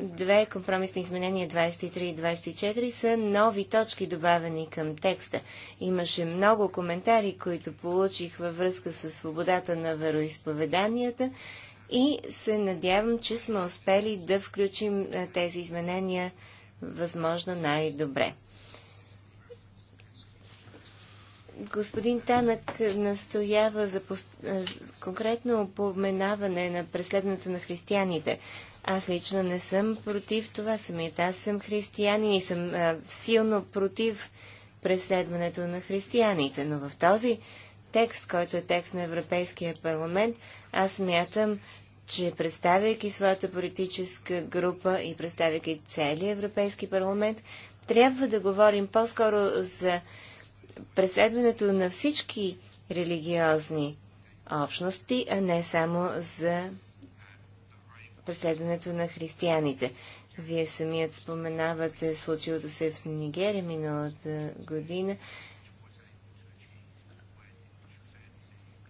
две компромисни изменения 23 и 24 са нови точки добавени към текста. Имаше много коментари, които получих във връзка с свободата на вероисповеданията и се надявам, че сме успели да включим тези изменения възможно най-добре. Господин Танък настоява за конкретно упоменаване на преследването на християните. Аз лично не съм против това самият. Аз съм християнин и съм а, силно против преследването на християните. Но в този текст, който е текст на Европейския парламент, аз мятам, че представяйки своята политическа група и представяйки целият Европейски парламент, трябва да говорим по-скоро за преследването на всички религиозни общности, а не само за преследването на християните. Вие самият споменавате случилото се в Нигерия миналата година.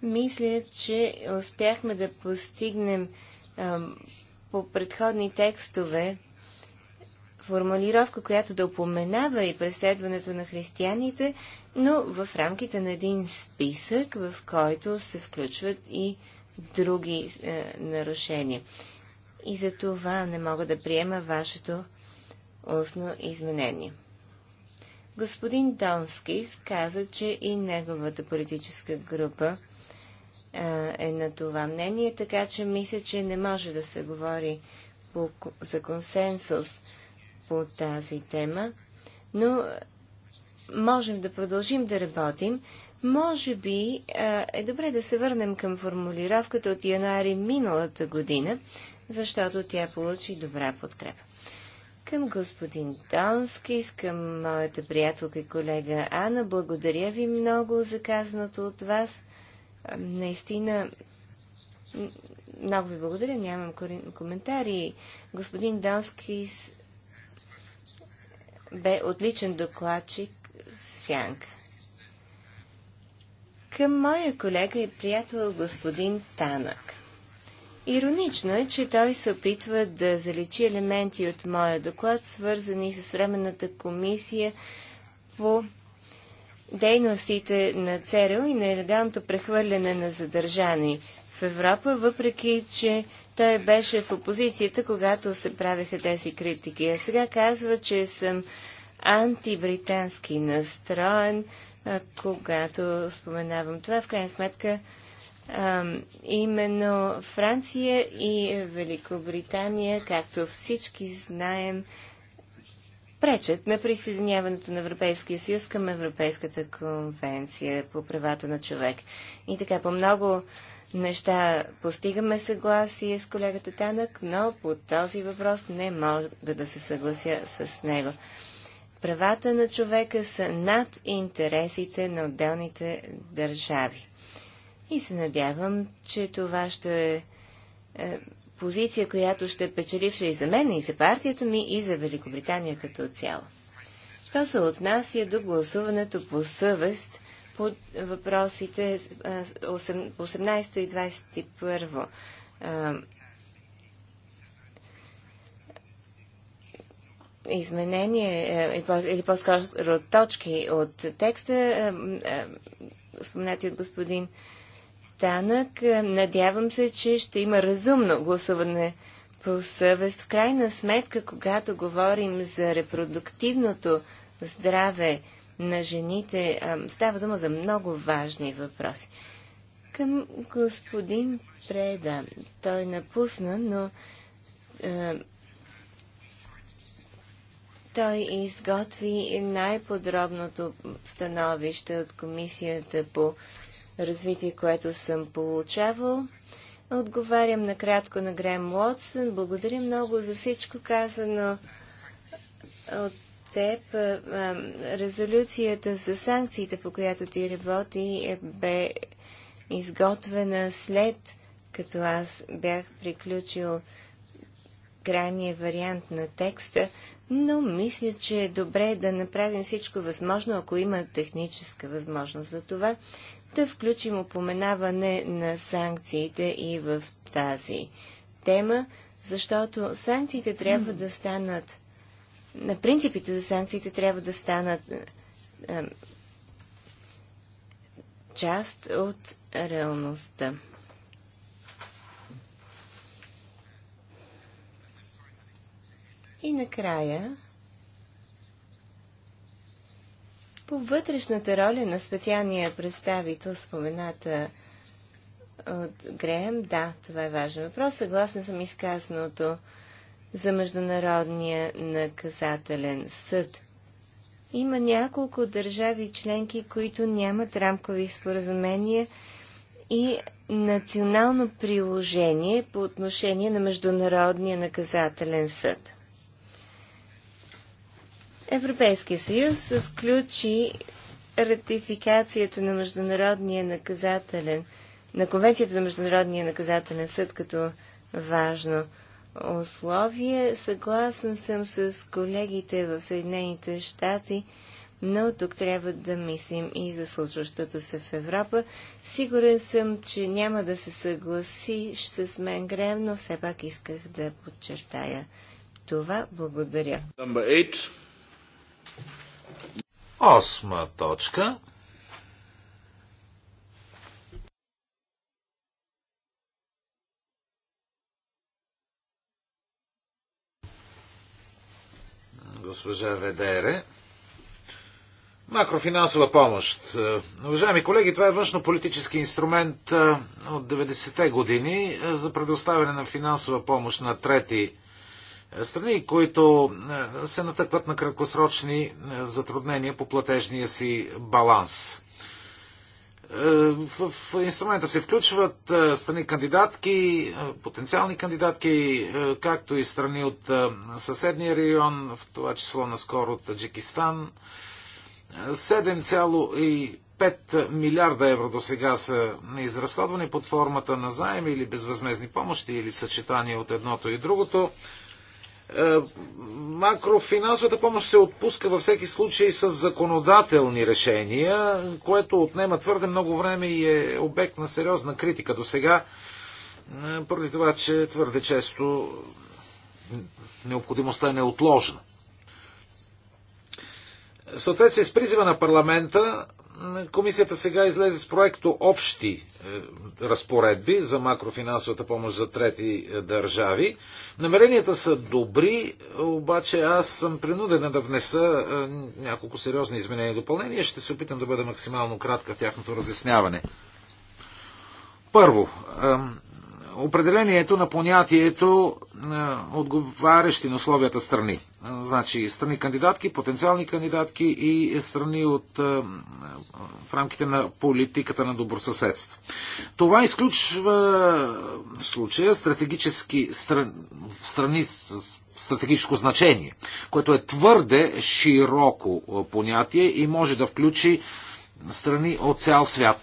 Мисля, че успяхме да постигнем а, по предходни текстове формулировка, която да упоменава и преследването на християните, но в рамките на един списък, в който се включват и други е, нарушения. И за това не мога да приема вашето устно изменение. Господин Донски каза, че и неговата политическа група е на това мнение, така че мисля, че не може да се говори по, за консенсус по тази тема, но можем да продължим да работим. Може би е добре да се върнем към формулировката от януари миналата година, защото тя получи добра подкрепа. Към господин Донски, към моята приятелка и колега Ана, благодаря ви много за казаното от вас. Наистина, много ви благодаря, нямам коментари. Господин Донски бе отличен докладчик Сянка. Към моя колега и приятел господин Танък. Иронично е, че той се опитва да заличи елементи от моя доклад, свързани с Временната комисия по дейностите на ЦРУ и нелегалното прехвърляне на задържани в Европа, въпреки че той беше в опозицията, когато се правеха тези критики. А сега казва, че съм антибритански настроен, а, когато споменавам това. В крайна сметка, а, именно Франция и Великобритания, както всички знаем, пречат на присъединяването на Европейския съюз към Европейската конвенция по правата на човек. И така, по много неща постигаме съгласие с колегата Танък, но по този въпрос не мога да се съглася с него. Правата на човека са над интересите на отделните държави. И се надявам, че това ще е, позиция, която ще печеливша и за мен, и за партията ми, и за Великобритания като цяло. Що се отнася до гласуването по съвест по въпросите 18 и 21? изменение е, е, или по-скоро точки от текста, е, споменати от господин останък. Надявам се, че ще има разумно гласуване по съвест. В крайна сметка, когато говорим за репродуктивното здраве на жените, става дума за много важни въпроси. Към господин Преда. Той напусна, но той изготви най-подробното становище от комисията по развитие, което съм получавал. Отговарям накратко на Грем Уотсън. Благодаря много за всичко казано от теб. Резолюцията за санкциите, по която ти работи, е, бе изготвена след като аз бях приключил крайния вариант на текста, но мисля, че е добре да направим всичко възможно, ако има техническа възможност за това, да включим упоменаване на санкциите и в тази тема, защото санкциите трябва да станат. На принципите за санкциите трябва да станат е, е част от реалността. И накрая По вътрешната роля на специалния представител, спомената от Греем, да, това е важен въпрос. Съгласна съм изказаното за Международния наказателен съд. Има няколко държави членки, които нямат рамкови споразумения и национално приложение по отношение на Международния наказателен съд. Европейския съюз включи ратификацията на Международния наказателен, на Конвенцията на Международния наказателен съд като важно условие. Съгласен съм с колегите в Съединените щати, но тук трябва да мислим и за случващото се в Европа. Сигурен съм, че няма да се съгласиш с мен, Грем, но все пак исках да подчертая това. Благодаря. Осма точка. Госпожа Ведере. Макрофинансова помощ. Уважаеми колеги, това е външно-политически инструмент от 90-те години за предоставяне на финансова помощ на трети страни, които е, се натъкват на краткосрочни е, затруднения по платежния си баланс. Е, в инструмента се включват страни кандидатки, потенциални кандидатки, както и страни от съседния район, в това число наскоро от Таджикистан. 7,5 милиарда евро до сега са изразходвани под формата на заеми или безвъзмезни помощи или в съчетание от едното и другото. Е, макрофинансовата помощ се отпуска във всеки случай с законодателни решения, което отнема твърде много време и е обект на сериозна критика до сега, е, поради това, че твърде често необходимостта е неотложна. В съответствие с призива на парламента, Комисията сега излезе с проекто общи е, разпоредби за макрофинансовата помощ за трети е, държави. Намеренията са добри, обаче аз съм принуден да внеса е, няколко сериозни изменения и допълнения. Ще се опитам да бъда максимално кратка в тяхното разясняване. Първо, определението на понятието отговарящи на условията страни. Значи страни кандидатки, потенциални кандидатки и страни от, в рамките на политиката на добросъседство. Това изключва в случая стратегически страни, страни с стратегическо значение, което е твърде широко понятие и може да включи страни от цял свят.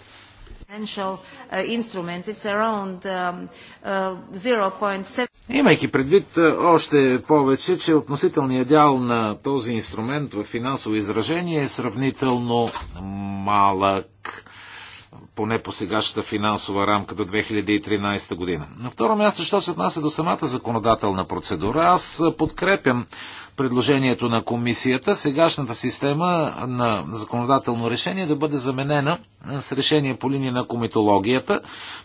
Uh, um, uh, Имайки предвид е, още повече, че относителният дял на този инструмент в финансово изражение е сравнително малък поне по сегашната финансова рамка до 2013 година. На второ място, що се отнася до самата законодателна процедура, аз е, подкрепям предложението на комисията, сегашната система на законодателно решение да бъде заменена с решение по линия на комитологията.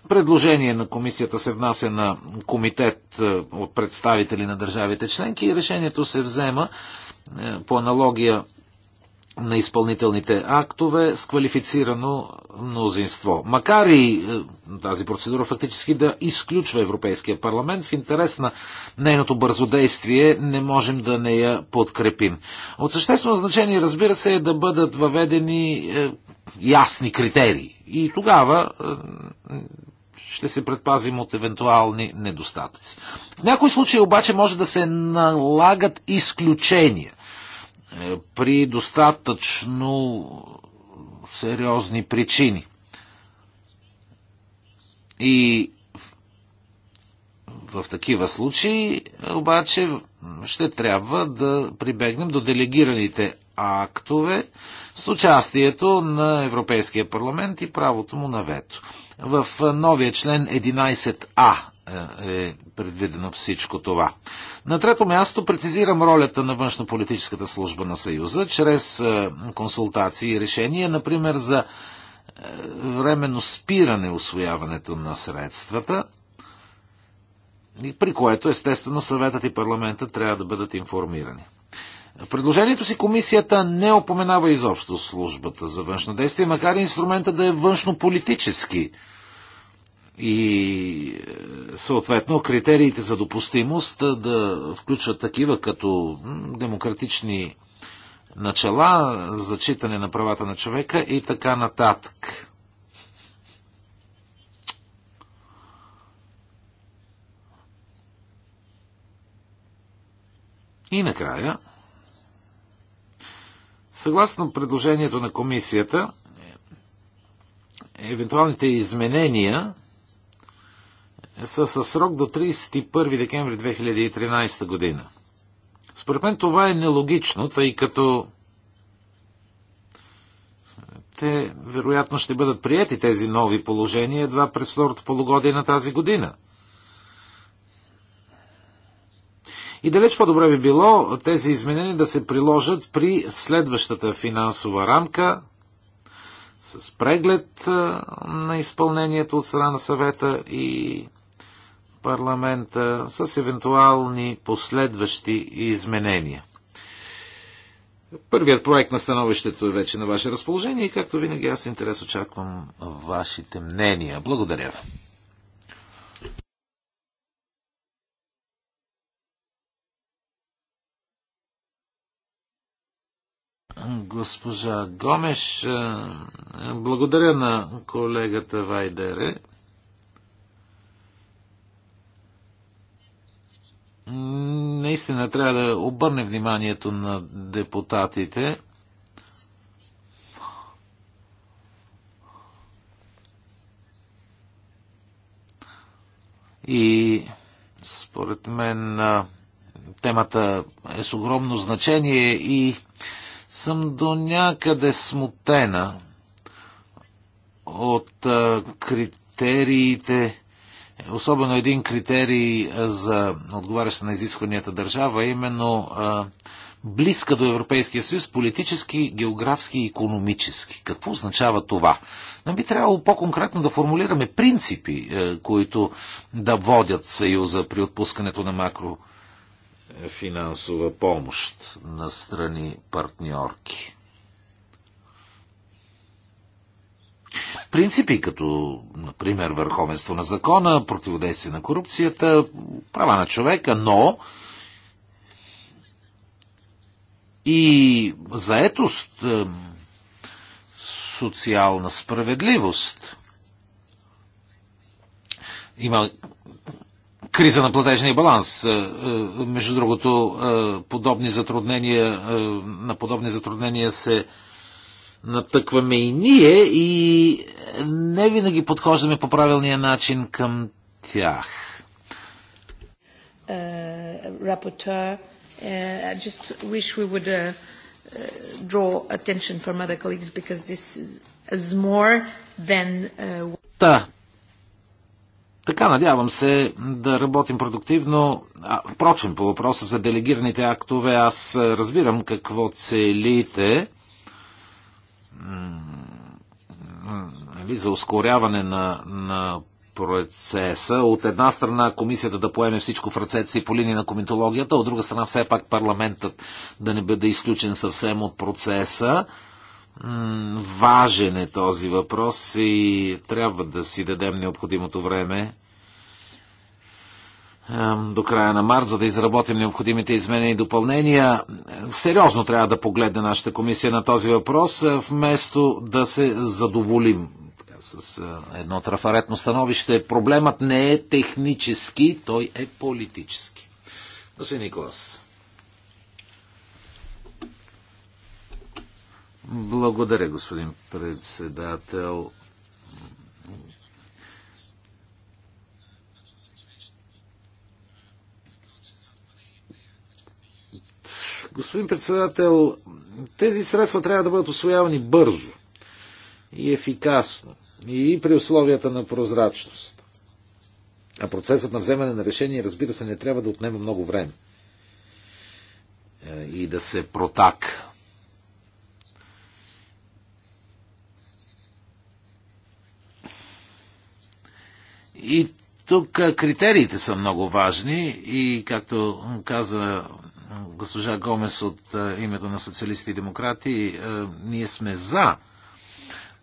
Предложение на комисията се внася на комитет е, от представители на държавите членки и решението се взема е, по аналогия на изпълнителните актове с квалифицирано мнозинство. Макар и е, тази процедура фактически да изключва Европейския парламент, в интерес на нейното бързодействие не можем да не я подкрепим. От съществено значение, разбира се, е да бъдат въведени е, ясни критерии. И тогава е, ще се предпазим от евентуални недостатъци. В някои случаи обаче може да се налагат изключения е, при достатъчно сериозни причини. И в такива случаи обаче ще трябва да прибегнем до делегираните актове с участието на Европейския парламент и правото му на вето. В новия член 11а е, е предвидено всичко това. На трето място прецизирам ролята на външнополитическата служба на Съюза чрез е, консултации и решения, например за е, временно спиране освояването на средствата, при което естествено съветът и парламента трябва да бъдат информирани. В предложението си комисията не опоменава изобщо службата за външно действие, макар и инструмента да е външно-политически и е, съответно критериите за допустимост е, да включват такива като демократични начала, зачитане на правата на човека и така нататък. И накрая, съгласно предложението на комисията, евентуалните изменения са със срок до 31 декември 2013 година. Според мен това е нелогично, тъй като те вероятно ще бъдат прияти тези нови положения едва през второто полугодие на тази година. И далеч по-добре би било тези изменения да се приложат при следващата финансова рамка с преглед на изпълнението от страна на съвета и парламента с евентуални последващи изменения. Първият проект на становището е вече на ваше разположение и както винаги аз интерес очаквам вашите мнения. Благодаря ви. Госпожа Гомеш, благодаря на колегата Вайдере наистина трябва да обърне вниманието на депутатите. И според мен темата е с огромно значение и съм до някъде смутена от критериите, особено един критерий за отговаряща на изискванията държава, е именно близка до Европейския съюз политически, географски и економически. Какво означава това? Но би трябвало по-конкретно да формулираме принципи, е, които да водят Съюза при отпускането на макрофинансова помощ на страни партньорки. принципи, като, например, върховенство на закона, противодействие на корупцията, права на човека, но и заетост, е, социална справедливост. Има криза на платежния баланс. Е, е, между другото, подобни затруднения, на подобни затруднения се натъкваме и ние и не винаги подхождаме по правилния начин към тях. Uh, uh, uh, uh, draw attention from other colleagues because this is more than... Uh... Така, надявам се да работим продуктивно. А, впрочем, по въпроса за делегираните актове, аз разбирам какво целите нали, за ускоряване на, на процеса. От една страна комисията да поеме всичко в ръцете си по линия на коментологията, от друга страна все пак парламентът да не бъде изключен съвсем от процеса. Важен е този въпрос и трябва да си дадем необходимото време до края на март, за да изработим необходимите изменения и допълнения. Сериозно трябва да погледне нашата комисия на този въпрос, вместо да се задоволим така, с едно трафаретно становище. Проблемът не е технически, той е политически. Господин Николас. Благодаря, господин председател. Господин председател, тези средства трябва да бъдат освоявани бързо и ефикасно и при условията на прозрачност. А процесът на вземане на решение, разбира се, не трябва да отнема много време е, и да се протака. И тук критериите са много важни и, както каза госпожа Гомес от е, името на социалисти и демократи, е, ние сме за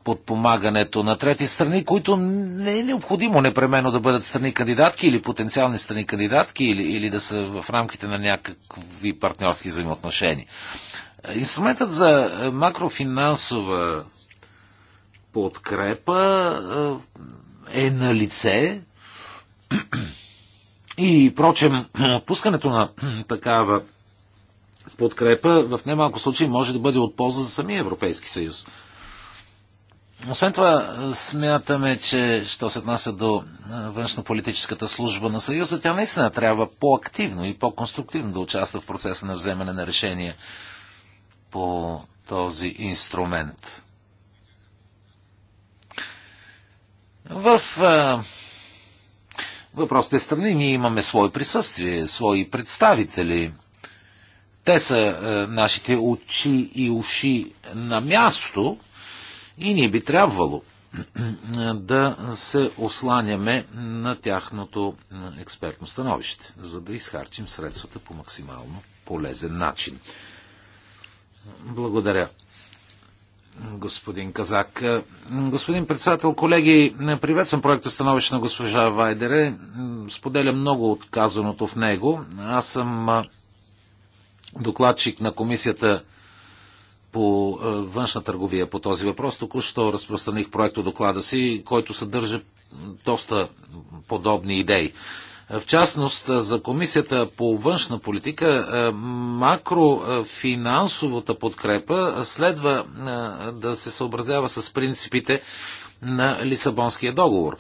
подпомагането на трети страни, които не е необходимо непременно да бъдат страни кандидатки или потенциални страни кандидатки или, или да са в рамките на някакви партньорски взаимоотношения. Инструментът за е, макрофинансова подкрепа е на лице и, прочем, [clears throat] пускането на [clears throat] такава подкрепа в немалко случаи може да бъде от полза за самия Европейски съюз. Освен това, смятаме, че, що се отнася до външно-политическата служба на Съюза, тя наистина трябва по-активно и по-конструктивно да участва в процеса на вземане на решения по този инструмент. В въпросите страни ние имаме свое присъствие, свои представители. Те са е, нашите очи и уши на място и ние би трябвало е, да се осланяме на тяхното е, експертно становище, за да изхарчим средствата по максимално полезен начин. Благодаря господин Казак. Е, господин председател, колеги, е, приветствам проекта становище на госпожа Вайдере. Споделя много от казаното в него. Аз съм е, докладчик на комисията по външна търговия по този въпрос. Току-що разпространих проекто доклада си, който съдържа доста подобни идеи. В частност, за Комисията по външна политика макрофинансовата подкрепа следва да се съобразява с принципите на Лисабонския договор.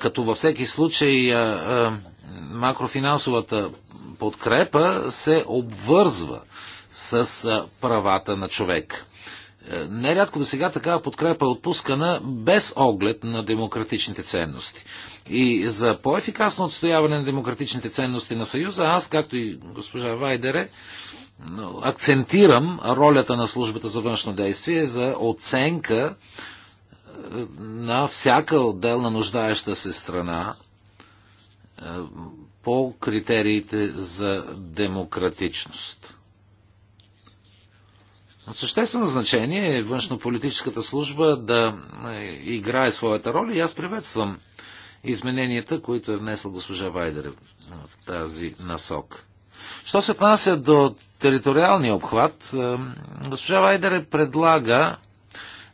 Като във всеки случай макрофинансовата подкрепа се обвързва с правата на човек. Нерядко до сега такава подкрепа е отпускана без оглед на демократичните ценности. И за по-ефикасно отстояване на демократичните ценности на Съюза, аз, както и госпожа Вайдере, акцентирам ролята на службата за външно действие за оценка е, на всяка отделна нуждаеща се страна е, по критериите за демократичност. От съществено значение е външнополитическата служба да е, играе своята роля и аз приветствам измененията, които е внесла госпожа Вайдер в тази насок. Що се отнася до териториалния обхват, е, госпожа Вайдер предлага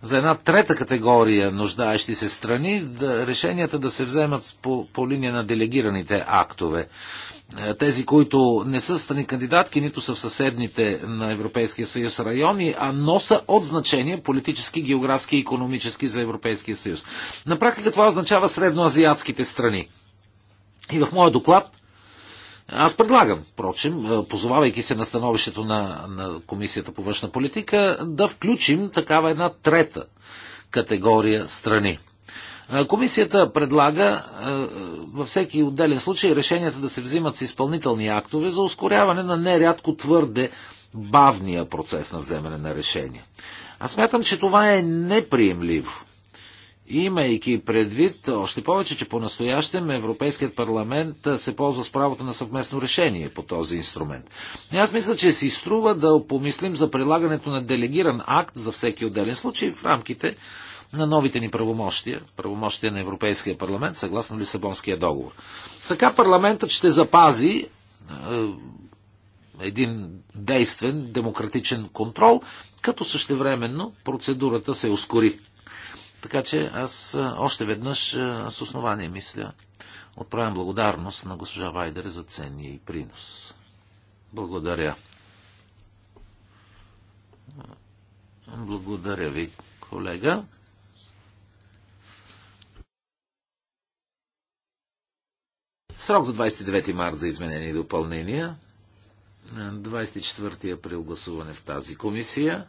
за една трета категория нуждаещи се страни да, решенията да се вземат по, по линия на делегираните актове. Е, тези, които не са страни кандидатки, нито са в съседните на Европейския съюз райони, а но са от значение политически, географски и економически за Европейския съюз. На практика това означава средноазиатските страни. И в моя доклад аз предлагам, впрочем, е, позовавайки се на становището на, на Комисията по външна политика, да включим такава една трета категория страни. Комисията предлага във всеки отделен случай решенията да се взимат с изпълнителни актове за ускоряване на нерядко твърде бавния процес на вземане на решения. Аз смятам, че това е неприемливо. Имайки предвид, още повече, че по-настоящем Европейският парламент се ползва с правото на съвместно решение по този инструмент. И аз мисля, че си струва да помислим за прилагането на делегиран акт за всеки отделен случай в рамките на новите ни правомощия, правомощия на Европейския парламент, съгласно Лисабонския договор. Така парламентът ще запази е, един действен демократичен контрол, като същевременно процедурата се ускори. Така че аз е, още веднъж е, с основание мисля отправям благодарност на госпожа Вайдер за ценния и принос. Благодаря. Благодаря ви, колега. Срок до 29 март за изменение и допълнения. 24 април гласуване в тази комисия.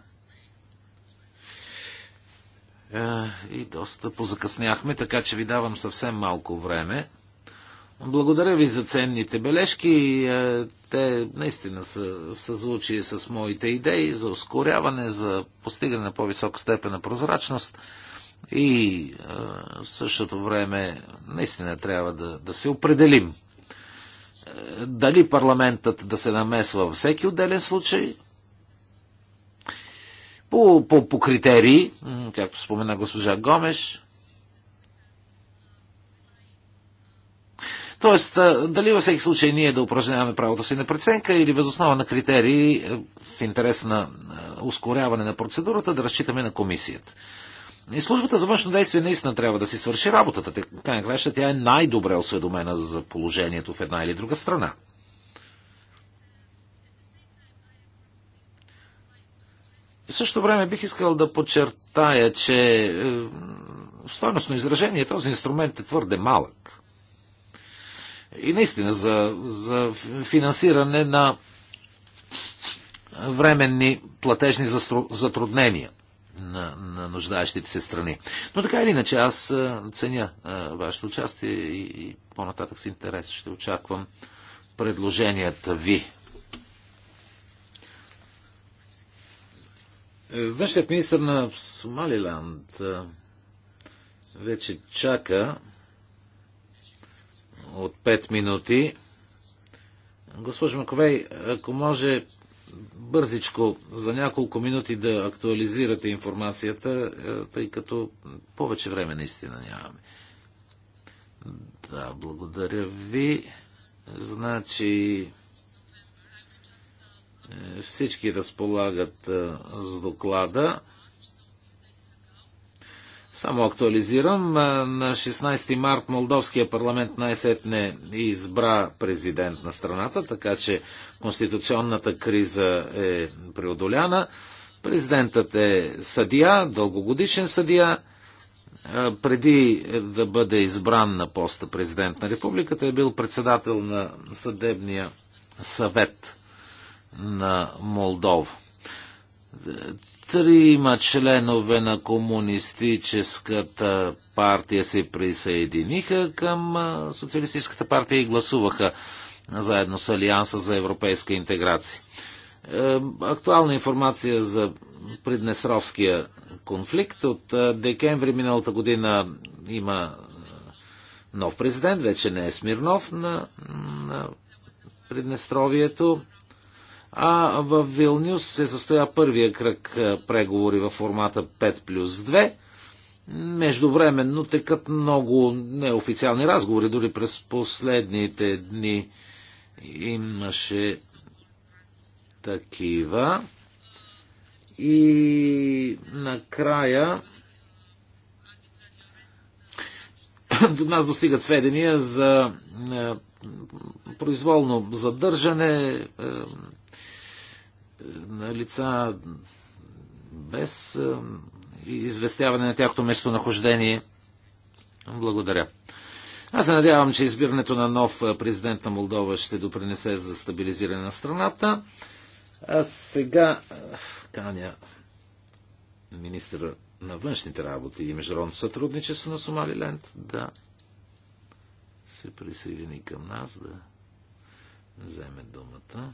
Е, и доста позакъсняхме, така че ви давам съвсем малко време. Благодаря ви за ценните бележки. Е, те наистина са в съзвучие с моите идеи за ускоряване, за постигане на по-висока степен на прозрачност. И в същото време наистина трябва да, да се определим. Е, дали парламентът да се намесва във всеки отделен случай, по, по, по критерии, както спомена госпожа Гомеш. Тоест, дали във всеки случай ние да упражняваме правото си на преценка или възоснова на критерии е, в интерес на ускоряване на процедурата да разчитаме на комисията. И службата за външно действие наистина трябва да си свърши работата. Така на краща тя е най-добре осведомена за положението в една или друга страна. В същото време бих искал да подчертая, че в е, стойностно изражение този инструмент е твърде малък. И наистина за, за финансиране на временни платежни затруднения – на, на нуждаещите се страни. Но така или иначе, аз ценя вашето участие и, и по-нататък с интерес ще очаквам предложенията ви. Външният министр на Сомалиланд вече чака от 5 минути. Госпожо Маковей, ако може бързичко за няколко минути да актуализирате информацията, е, тъй като повече време наистина нямаме. Да, благодаря ви. Значи е, всички разполагат е, с доклада. Само актуализирам. Е, на 16 март Молдовския парламент най-сетне избра президент на страната, така че конституционната криза е преодоляна. Президентът е съдия, дългогодишен съдия. Е, преди да бъде избран на поста президент на републиката е бил председател на съдебния съвет на Молдова е, Трима членове на комунистическата партия се присъединиха към социалистическата партия и гласуваха заедно с Алианса за европейска интеграция. Е, актуална информация за Приднестровския конфликт. От декември миналата година има нов президент, вече не е Смирнов на, на Приднестровието а в Вилнюс се състоя първия кръг преговори в формата 5 плюс 2. Междувременно текат много неофициални разговори, дори през последните дни имаше такива. И накрая до нас достигат сведения за произволно задържане, на лица без известяване на тяхното местонахождение. Благодаря. Аз се надявам, че избирането на нов президент на Молдова ще допринесе за стабилизиране на страната. А сега каня министра на външните работи и международното сътрудничество на Сомалиленд да се присъедини към нас, да вземе думата.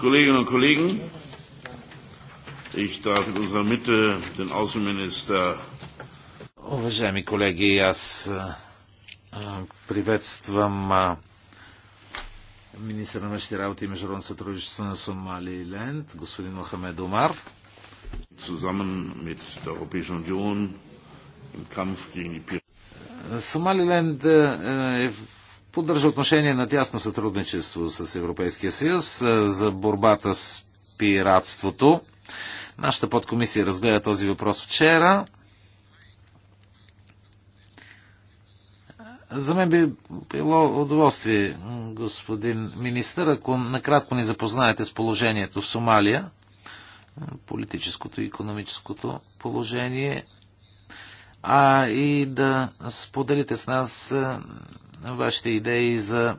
Kolleginnen und Kollegen, ich darf in unserer Mitte den Außenminister. Уважаеми колеги, аз приветствам министра на външните работи и международно сътрудничество на Сомали Ленд, господин Мохамед Омар. Zusammen mit der Europäischen Union im Kampf gegen die Piraterie. Сомалиленд е поддържа отношение на тясно сътрудничество с Европейския съюз за борбата с пиратството. Нашата подкомисия разгледа този въпрос вчера. За мен би било удоволствие, господин министър, ако накратко ни запознаете с положението в Сомалия, политическото и економическото положение, а и да споделите с нас вашите идеи за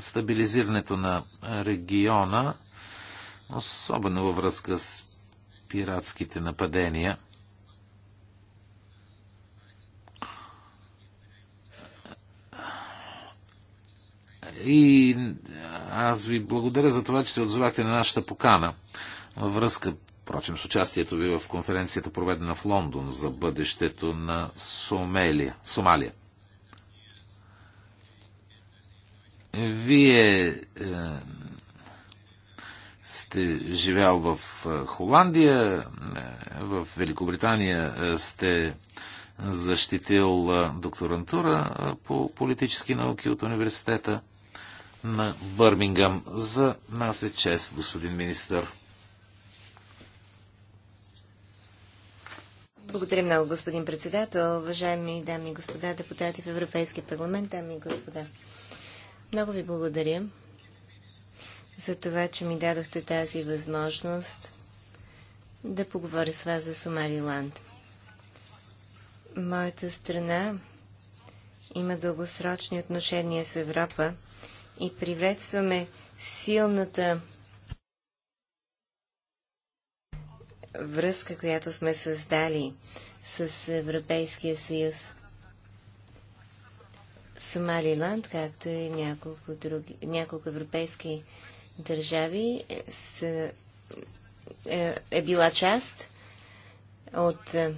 стабилизирането на региона, особено във връзка с пиратските нападения. И аз ви благодаря за това, че се отзовахте на нашата покана във връзка, впрочем, с участието ви в конференцията, проведена в Лондон за бъдещето на Сомелия, Сомалия. Вие е, сте живял в е, Холандия, е, в Великобритания е, сте защитил докторантура по политически науки от университета на Бърмингам. За нас е чест, господин министър. Благодаря много, господин председател. Уважаеми дами и господа депутати в Европейския парламент, дами и господа. Много ви благодаря за това, че ми дадохте тази възможност да поговоря с вас за Сомалиланд. Моята страна има дългосрочни отношения с Европа и приветстваме силната връзка, която сме създали с Европейския съюз. Сомалиланд, както и няколко, други, няколко европейски държави е, са, е, е била част от, е,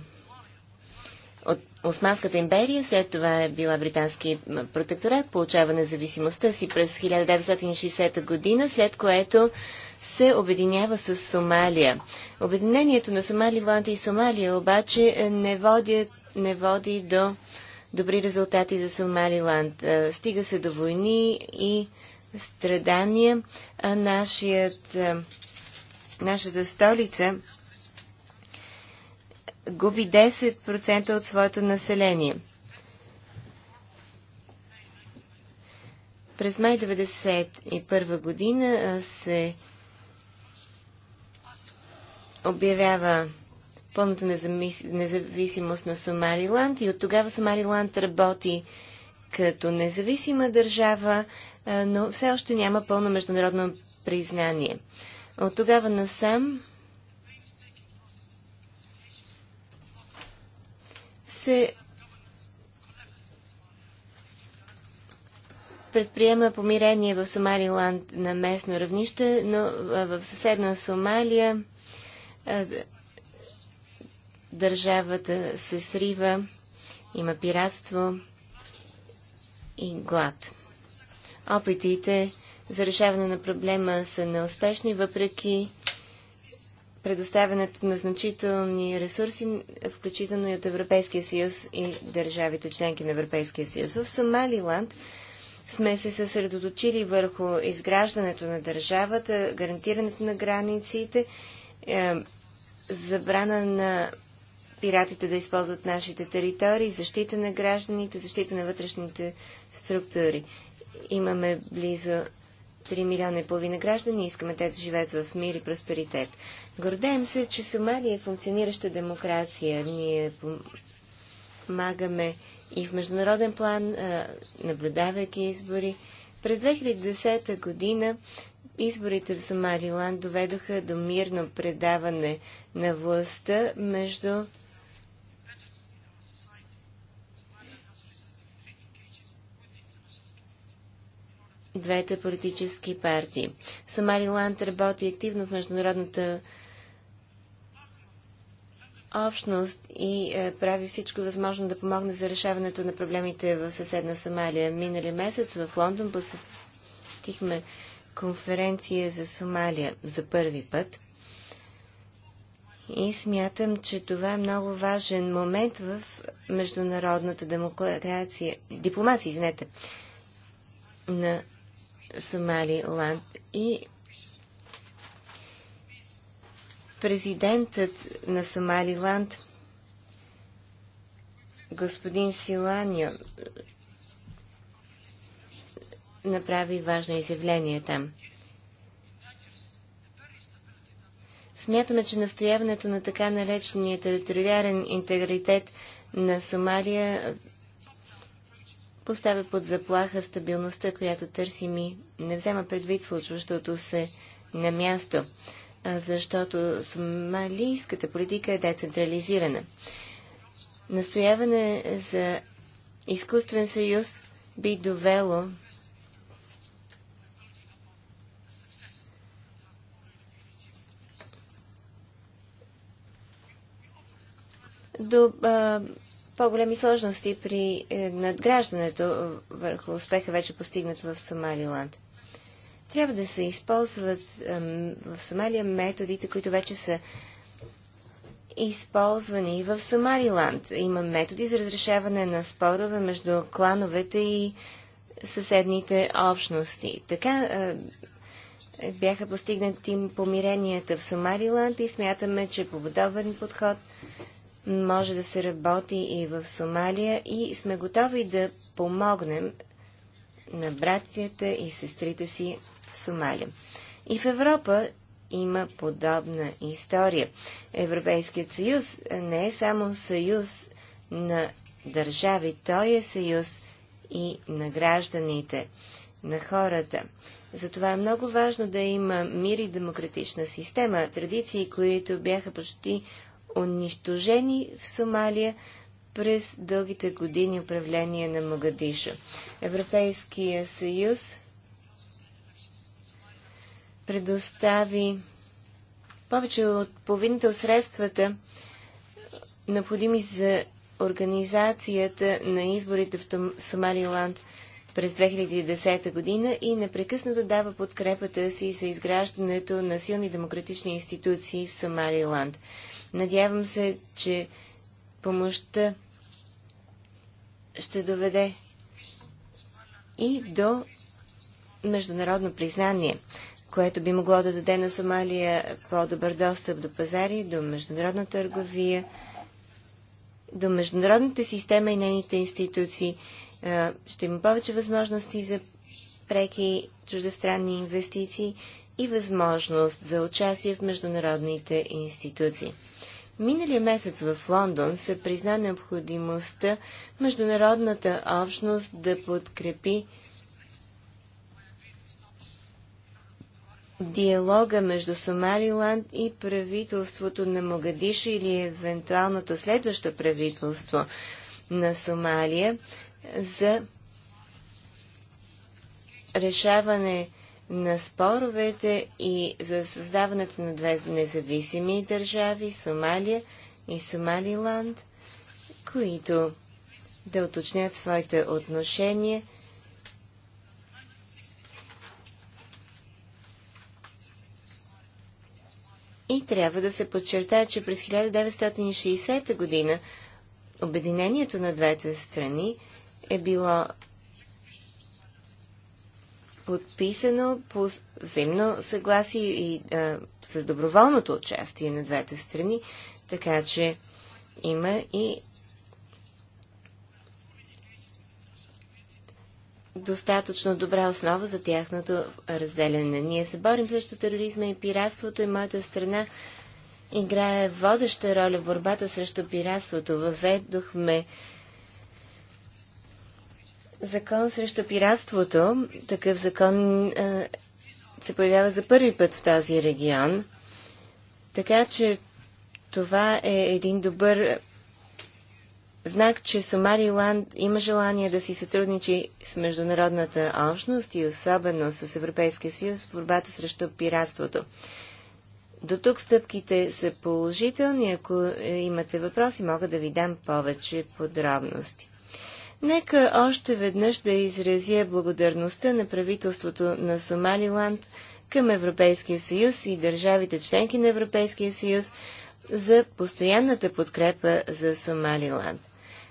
от Османската империя, след това е била британски протекторат, получава независимостта си през 1960 година, след което се обединява с Сомалия. Обединението на Сомалиланд и Сомалия обаче е, не води, не води до добри резултати за Сомалиланд. Стига се до войни и страдания. А нашият, нашата столица губи 10% от своето население. През май 1991 година се обявява пълната независимост на Сомариланд и от тогава Сомариланд работи като независима държава, но все още няма пълно международно признание. От тогава насам се предприема помирение в Сомариланд на местно равнище, но в съседна Сомалия държавата се срива, има пиратство и глад. Опитите за решаване на проблема са неуспешни, въпреки предоставянето на значителни ресурси, включително и от Европейския съюз и държавите членки на Европейския съюз. В Сомалиланд сме се съсредоточили върху изграждането на държавата, гарантирането на границите, е, забрана на пиратите да използват нашите територии, защита на гражданите, защита на вътрешните структури. Имаме близо 3 милиона и половина граждани и искаме те да живеят в мир и просперитет. Гордеем се, че Сомалия е функционираща демокрация. Ние помагаме и в международен план, наблюдавайки избори. През 2010 година изборите в Сомалиланд доведоха до мирно предаване на властта между двете политически партии. Самариланд работи активно в международната общност и е, прави всичко възможно да помогне за решаването на проблемите в съседна Сомалия. Минали месец в Лондон посетихме конференция за Сомалия за първи път. И смятам, че това е много важен момент в международната демокрация, дипломация, извинете, на Сомалиланд и президентът на Сомалиланд господин Силанио направи важно изявление там. Смятаме, че настояването на така наречения териториален интегритет на Сомалия поставя под заплаха стабилността, която търсим и не взема предвид случващото се на място, защото сомалийската политика е децентрализирана. Настояване за изкуствен съюз би довело до а, по-големи сложности при е, надграждането върху успеха вече постигнат в Сомалиланд. Трябва да се използват в Сомалия методите, които вече са използвани в Сомалиланд. Има методи за разрешаване на спорове между клановете и съседните общности. Така бяха постигнати помиренията в Сомалиланд и смятаме, че по подобен подход може да се работи и в Сомалия и сме готови да помогнем на братята и сестрите си в Сомалия. И в Европа има подобна история. Европейският съюз не е само съюз на държави, той е съюз и на гражданите, на хората. Затова е много важно да има мир и демократична система, традиции, които бяха почти унищожени в Сомалия през дългите години управление на Магадиша. Европейския съюз предостави повече от половината от средствата, необходими за организацията на изборите в Сомалиланд през 2010 година и непрекъснато дава подкрепата си за изграждането на силни демократични институции в Сомалиланд. Надявам се, че помощта ще доведе и до международно признание, което би могло да даде на Сомалия по-добър достъп до пазари, до международна търговия, до международната система и нейните институции. Ще има повече възможности за преки чуждестранни инвестиции и възможност за участие в международните институции. Миналия месец в Лондон се призна необходимостта международната общност да подкрепи диалога между Сомалиланд и правителството на Могадишо или евентуалното следващо правителство на Сомалия за решаване на споровете и за създаването на две независими държави Сомалия и Сомалиланд, които да уточнят своите отношения И трябва да се подчертая, че през 1960 година обединението на двете страни е било подписано по взаимно съгласие и а, с доброволното участие на двете страни, така че има и достатъчно добра основа за тяхното разделяне. Ние се борим срещу тероризма и пиратството и моята страна играе водеща роля в борбата срещу пиратството. Въведохме закон срещу пиратството. Такъв закон се появява за първи път в този регион. Така че това е един добър знак, че Ланд има желание да си сътрудничи с международната общност и особено с Европейския съюз в борбата срещу пиратството. До тук стъпките са положителни. Ако е, имате въпроси, мога да ви дам повече подробности. Нека още веднъж да изразя благодарността на правителството на Сомалиланд към Европейския съюз и държавите членки на Европейския съюз за постоянната подкрепа за Сомалиланд.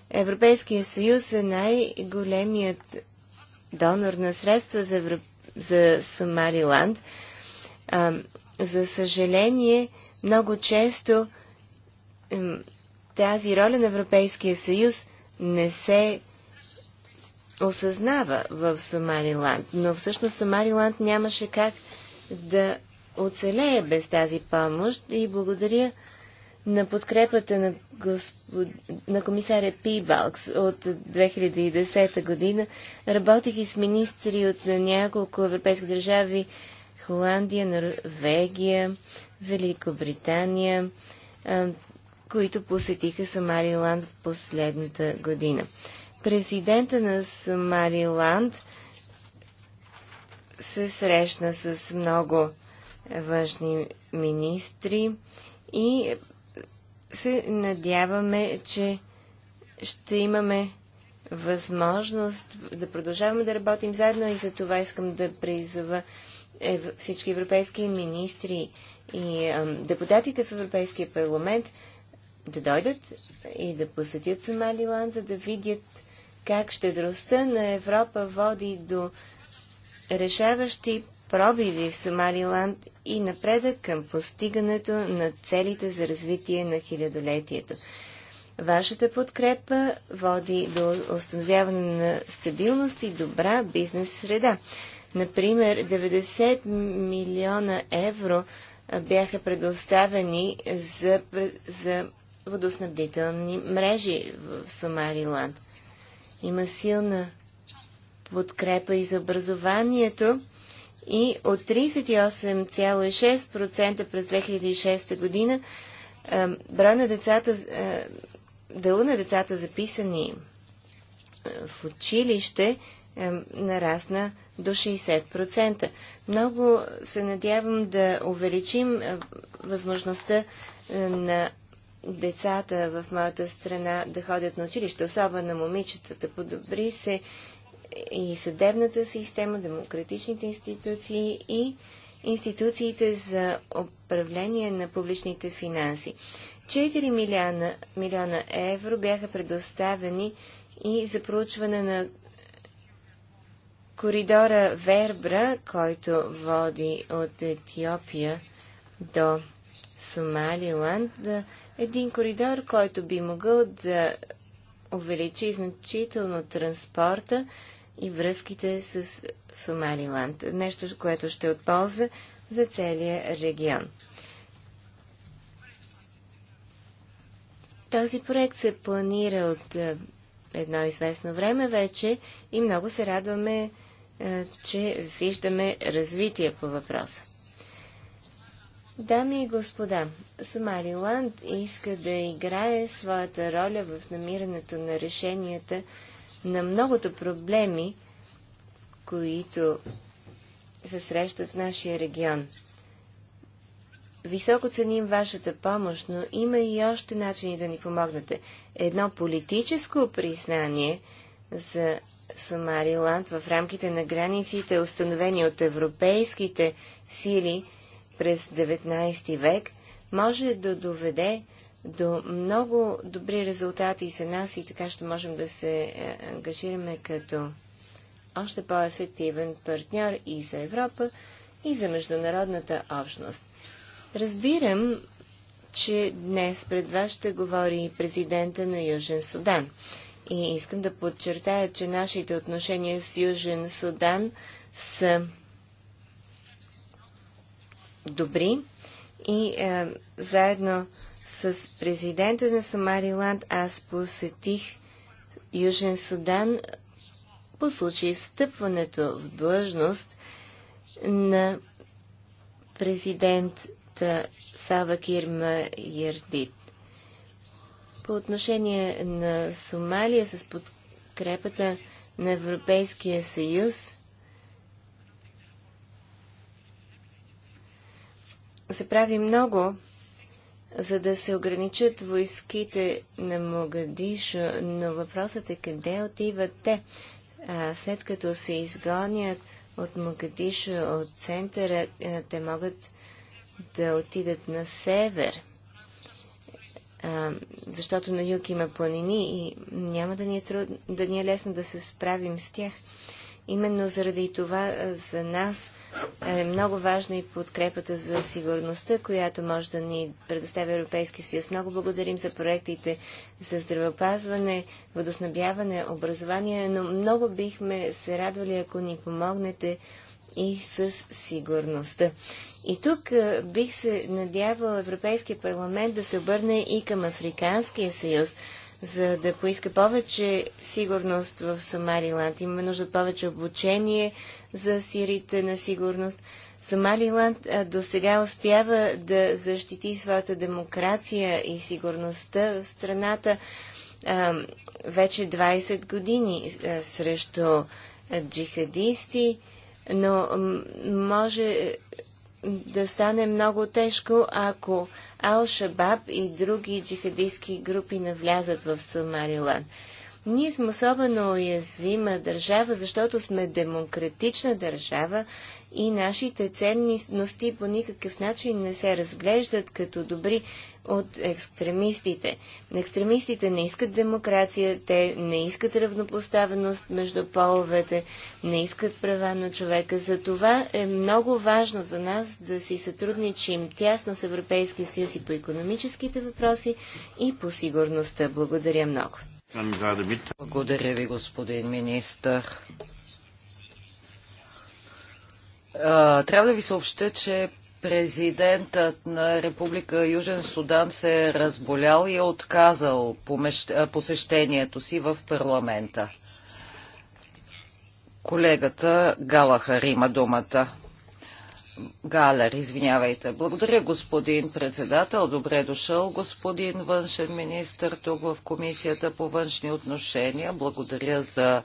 Европейския съюз е най-големият донор на средства за, Евро... за Сомалиланд. А, за съжаление, много често тази роля на Европейския съюз не се осъзнава в Сомариланд, но всъщност Сомариланд нямаше как да оцелее без тази помощ и благодаря на подкрепата на, господ... на комисаря Пибалкс от 2010 година. Работих и с министри от няколко европейски държави Холандия, Норвегия, Великобритания, които посетиха Самариланд последната година президента на Сомариланд се срещна с много външни министри и се надяваме, че ще имаме възможност да продължаваме да работим заедно и за това искам да призова всички европейски министри и депутатите в Европейския парламент да дойдат и да посетят Сомалиланд, за да видят как щедростта на Европа води до решаващи пробиви в Сомалиланд и напредък към постигането на целите за развитие на хилядолетието. Вашата подкрепа води до установяване на стабилност и добра бизнес среда. Например, 90 милиона евро бяха предоставени за, за водоснабдителни мрежи в Сомариланд. Има силна подкрепа и за образованието и от 38,6% през 2006 година брой на децата, дела на децата записани в училище нарасна до 60%. Много се надявам да увеличим възможността на децата в моята страна да ходят на училище, особено момичетата. Подобри се и съдебната система, демократичните институции и институциите за управление на публичните финанси. 4 милиона, милиона евро бяха предоставени и за проучване на коридора Вербра, който води от Етиопия до Сомалиланд. Да един коридор, който би могъл да увеличи значително транспорта и връзките с Сомалиланд. Нещо, което ще е от полза за целия регион. Този проект се планира от е, едно известно време вече и много се радваме, е, че виждаме развитие по въпроса. Дами и господа, Сомалиланд иска да играе своята роля в намирането на решенията на многото проблеми, които се срещат в нашия регион. Високо ценим вашата помощ, но има и още начини да ни помогнете. Едно политическо признание за Сомалиланд в рамките на границите, установени от европейските сили – през 19 век може да доведе до много добри резултати за нас и така ще можем да се е, ангажираме като още по-ефективен партньор и за Европа, и за международната общност. Разбирам, че днес пред вас ще говори президента на Южен Судан. И искам да подчертая, че нашите отношения с Южен Судан са добри и е, заедно с президента на Сомариланд аз посетих Южен Судан по случай встъпването в длъжност на президента Сава Кирма Ярдит. По отношение на Сомалия с подкрепата на Европейския съюз, се прави много, за да се ограничат войските на Могадишо, но въпросът е къде отиват те. А, след като се изгонят от Могадишо, от центъра, те могат да отидат на север. А, защото на юг има планини и няма да ни, е труд, да ни е лесно да се справим с тях. Именно заради това за нас е много важна и подкрепата за сигурността, която може да ни предоставя Европейския съюз. Много благодарим за проектите за здравеопазване, водоснабяване, образование, но много бихме се радвали, ако ни помогнете и с сигурността. И тук е, бих се надявал Европейския парламент да се обърне и към Африканския съюз, за да поиска повече сигурност в Сомалиланд. Имаме нужда от повече обучение за сирите на сигурност. Сомалиланд до сега успява да защити своята демокрация и сигурността в страната а, вече 20 години а, срещу джихадисти, но може да стане много тежко, ако Ал-Шабаб и други джихадистски групи навлязат в Сомалиланд. Ние сме особено уязвима държава, защото сме демократична държава и нашите ценности по никакъв начин не се разглеждат като добри от екстремистите. Екстремистите не искат демокрация, те не искат равнопоставеност между половете, не искат права на човека. Затова е много важно за нас да си сътрудничим тясно с Европейския съюз и по економическите въпроси и по сигурността. Благодаря много. Благодаря ви, господин министър. Трябва да ви съобща, че президентът на Република Южен Судан се е разболял и е отказал посещението си в парламента. Колегата Галахар има думата. Галер, извинявайте. Благодаря, господин председател. Добре дошъл, господин външен министр, тук в Комисията по външни отношения. Благодаря за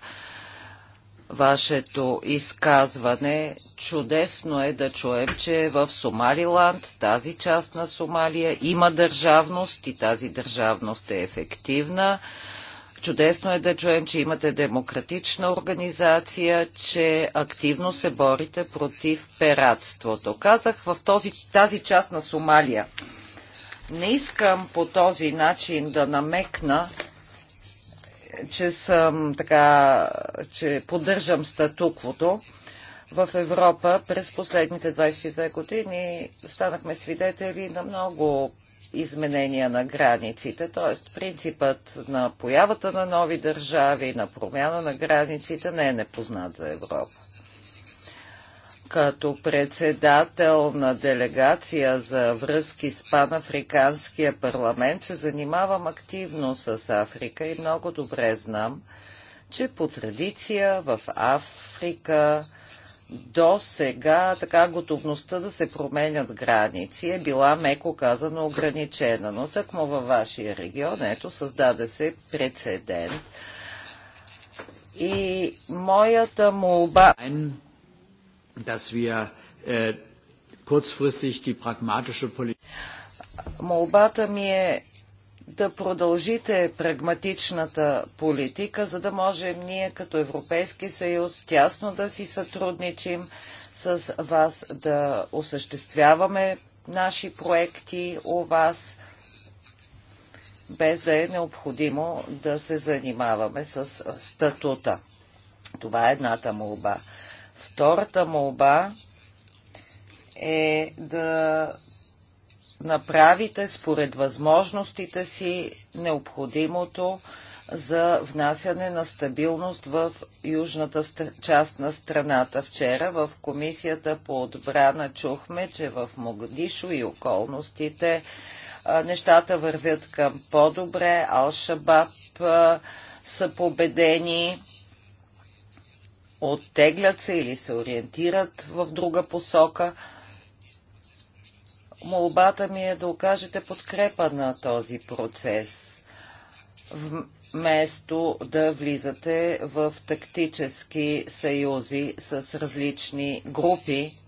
вашето изказване. Чудесно е да чуем, че в Сомалиланд, тази част на Сомалия, има държавност и тази държавност е ефективна. Чудесно е да чуем, че имате демократична организация, че активно се борите против пиратството. Казах в този, тази част на Сомалия. Не искам по този начин да намекна че съм така, че поддържам статуквото. В Европа през последните 22 години станахме свидетели на много изменения на границите, т.е. принципът на появата на нови държави, на промяна на границите не е непознат за Европа като председател на делегация за връзки с панафриканския парламент се занимавам активно с Африка и много добре знам, че по традиция в Африка до сега така готовността да се променят граници е била, меко казано, ограничена. Но такмо във вашия регион, ето, създаде се прецедент. И моята молба dass wir äh, kurzfristig die pragmatische Politik. Молбата ми е да продължите прагматичната политика, за да можем ние като Европейски съюз тясно да си сътрудничим с вас, да осъществяваме наши проекти у вас, без да е необходимо да се занимаваме с статута. Това е едната молба. Втората молба е да направите според възможностите си необходимото за внасяне на стабилност в южната част на страната. Вчера в Комисията по отбрана чухме, че в Могадишо и околностите нещата вървят към по-добре. Алшабаб са победени оттеглят се или се ориентират в друга посока. Молбата ми е да окажете подкрепа на този процес, вместо да влизате в тактически съюзи с различни групи,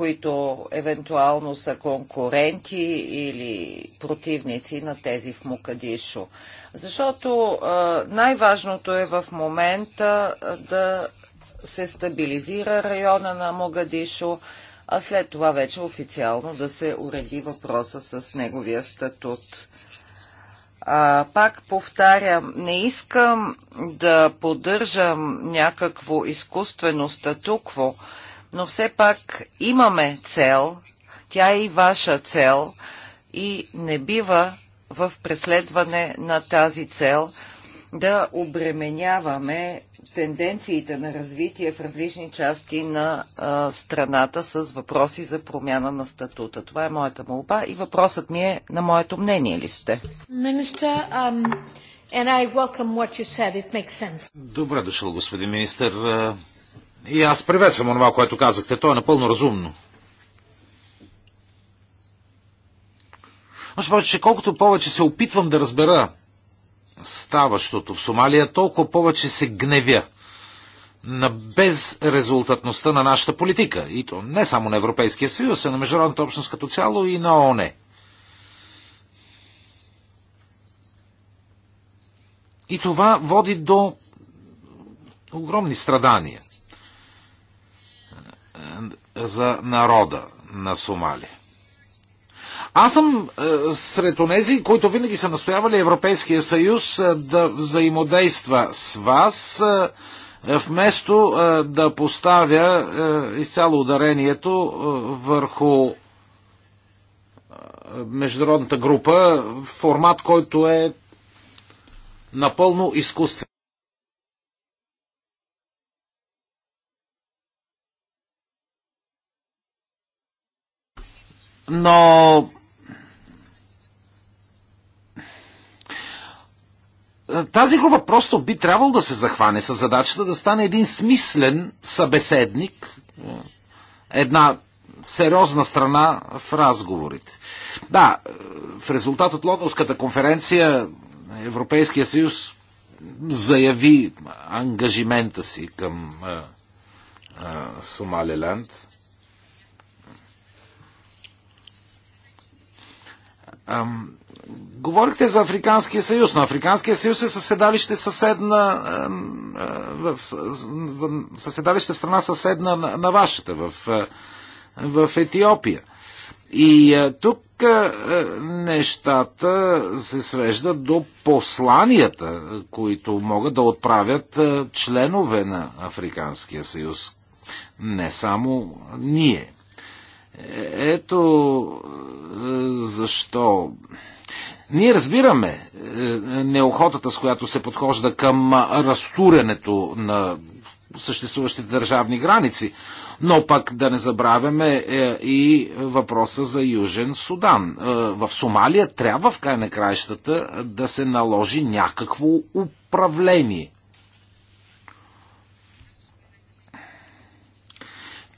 които евентуално са конкуренти или противници на тези в Мукадишо. Защото най-важното е в момента да се стабилизира района на Мукадишо, а след това вече официално да се уреди въпроса с неговия статут. А, пак повтарям, не искам да поддържам някакво изкуствено статукво, но все пак имаме цел, тя е и ваша цел и не бива в преследване на тази цел да обременяваме тенденциите на развитие в различни части на а, страната с въпроси за промяна на статута. Това е моята молба и въпросът ми е на моето мнение ли сте? Министър, um, Добре дошъл, господин министър. И аз приветствам това, което казахте. То е напълно разумно. Още повече, колкото повече се опитвам да разбера ставащото в Сомалия, толкова повече се гневя на безрезултатността на нашата политика. И то не само на Европейския съюз, а на международната общност като цяло и на ОНЕ. И това води до огромни страдания за народа на Сомали. Аз съм е, сред онези, които винаги са настоявали Европейския съюз е, да взаимодейства с вас, е, е вместо е, да поставя е, изцяло ударението е, върху е, международната група, формат, който е напълно изкуствен. но тази група просто би трябвало да се захване с задачата да стане един смислен събеседник, една сериозна страна в разговорите. Да, в резултат от Лондонската конференция Европейския съюз заяви ангажимента си към Сомалиленд. Uh, uh, Ам, говорихте за Африканския съюз, но Африканския съюз е съседалище съседна, в, в, съседалище в страна съседна на, на вашата, в, в Етиопия. И а, тук а, нещата се свеждат до посланията, които могат да отправят а, членове на Африканския съюз. Не само ние. Е, ето е, защо. Ние разбираме е, неохотата, с която се подхожда към разтурянето на съществуващите държавни граници. Но пък да не забравяме и въпроса за Южен Судан. В Сомалия трябва в край на краищата да се наложи някакво управление.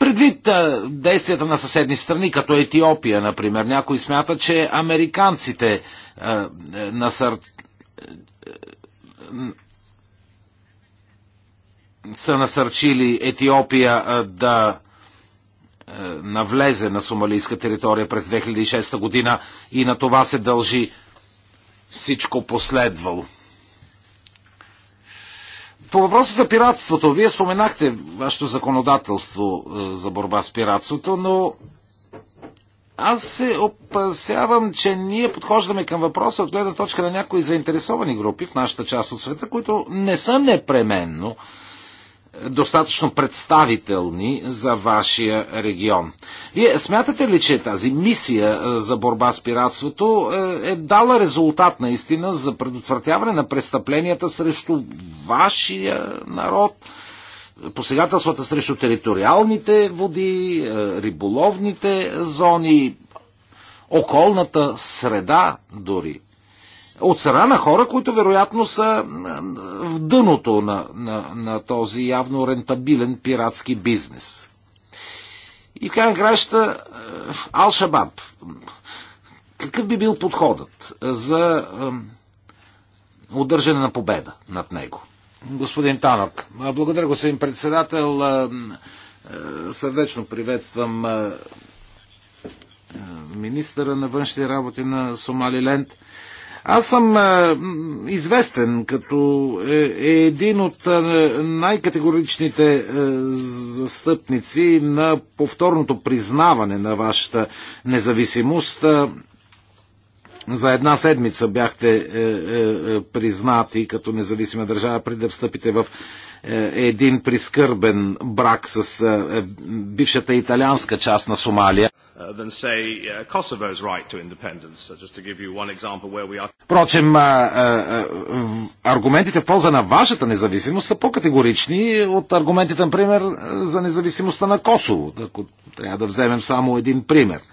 Предвид а, действията на съседни страни, като Етиопия, например, някои смятат, че американците а, е, насър... Е, са насърчили Етиопия а, да е, навлезе на сомалийска територия през 2006 година и на това се дължи всичко последвало. По въпроса за пиратството, вие споменахте вашето законодателство е, за борба с пиратството, но аз се опасявам, че ние подхождаме към въпроса от гледна точка на някои заинтересовани групи в нашата част от света, които не са непременно достатъчно представителни за вашия регион. Вие смятате ли, че тази мисия за борба с пиратството е, е дала резултат наистина за предотвратяване на престъпленията срещу вашия народ, посегателствата срещу териториалните води, е, риболовните зони, околната среда дори? от страна на хора, които вероятно са в дъното на, на, на този явно рентабилен пиратски бизнес. И в крайна краща е, Ал-Шабаб. Какъв би бил подходът за удържане на победа над него? Господин Танок, благодаря, господин председател. Е, сърдечно приветствам е, министъра на външните работи на Сомалиленд. Аз съм известен като е, е един от най-категоричните застъпници на повторното признаване на вашата независимост за една седмица бяхте е, е, е, признати като независима държава, преди да встъпите в е, един прискърбен брак с е, е бившата италианска част на Сомалия. Uh, Than say, uh, right to Впрочем, е, аргументите в полза на вашата независимост са по-категорични от аргументите, например, за независимостта на Косово, ако трябва да вземем само един пример –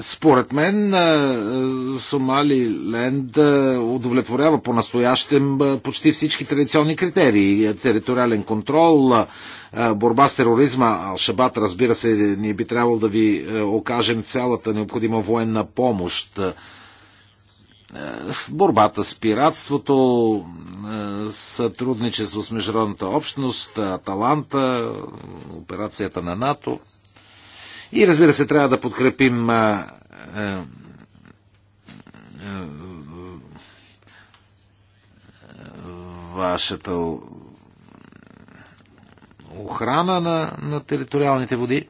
според мен Сомали Ленд удовлетворява по-настоящем почти всички традиционни критерии. Териториален контрол, борба с тероризма, Алшабат, разбира се, ние би трябвало да ви окажем цялата необходима военна помощ е, в борбата с пиратството, е, сътрудничество с международната общност, е, Аталанта, операцията на НАТО. И разбира се, трябва да подкрепим вашата охрана на, на териториалните води.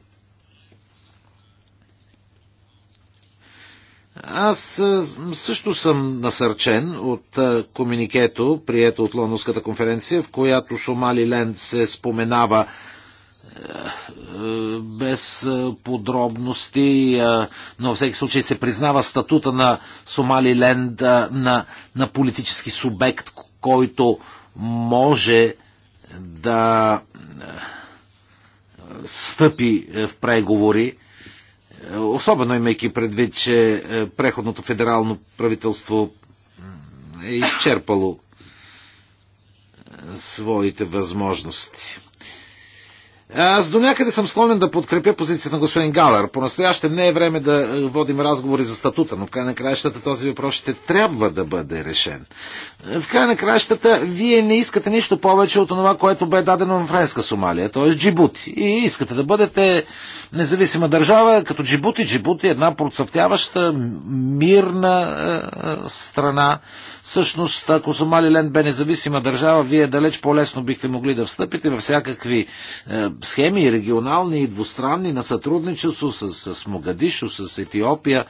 Аз също съм насърчен от комуникето, прието от Лондонската конференция, в която Сомали Ленд се споменава без подробности, но във всеки случай се признава статута на Ленд на, на политически субект, който може да стъпи в преговори Особено имайки предвид, че е, преходното федерално правителство е изчерпало е, своите възможности. Аз до някъде съм склонен да подкрепя позицията на господин Галер. по настояще не е време да водим разговори за статута, но в край на краищата този въпрос ще трябва да бъде решен. В край на краищата вие не искате нищо повече от това, което бе дадено в Френска Сомалия, т.е. Джибути. И искате да бъдете независима държава, като Джибути. Джибути е една процъфтяваща, мирна е, е, страна. Всъщност, ако Сомалиленд бе независима държава, вие далеч по-лесно бихте могли да встъпите във всякакви е, схеми регионални и двустранни на сътрудничество с, с Могадишо, с Етиопия.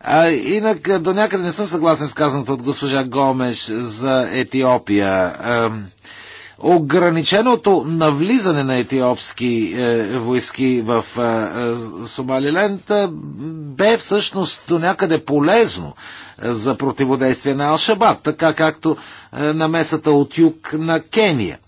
А, инак до някъде не съм съгласен с казаното от госпожа Гомеш за Етиопия. А, ограниченото навлизане на етиопски е, войски в е, е Сомалиленд е, бе всъщност до някъде полезно е, за противодействие на Алшабад, така както е, намесата от юг на Кения.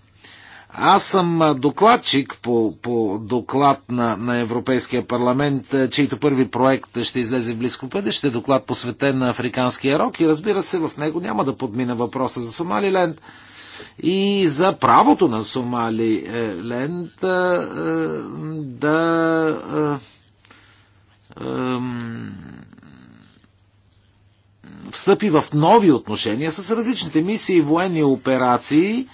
Аз съм е, докладчик по, по доклад на, на Европейския парламент, чийто първи проект ще излезе в близко бъдеще, доклад посветен на африканския рок и разбира се, в него няма да подмина въпроса за Сомалиленд. ленд и за правото на Сомали Ленд е, е, да, да е, встъпи в нови отношения с различните мисии и военни операции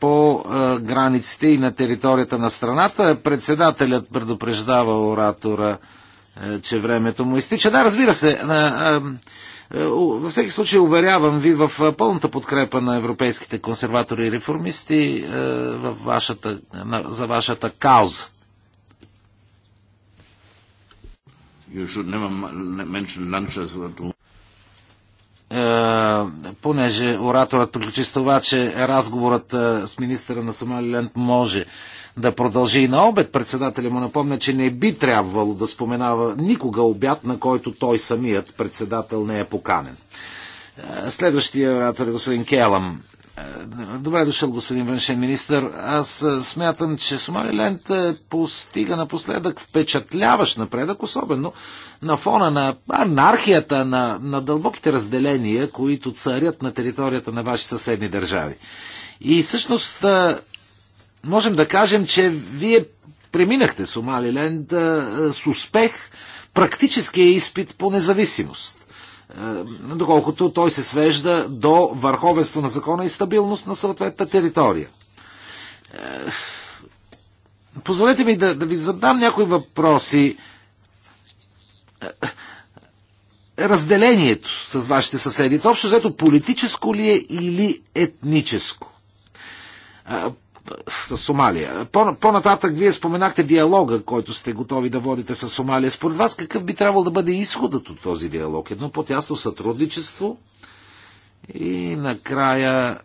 по границите и на територията на страната. Председателят предупреждава оратора, че времето му изтича. Да, разбира се, е, във всеки случай уверявам ви в е, пълната подкрепа на европейските консерватори и реформисти във е, вашата, за вашата кауза. понеже ораторът приключи с това, че разговорът с министъра на Сомалиленд може да продължи и на обед. Председателя му напомня, че не би трябвало да споменава никога обяд, на който той самият председател не е поканен. Е, следващия оратор е господин Келам. Е, добре дошъл, господин външен министр. Аз е, смятам, че Лент постига напоследък впечатляващ напредък, особено на фона на анархията, на, на дълбоките разделения, които царят на територията на ваши съседни държави. И всъщност можем да кажем, че вие преминахте Сомалиленд с успех практическия е изпит по независимост. Е, доколкото той се свежда до върховенство на закона и стабилност на съответната територия. Е, позволете ми да, да ви задам някои въпроси. Разделението с вашите съседи, общо взето политическо ли е или етническо? с Сомалия. По-нататък вие споменахте диалога, който сте готови да водите с Сомалия. Според вас какъв би трябвало да бъде изходът от този диалог? Едно по-тясно сътрудничество и накрая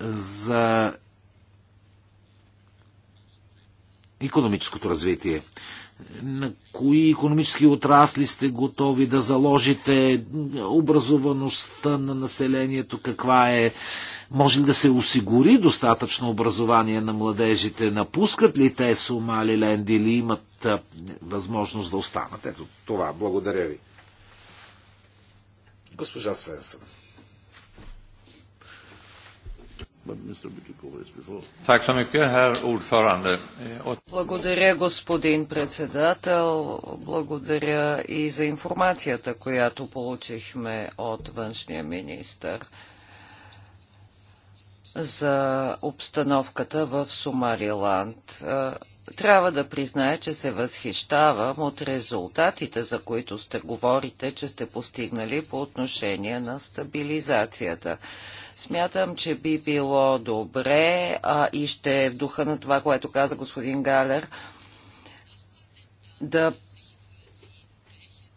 за економическото развитие. На кои економически отрасли сте готови да заложите образоваността на населението, каква е може ли да се осигури достатъчно образование на младежите? Напускат ли те Сомалиленд или имат а, възможност да останат? Ето това. Благодаря ви. Госпожа Свенсън. Eh, Благодаря, господин председател. Благодаря и за информацията, която получихме от външния министр за обстановката в Сомариланд. Е, трябва да призная, че се възхищавам от резултатите, за които сте говорите, че сте постигнали по отношение на стабилизацията. Смятам, че би било добре а, и ще е в духа на това, което каза господин Галер, да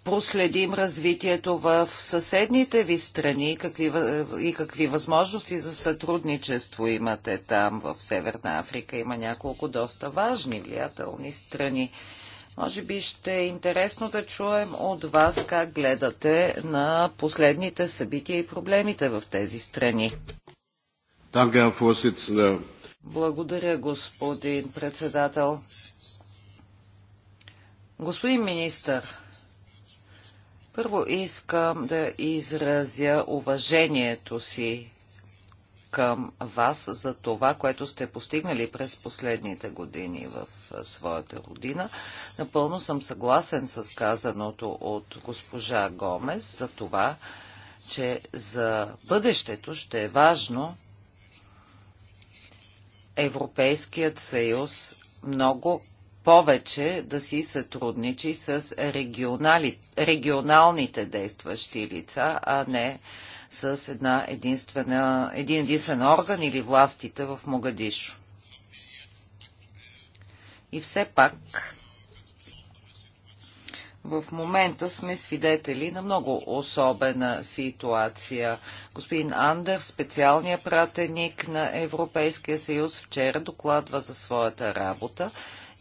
проследим развитието в съседните ви страни какви, и какви възможности за сътрудничество имате там в Северна Африка. Има няколко доста важни, влиятелни страни. Може би ще е интересно да чуем от вас как гледате на последните събития и проблемите в тези страни. Благодаря, господин председател. Господин министър, първо искам да изразя уважението си към вас за това, което сте постигнали през последните години в своята родина. Напълно съм съгласен с казаното от госпожа Гомес за това, че за бъдещето ще е важно Европейският съюз много повече да си сътрудничи с регионали, регионалните действащи лица, а не с една единствена, един единствен орган или властите в Могадишо. И все пак в момента сме свидетели на много особена ситуация. Господин Андер, специалният пратеник на Европейския съюз, вчера докладва за своята работа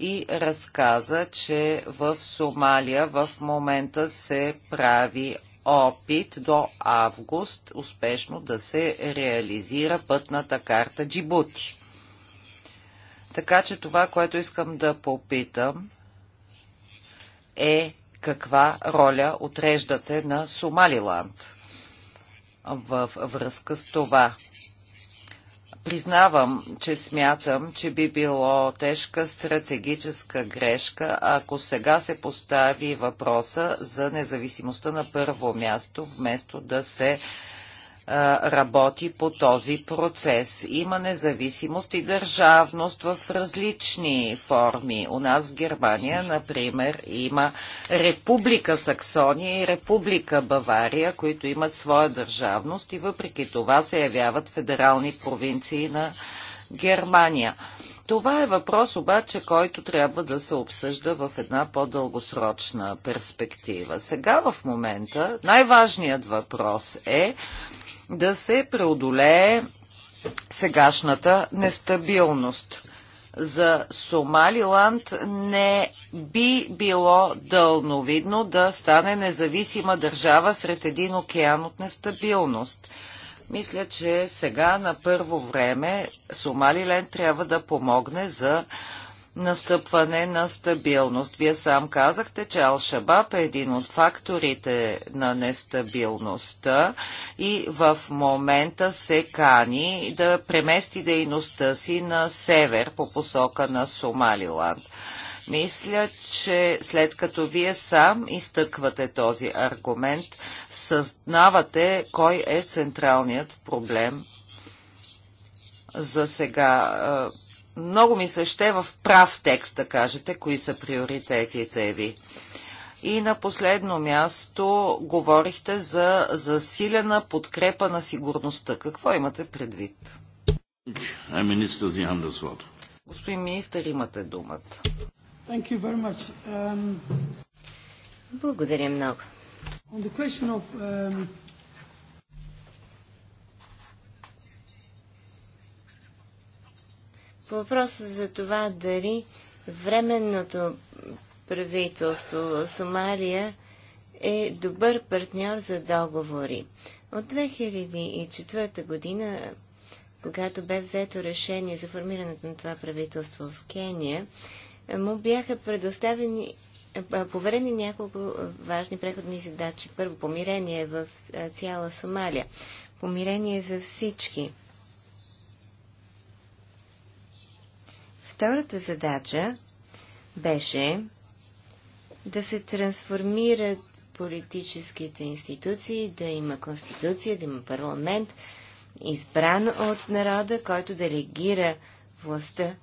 и разказа, че в Сомалия в момента се прави опит до август успешно да се реализира пътната карта Джибути. Така че това, което искам да попитам е каква роля отреждате на Сомалиланд в връзка с това. Признавам, че смятам, че би било тежка стратегическа грешка, ако сега се постави въпроса за независимостта на първо място, вместо да се работи по този процес. Има независимост и държавност в различни форми. У нас в Германия, например, има Република Саксония и Република Бавария, които имат своя държавност и въпреки това се явяват федерални провинции на Германия. Това е въпрос обаче, който трябва да се обсъжда в една по-дългосрочна перспектива. Сега в момента най-важният въпрос е да се преодолее сегашната нестабилност. За Сомалиланд не би било дълновидно да стане независима държава сред един океан от нестабилност. Мисля, че сега на първо време Сомалиленд трябва да помогне за настъпване на стабилност. Вие сам казахте, че Ал-Шабаб е един от факторите на нестабилността и в момента се кани да премести дейността си на север по посока на Сомалиланд. Мисля, че след като вие сам изтъквате този аргумент, съзнавате кой е централният проблем за сега много ми се ще в прав текст да кажете кои са приоритетите ви. И на последно място говорихте за засилена подкрепа на сигурността. Какво имате предвид? Господин министър, имате думата. Um... Благодаря много. Of, um, По въпроса за това дали временното правителство в Сомалия е добър партньор за договори. От 2004 година, когато бе взето решение за формирането на това правителство в Кения, му бяха предоставени поверени няколко важни преходни задачи. Първо, помирение в цяла Сомалия. Помирение за всички Втората задача беше да се трансформират политическите институции, да има конституция, да има парламент, избран от народа, който делегира властта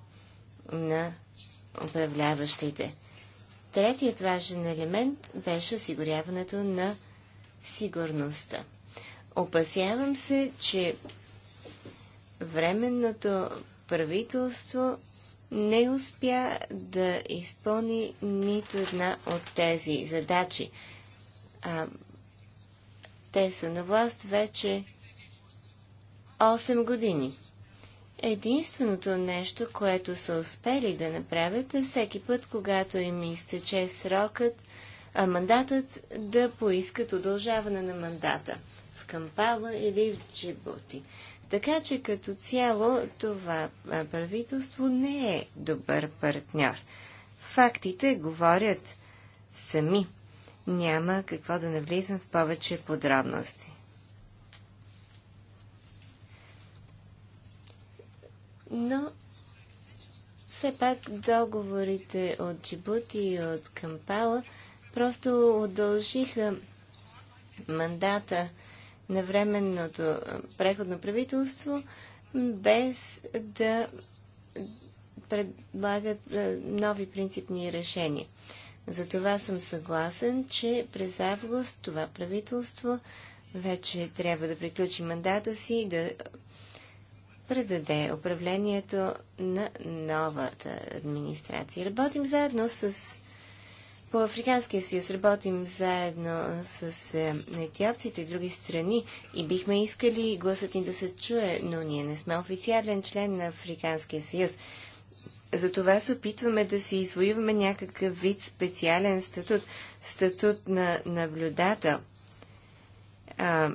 на управляващите. Третият важен елемент беше осигуряването на сигурността. Опасявам се, че временното правителство не успя да изпълни нито една от тези задачи. А, те са на власт вече 8 години. Единственото нещо, което са успели да направят е всеки път, когато им изтече срокът, а мандатът да поискат удължаване на мандата в Кампала или в Джибути. Така че като цяло това правителство не е добър партньор. Фактите говорят сами. Няма какво да навлизам в повече подробности. Но все пак договорите от Джибути и от Кампала просто удължиха мандата на временното преходно правителство, без да предлагат нови принципни решения. За това съм съгласен, че през август това правителство вече трябва да приключи мандата си и да предаде управлението на новата администрация. Работим заедно с по Африканския съюз работим заедно с е, етиопците и други страни и бихме искали гласът им да се чуе, но ние не сме официален член на Африканския съюз. Затова се опитваме да си извоюваме някакъв вид специален статут, статут на наблюдател. А,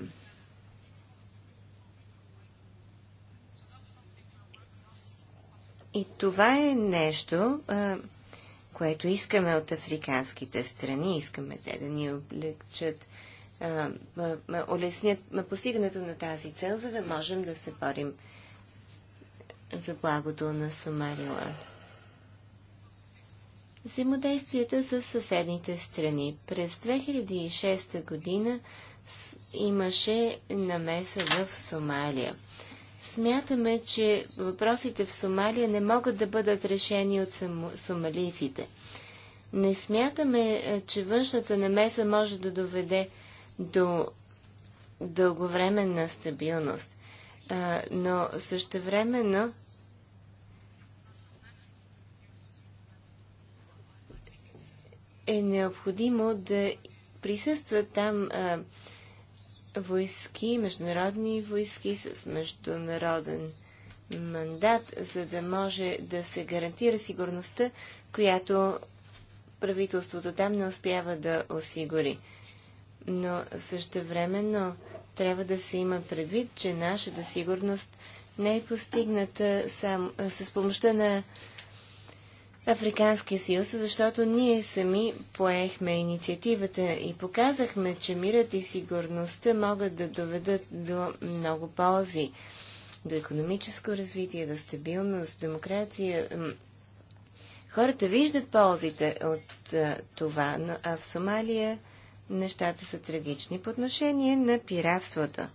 и това е нещо, а, което искаме от африканските страни. Искаме те да ни облегчат, улеснят постигането на тази цел, за да можем да се борим за благото на Сомалиланд. Взаимодействията с съседните страни. През 2006 година имаше намеса в Сомалия. Смятаме, че въпросите в Сомалия не могат да бъдат решени от сомалийците. Не смятаме, е, че външната намеса може да доведе до дълговременна стабилност. но същевременно е необходимо да присъстват там а, войски, международни войски с международен мандат, за да може да се гарантира сигурността, която правителството там не успява да осигури. Но същевременно трябва да се има предвид, че нашата сигурност не е постигната сам, с помощта на Африканския съюз, защото ние сами поехме инициативата и показахме, че мирът и сигурността могат да доведат до много ползи. До економическо развитие, до стабилност, демокрация. Хората виждат ползите от това, но а в Сомалия нещата са трагични по отношение на пиратството.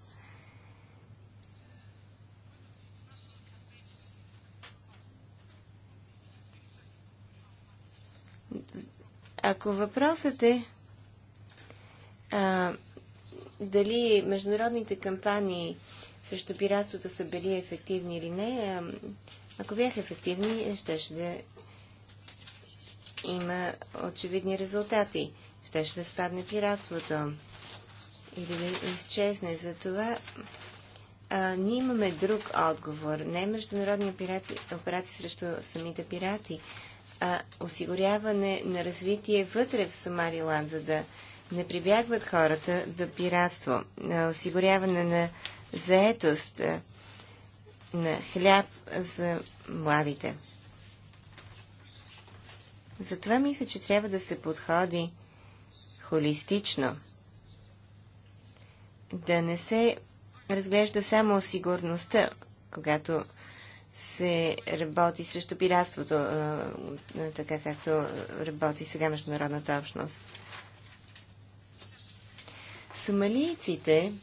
Ако въпросът е а, дали международните кампании срещу пиратството са били ефективни или не, а, ако бяха ефективни, ще, ще да има очевидни резултати. Ще, ще да спадне пиратството или да изчезне. Затова а, ние имаме друг отговор. Не международни операции, операции срещу самите пирати, а осигуряване на развитие вътре в Сомалиланд, за да не прибягват хората до пиратство, на осигуряване на заетост, на хляб за младите. Затова мисля, че трябва да се подходи холистично. Да не се разглежда само сигурността, когато се работи срещу пиратството, така както работи сега международната общност. Сомалийците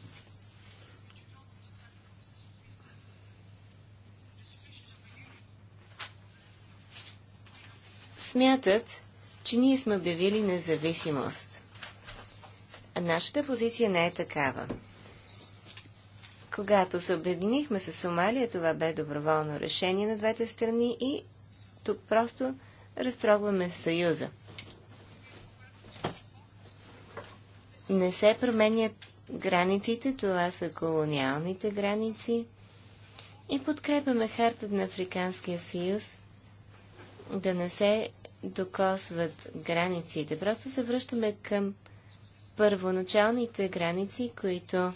смятат, че ние сме обявили независимост. А нашата позиция не е такава. Когато се обединихме с Сомалия, това бе доброволно решение на двете страни и тук просто разтрогваме съюза. Не се променят границите, това са колониалните граници и подкрепяме хартата на Африканския съюз да не се докосват границите. Просто се връщаме към първоначалните граници, които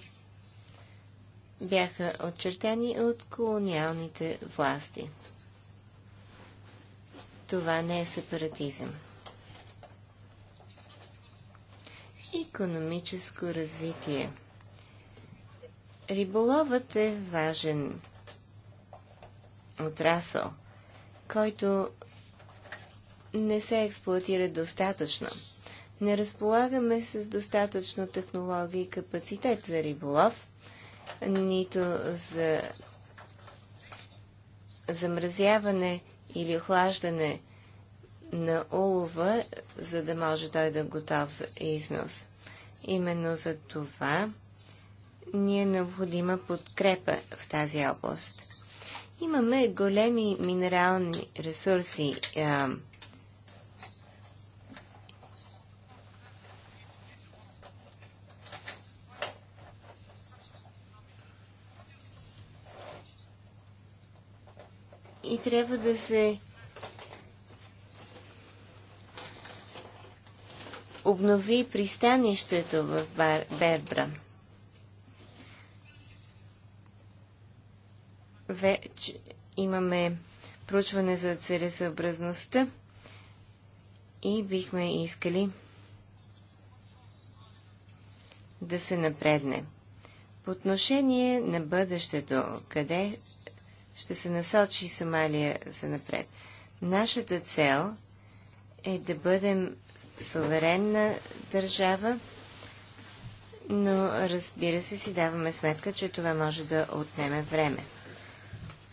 бяха отчертани от колониалните власти. Това не е сепаратизъм. Економическо развитие. Риболовът е важен отрасъл, който не се експлуатира достатъчно. Не разполагаме с достатъчно технологии и капацитет за риболов – нито за замразяване или охлаждане на улова, за да може той да е готов за износ. Именно за това ни е необходима подкрепа в тази област. Имаме големи минерални ресурси, и трябва да се обнови пристанището в Бербра. Вече имаме проучване за целесъобразността и бихме искали да се напредне. По отношение на бъдещето, къде ще се насочи Сомалия за напред. Нашата цел е да бъдем суверенна държава, но разбира се си даваме сметка, че това може да отнеме време.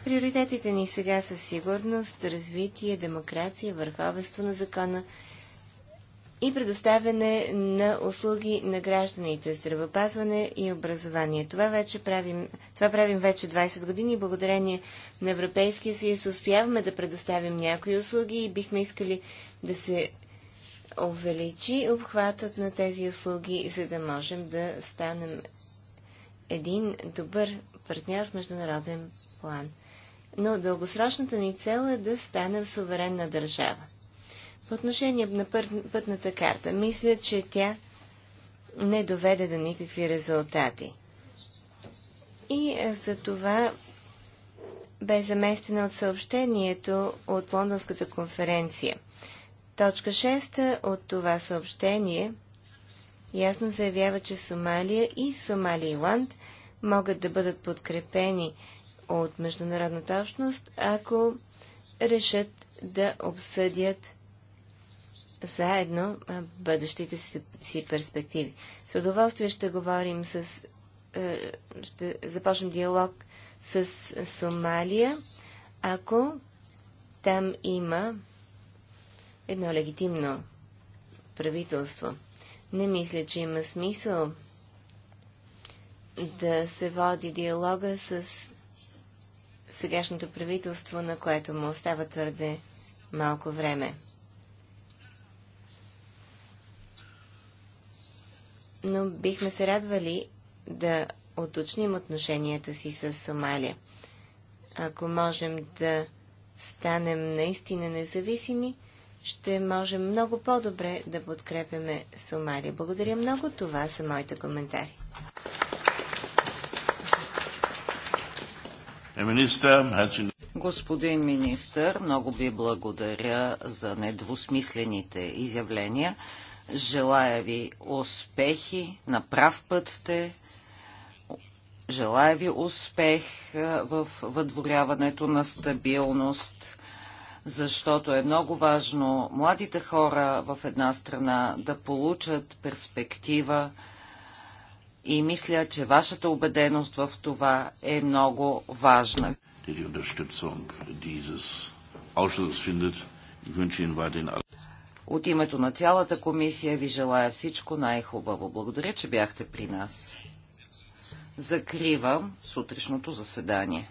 Приоритетите ни сега са сигурност, развитие, демокрация, върховенство на закона и предоставяне на услуги на гражданите, здравеопазване и образование. Това, вече правим, това правим вече 20 години. Благодарение на Европейския съюз успяваме да предоставим някои услуги и бихме искали да се увеличи обхватът на тези услуги, за да можем да станем един добър партньор в международен план. Но дългосрочната ни цел е да станем суверенна държава. По отношение на пътната карта, мисля, че тя не доведе до никакви резултати. И за това бе заместена от съобщението от Лондонската конференция. Точка 6 от това съобщение ясно заявява, че Сомалия и Сомалиланд могат да бъдат подкрепени от международната общност, ако решат да обсъдят заедно бъдещите си, си перспективи. С удоволствие ще говорим с. ще започнем диалог с Сомалия, ако там има едно легитимно правителство. Не мисля, че има смисъл да се води диалога с сегашното правителство, на което му остава твърде малко време. но бихме се радвали да уточним отношенията си с Сомалия. Ако можем да станем наистина независими, ще можем много по-добре да подкрепяме Сомалия. Благодаря много. Това са моите коментари. Е, Господин министър, много ви благодаря за недвусмислените изявления. Желая ви успехи, на прав път сте. Желая ви успех в въдворяването на стабилност, защото е много важно младите хора в една страна да получат перспектива и мисля, че вашата убеденост в това е много важна. От името на цялата комисия ви желая всичко най-хубаво. Благодаря, че бяхте при нас. Закривам сутрешното заседание.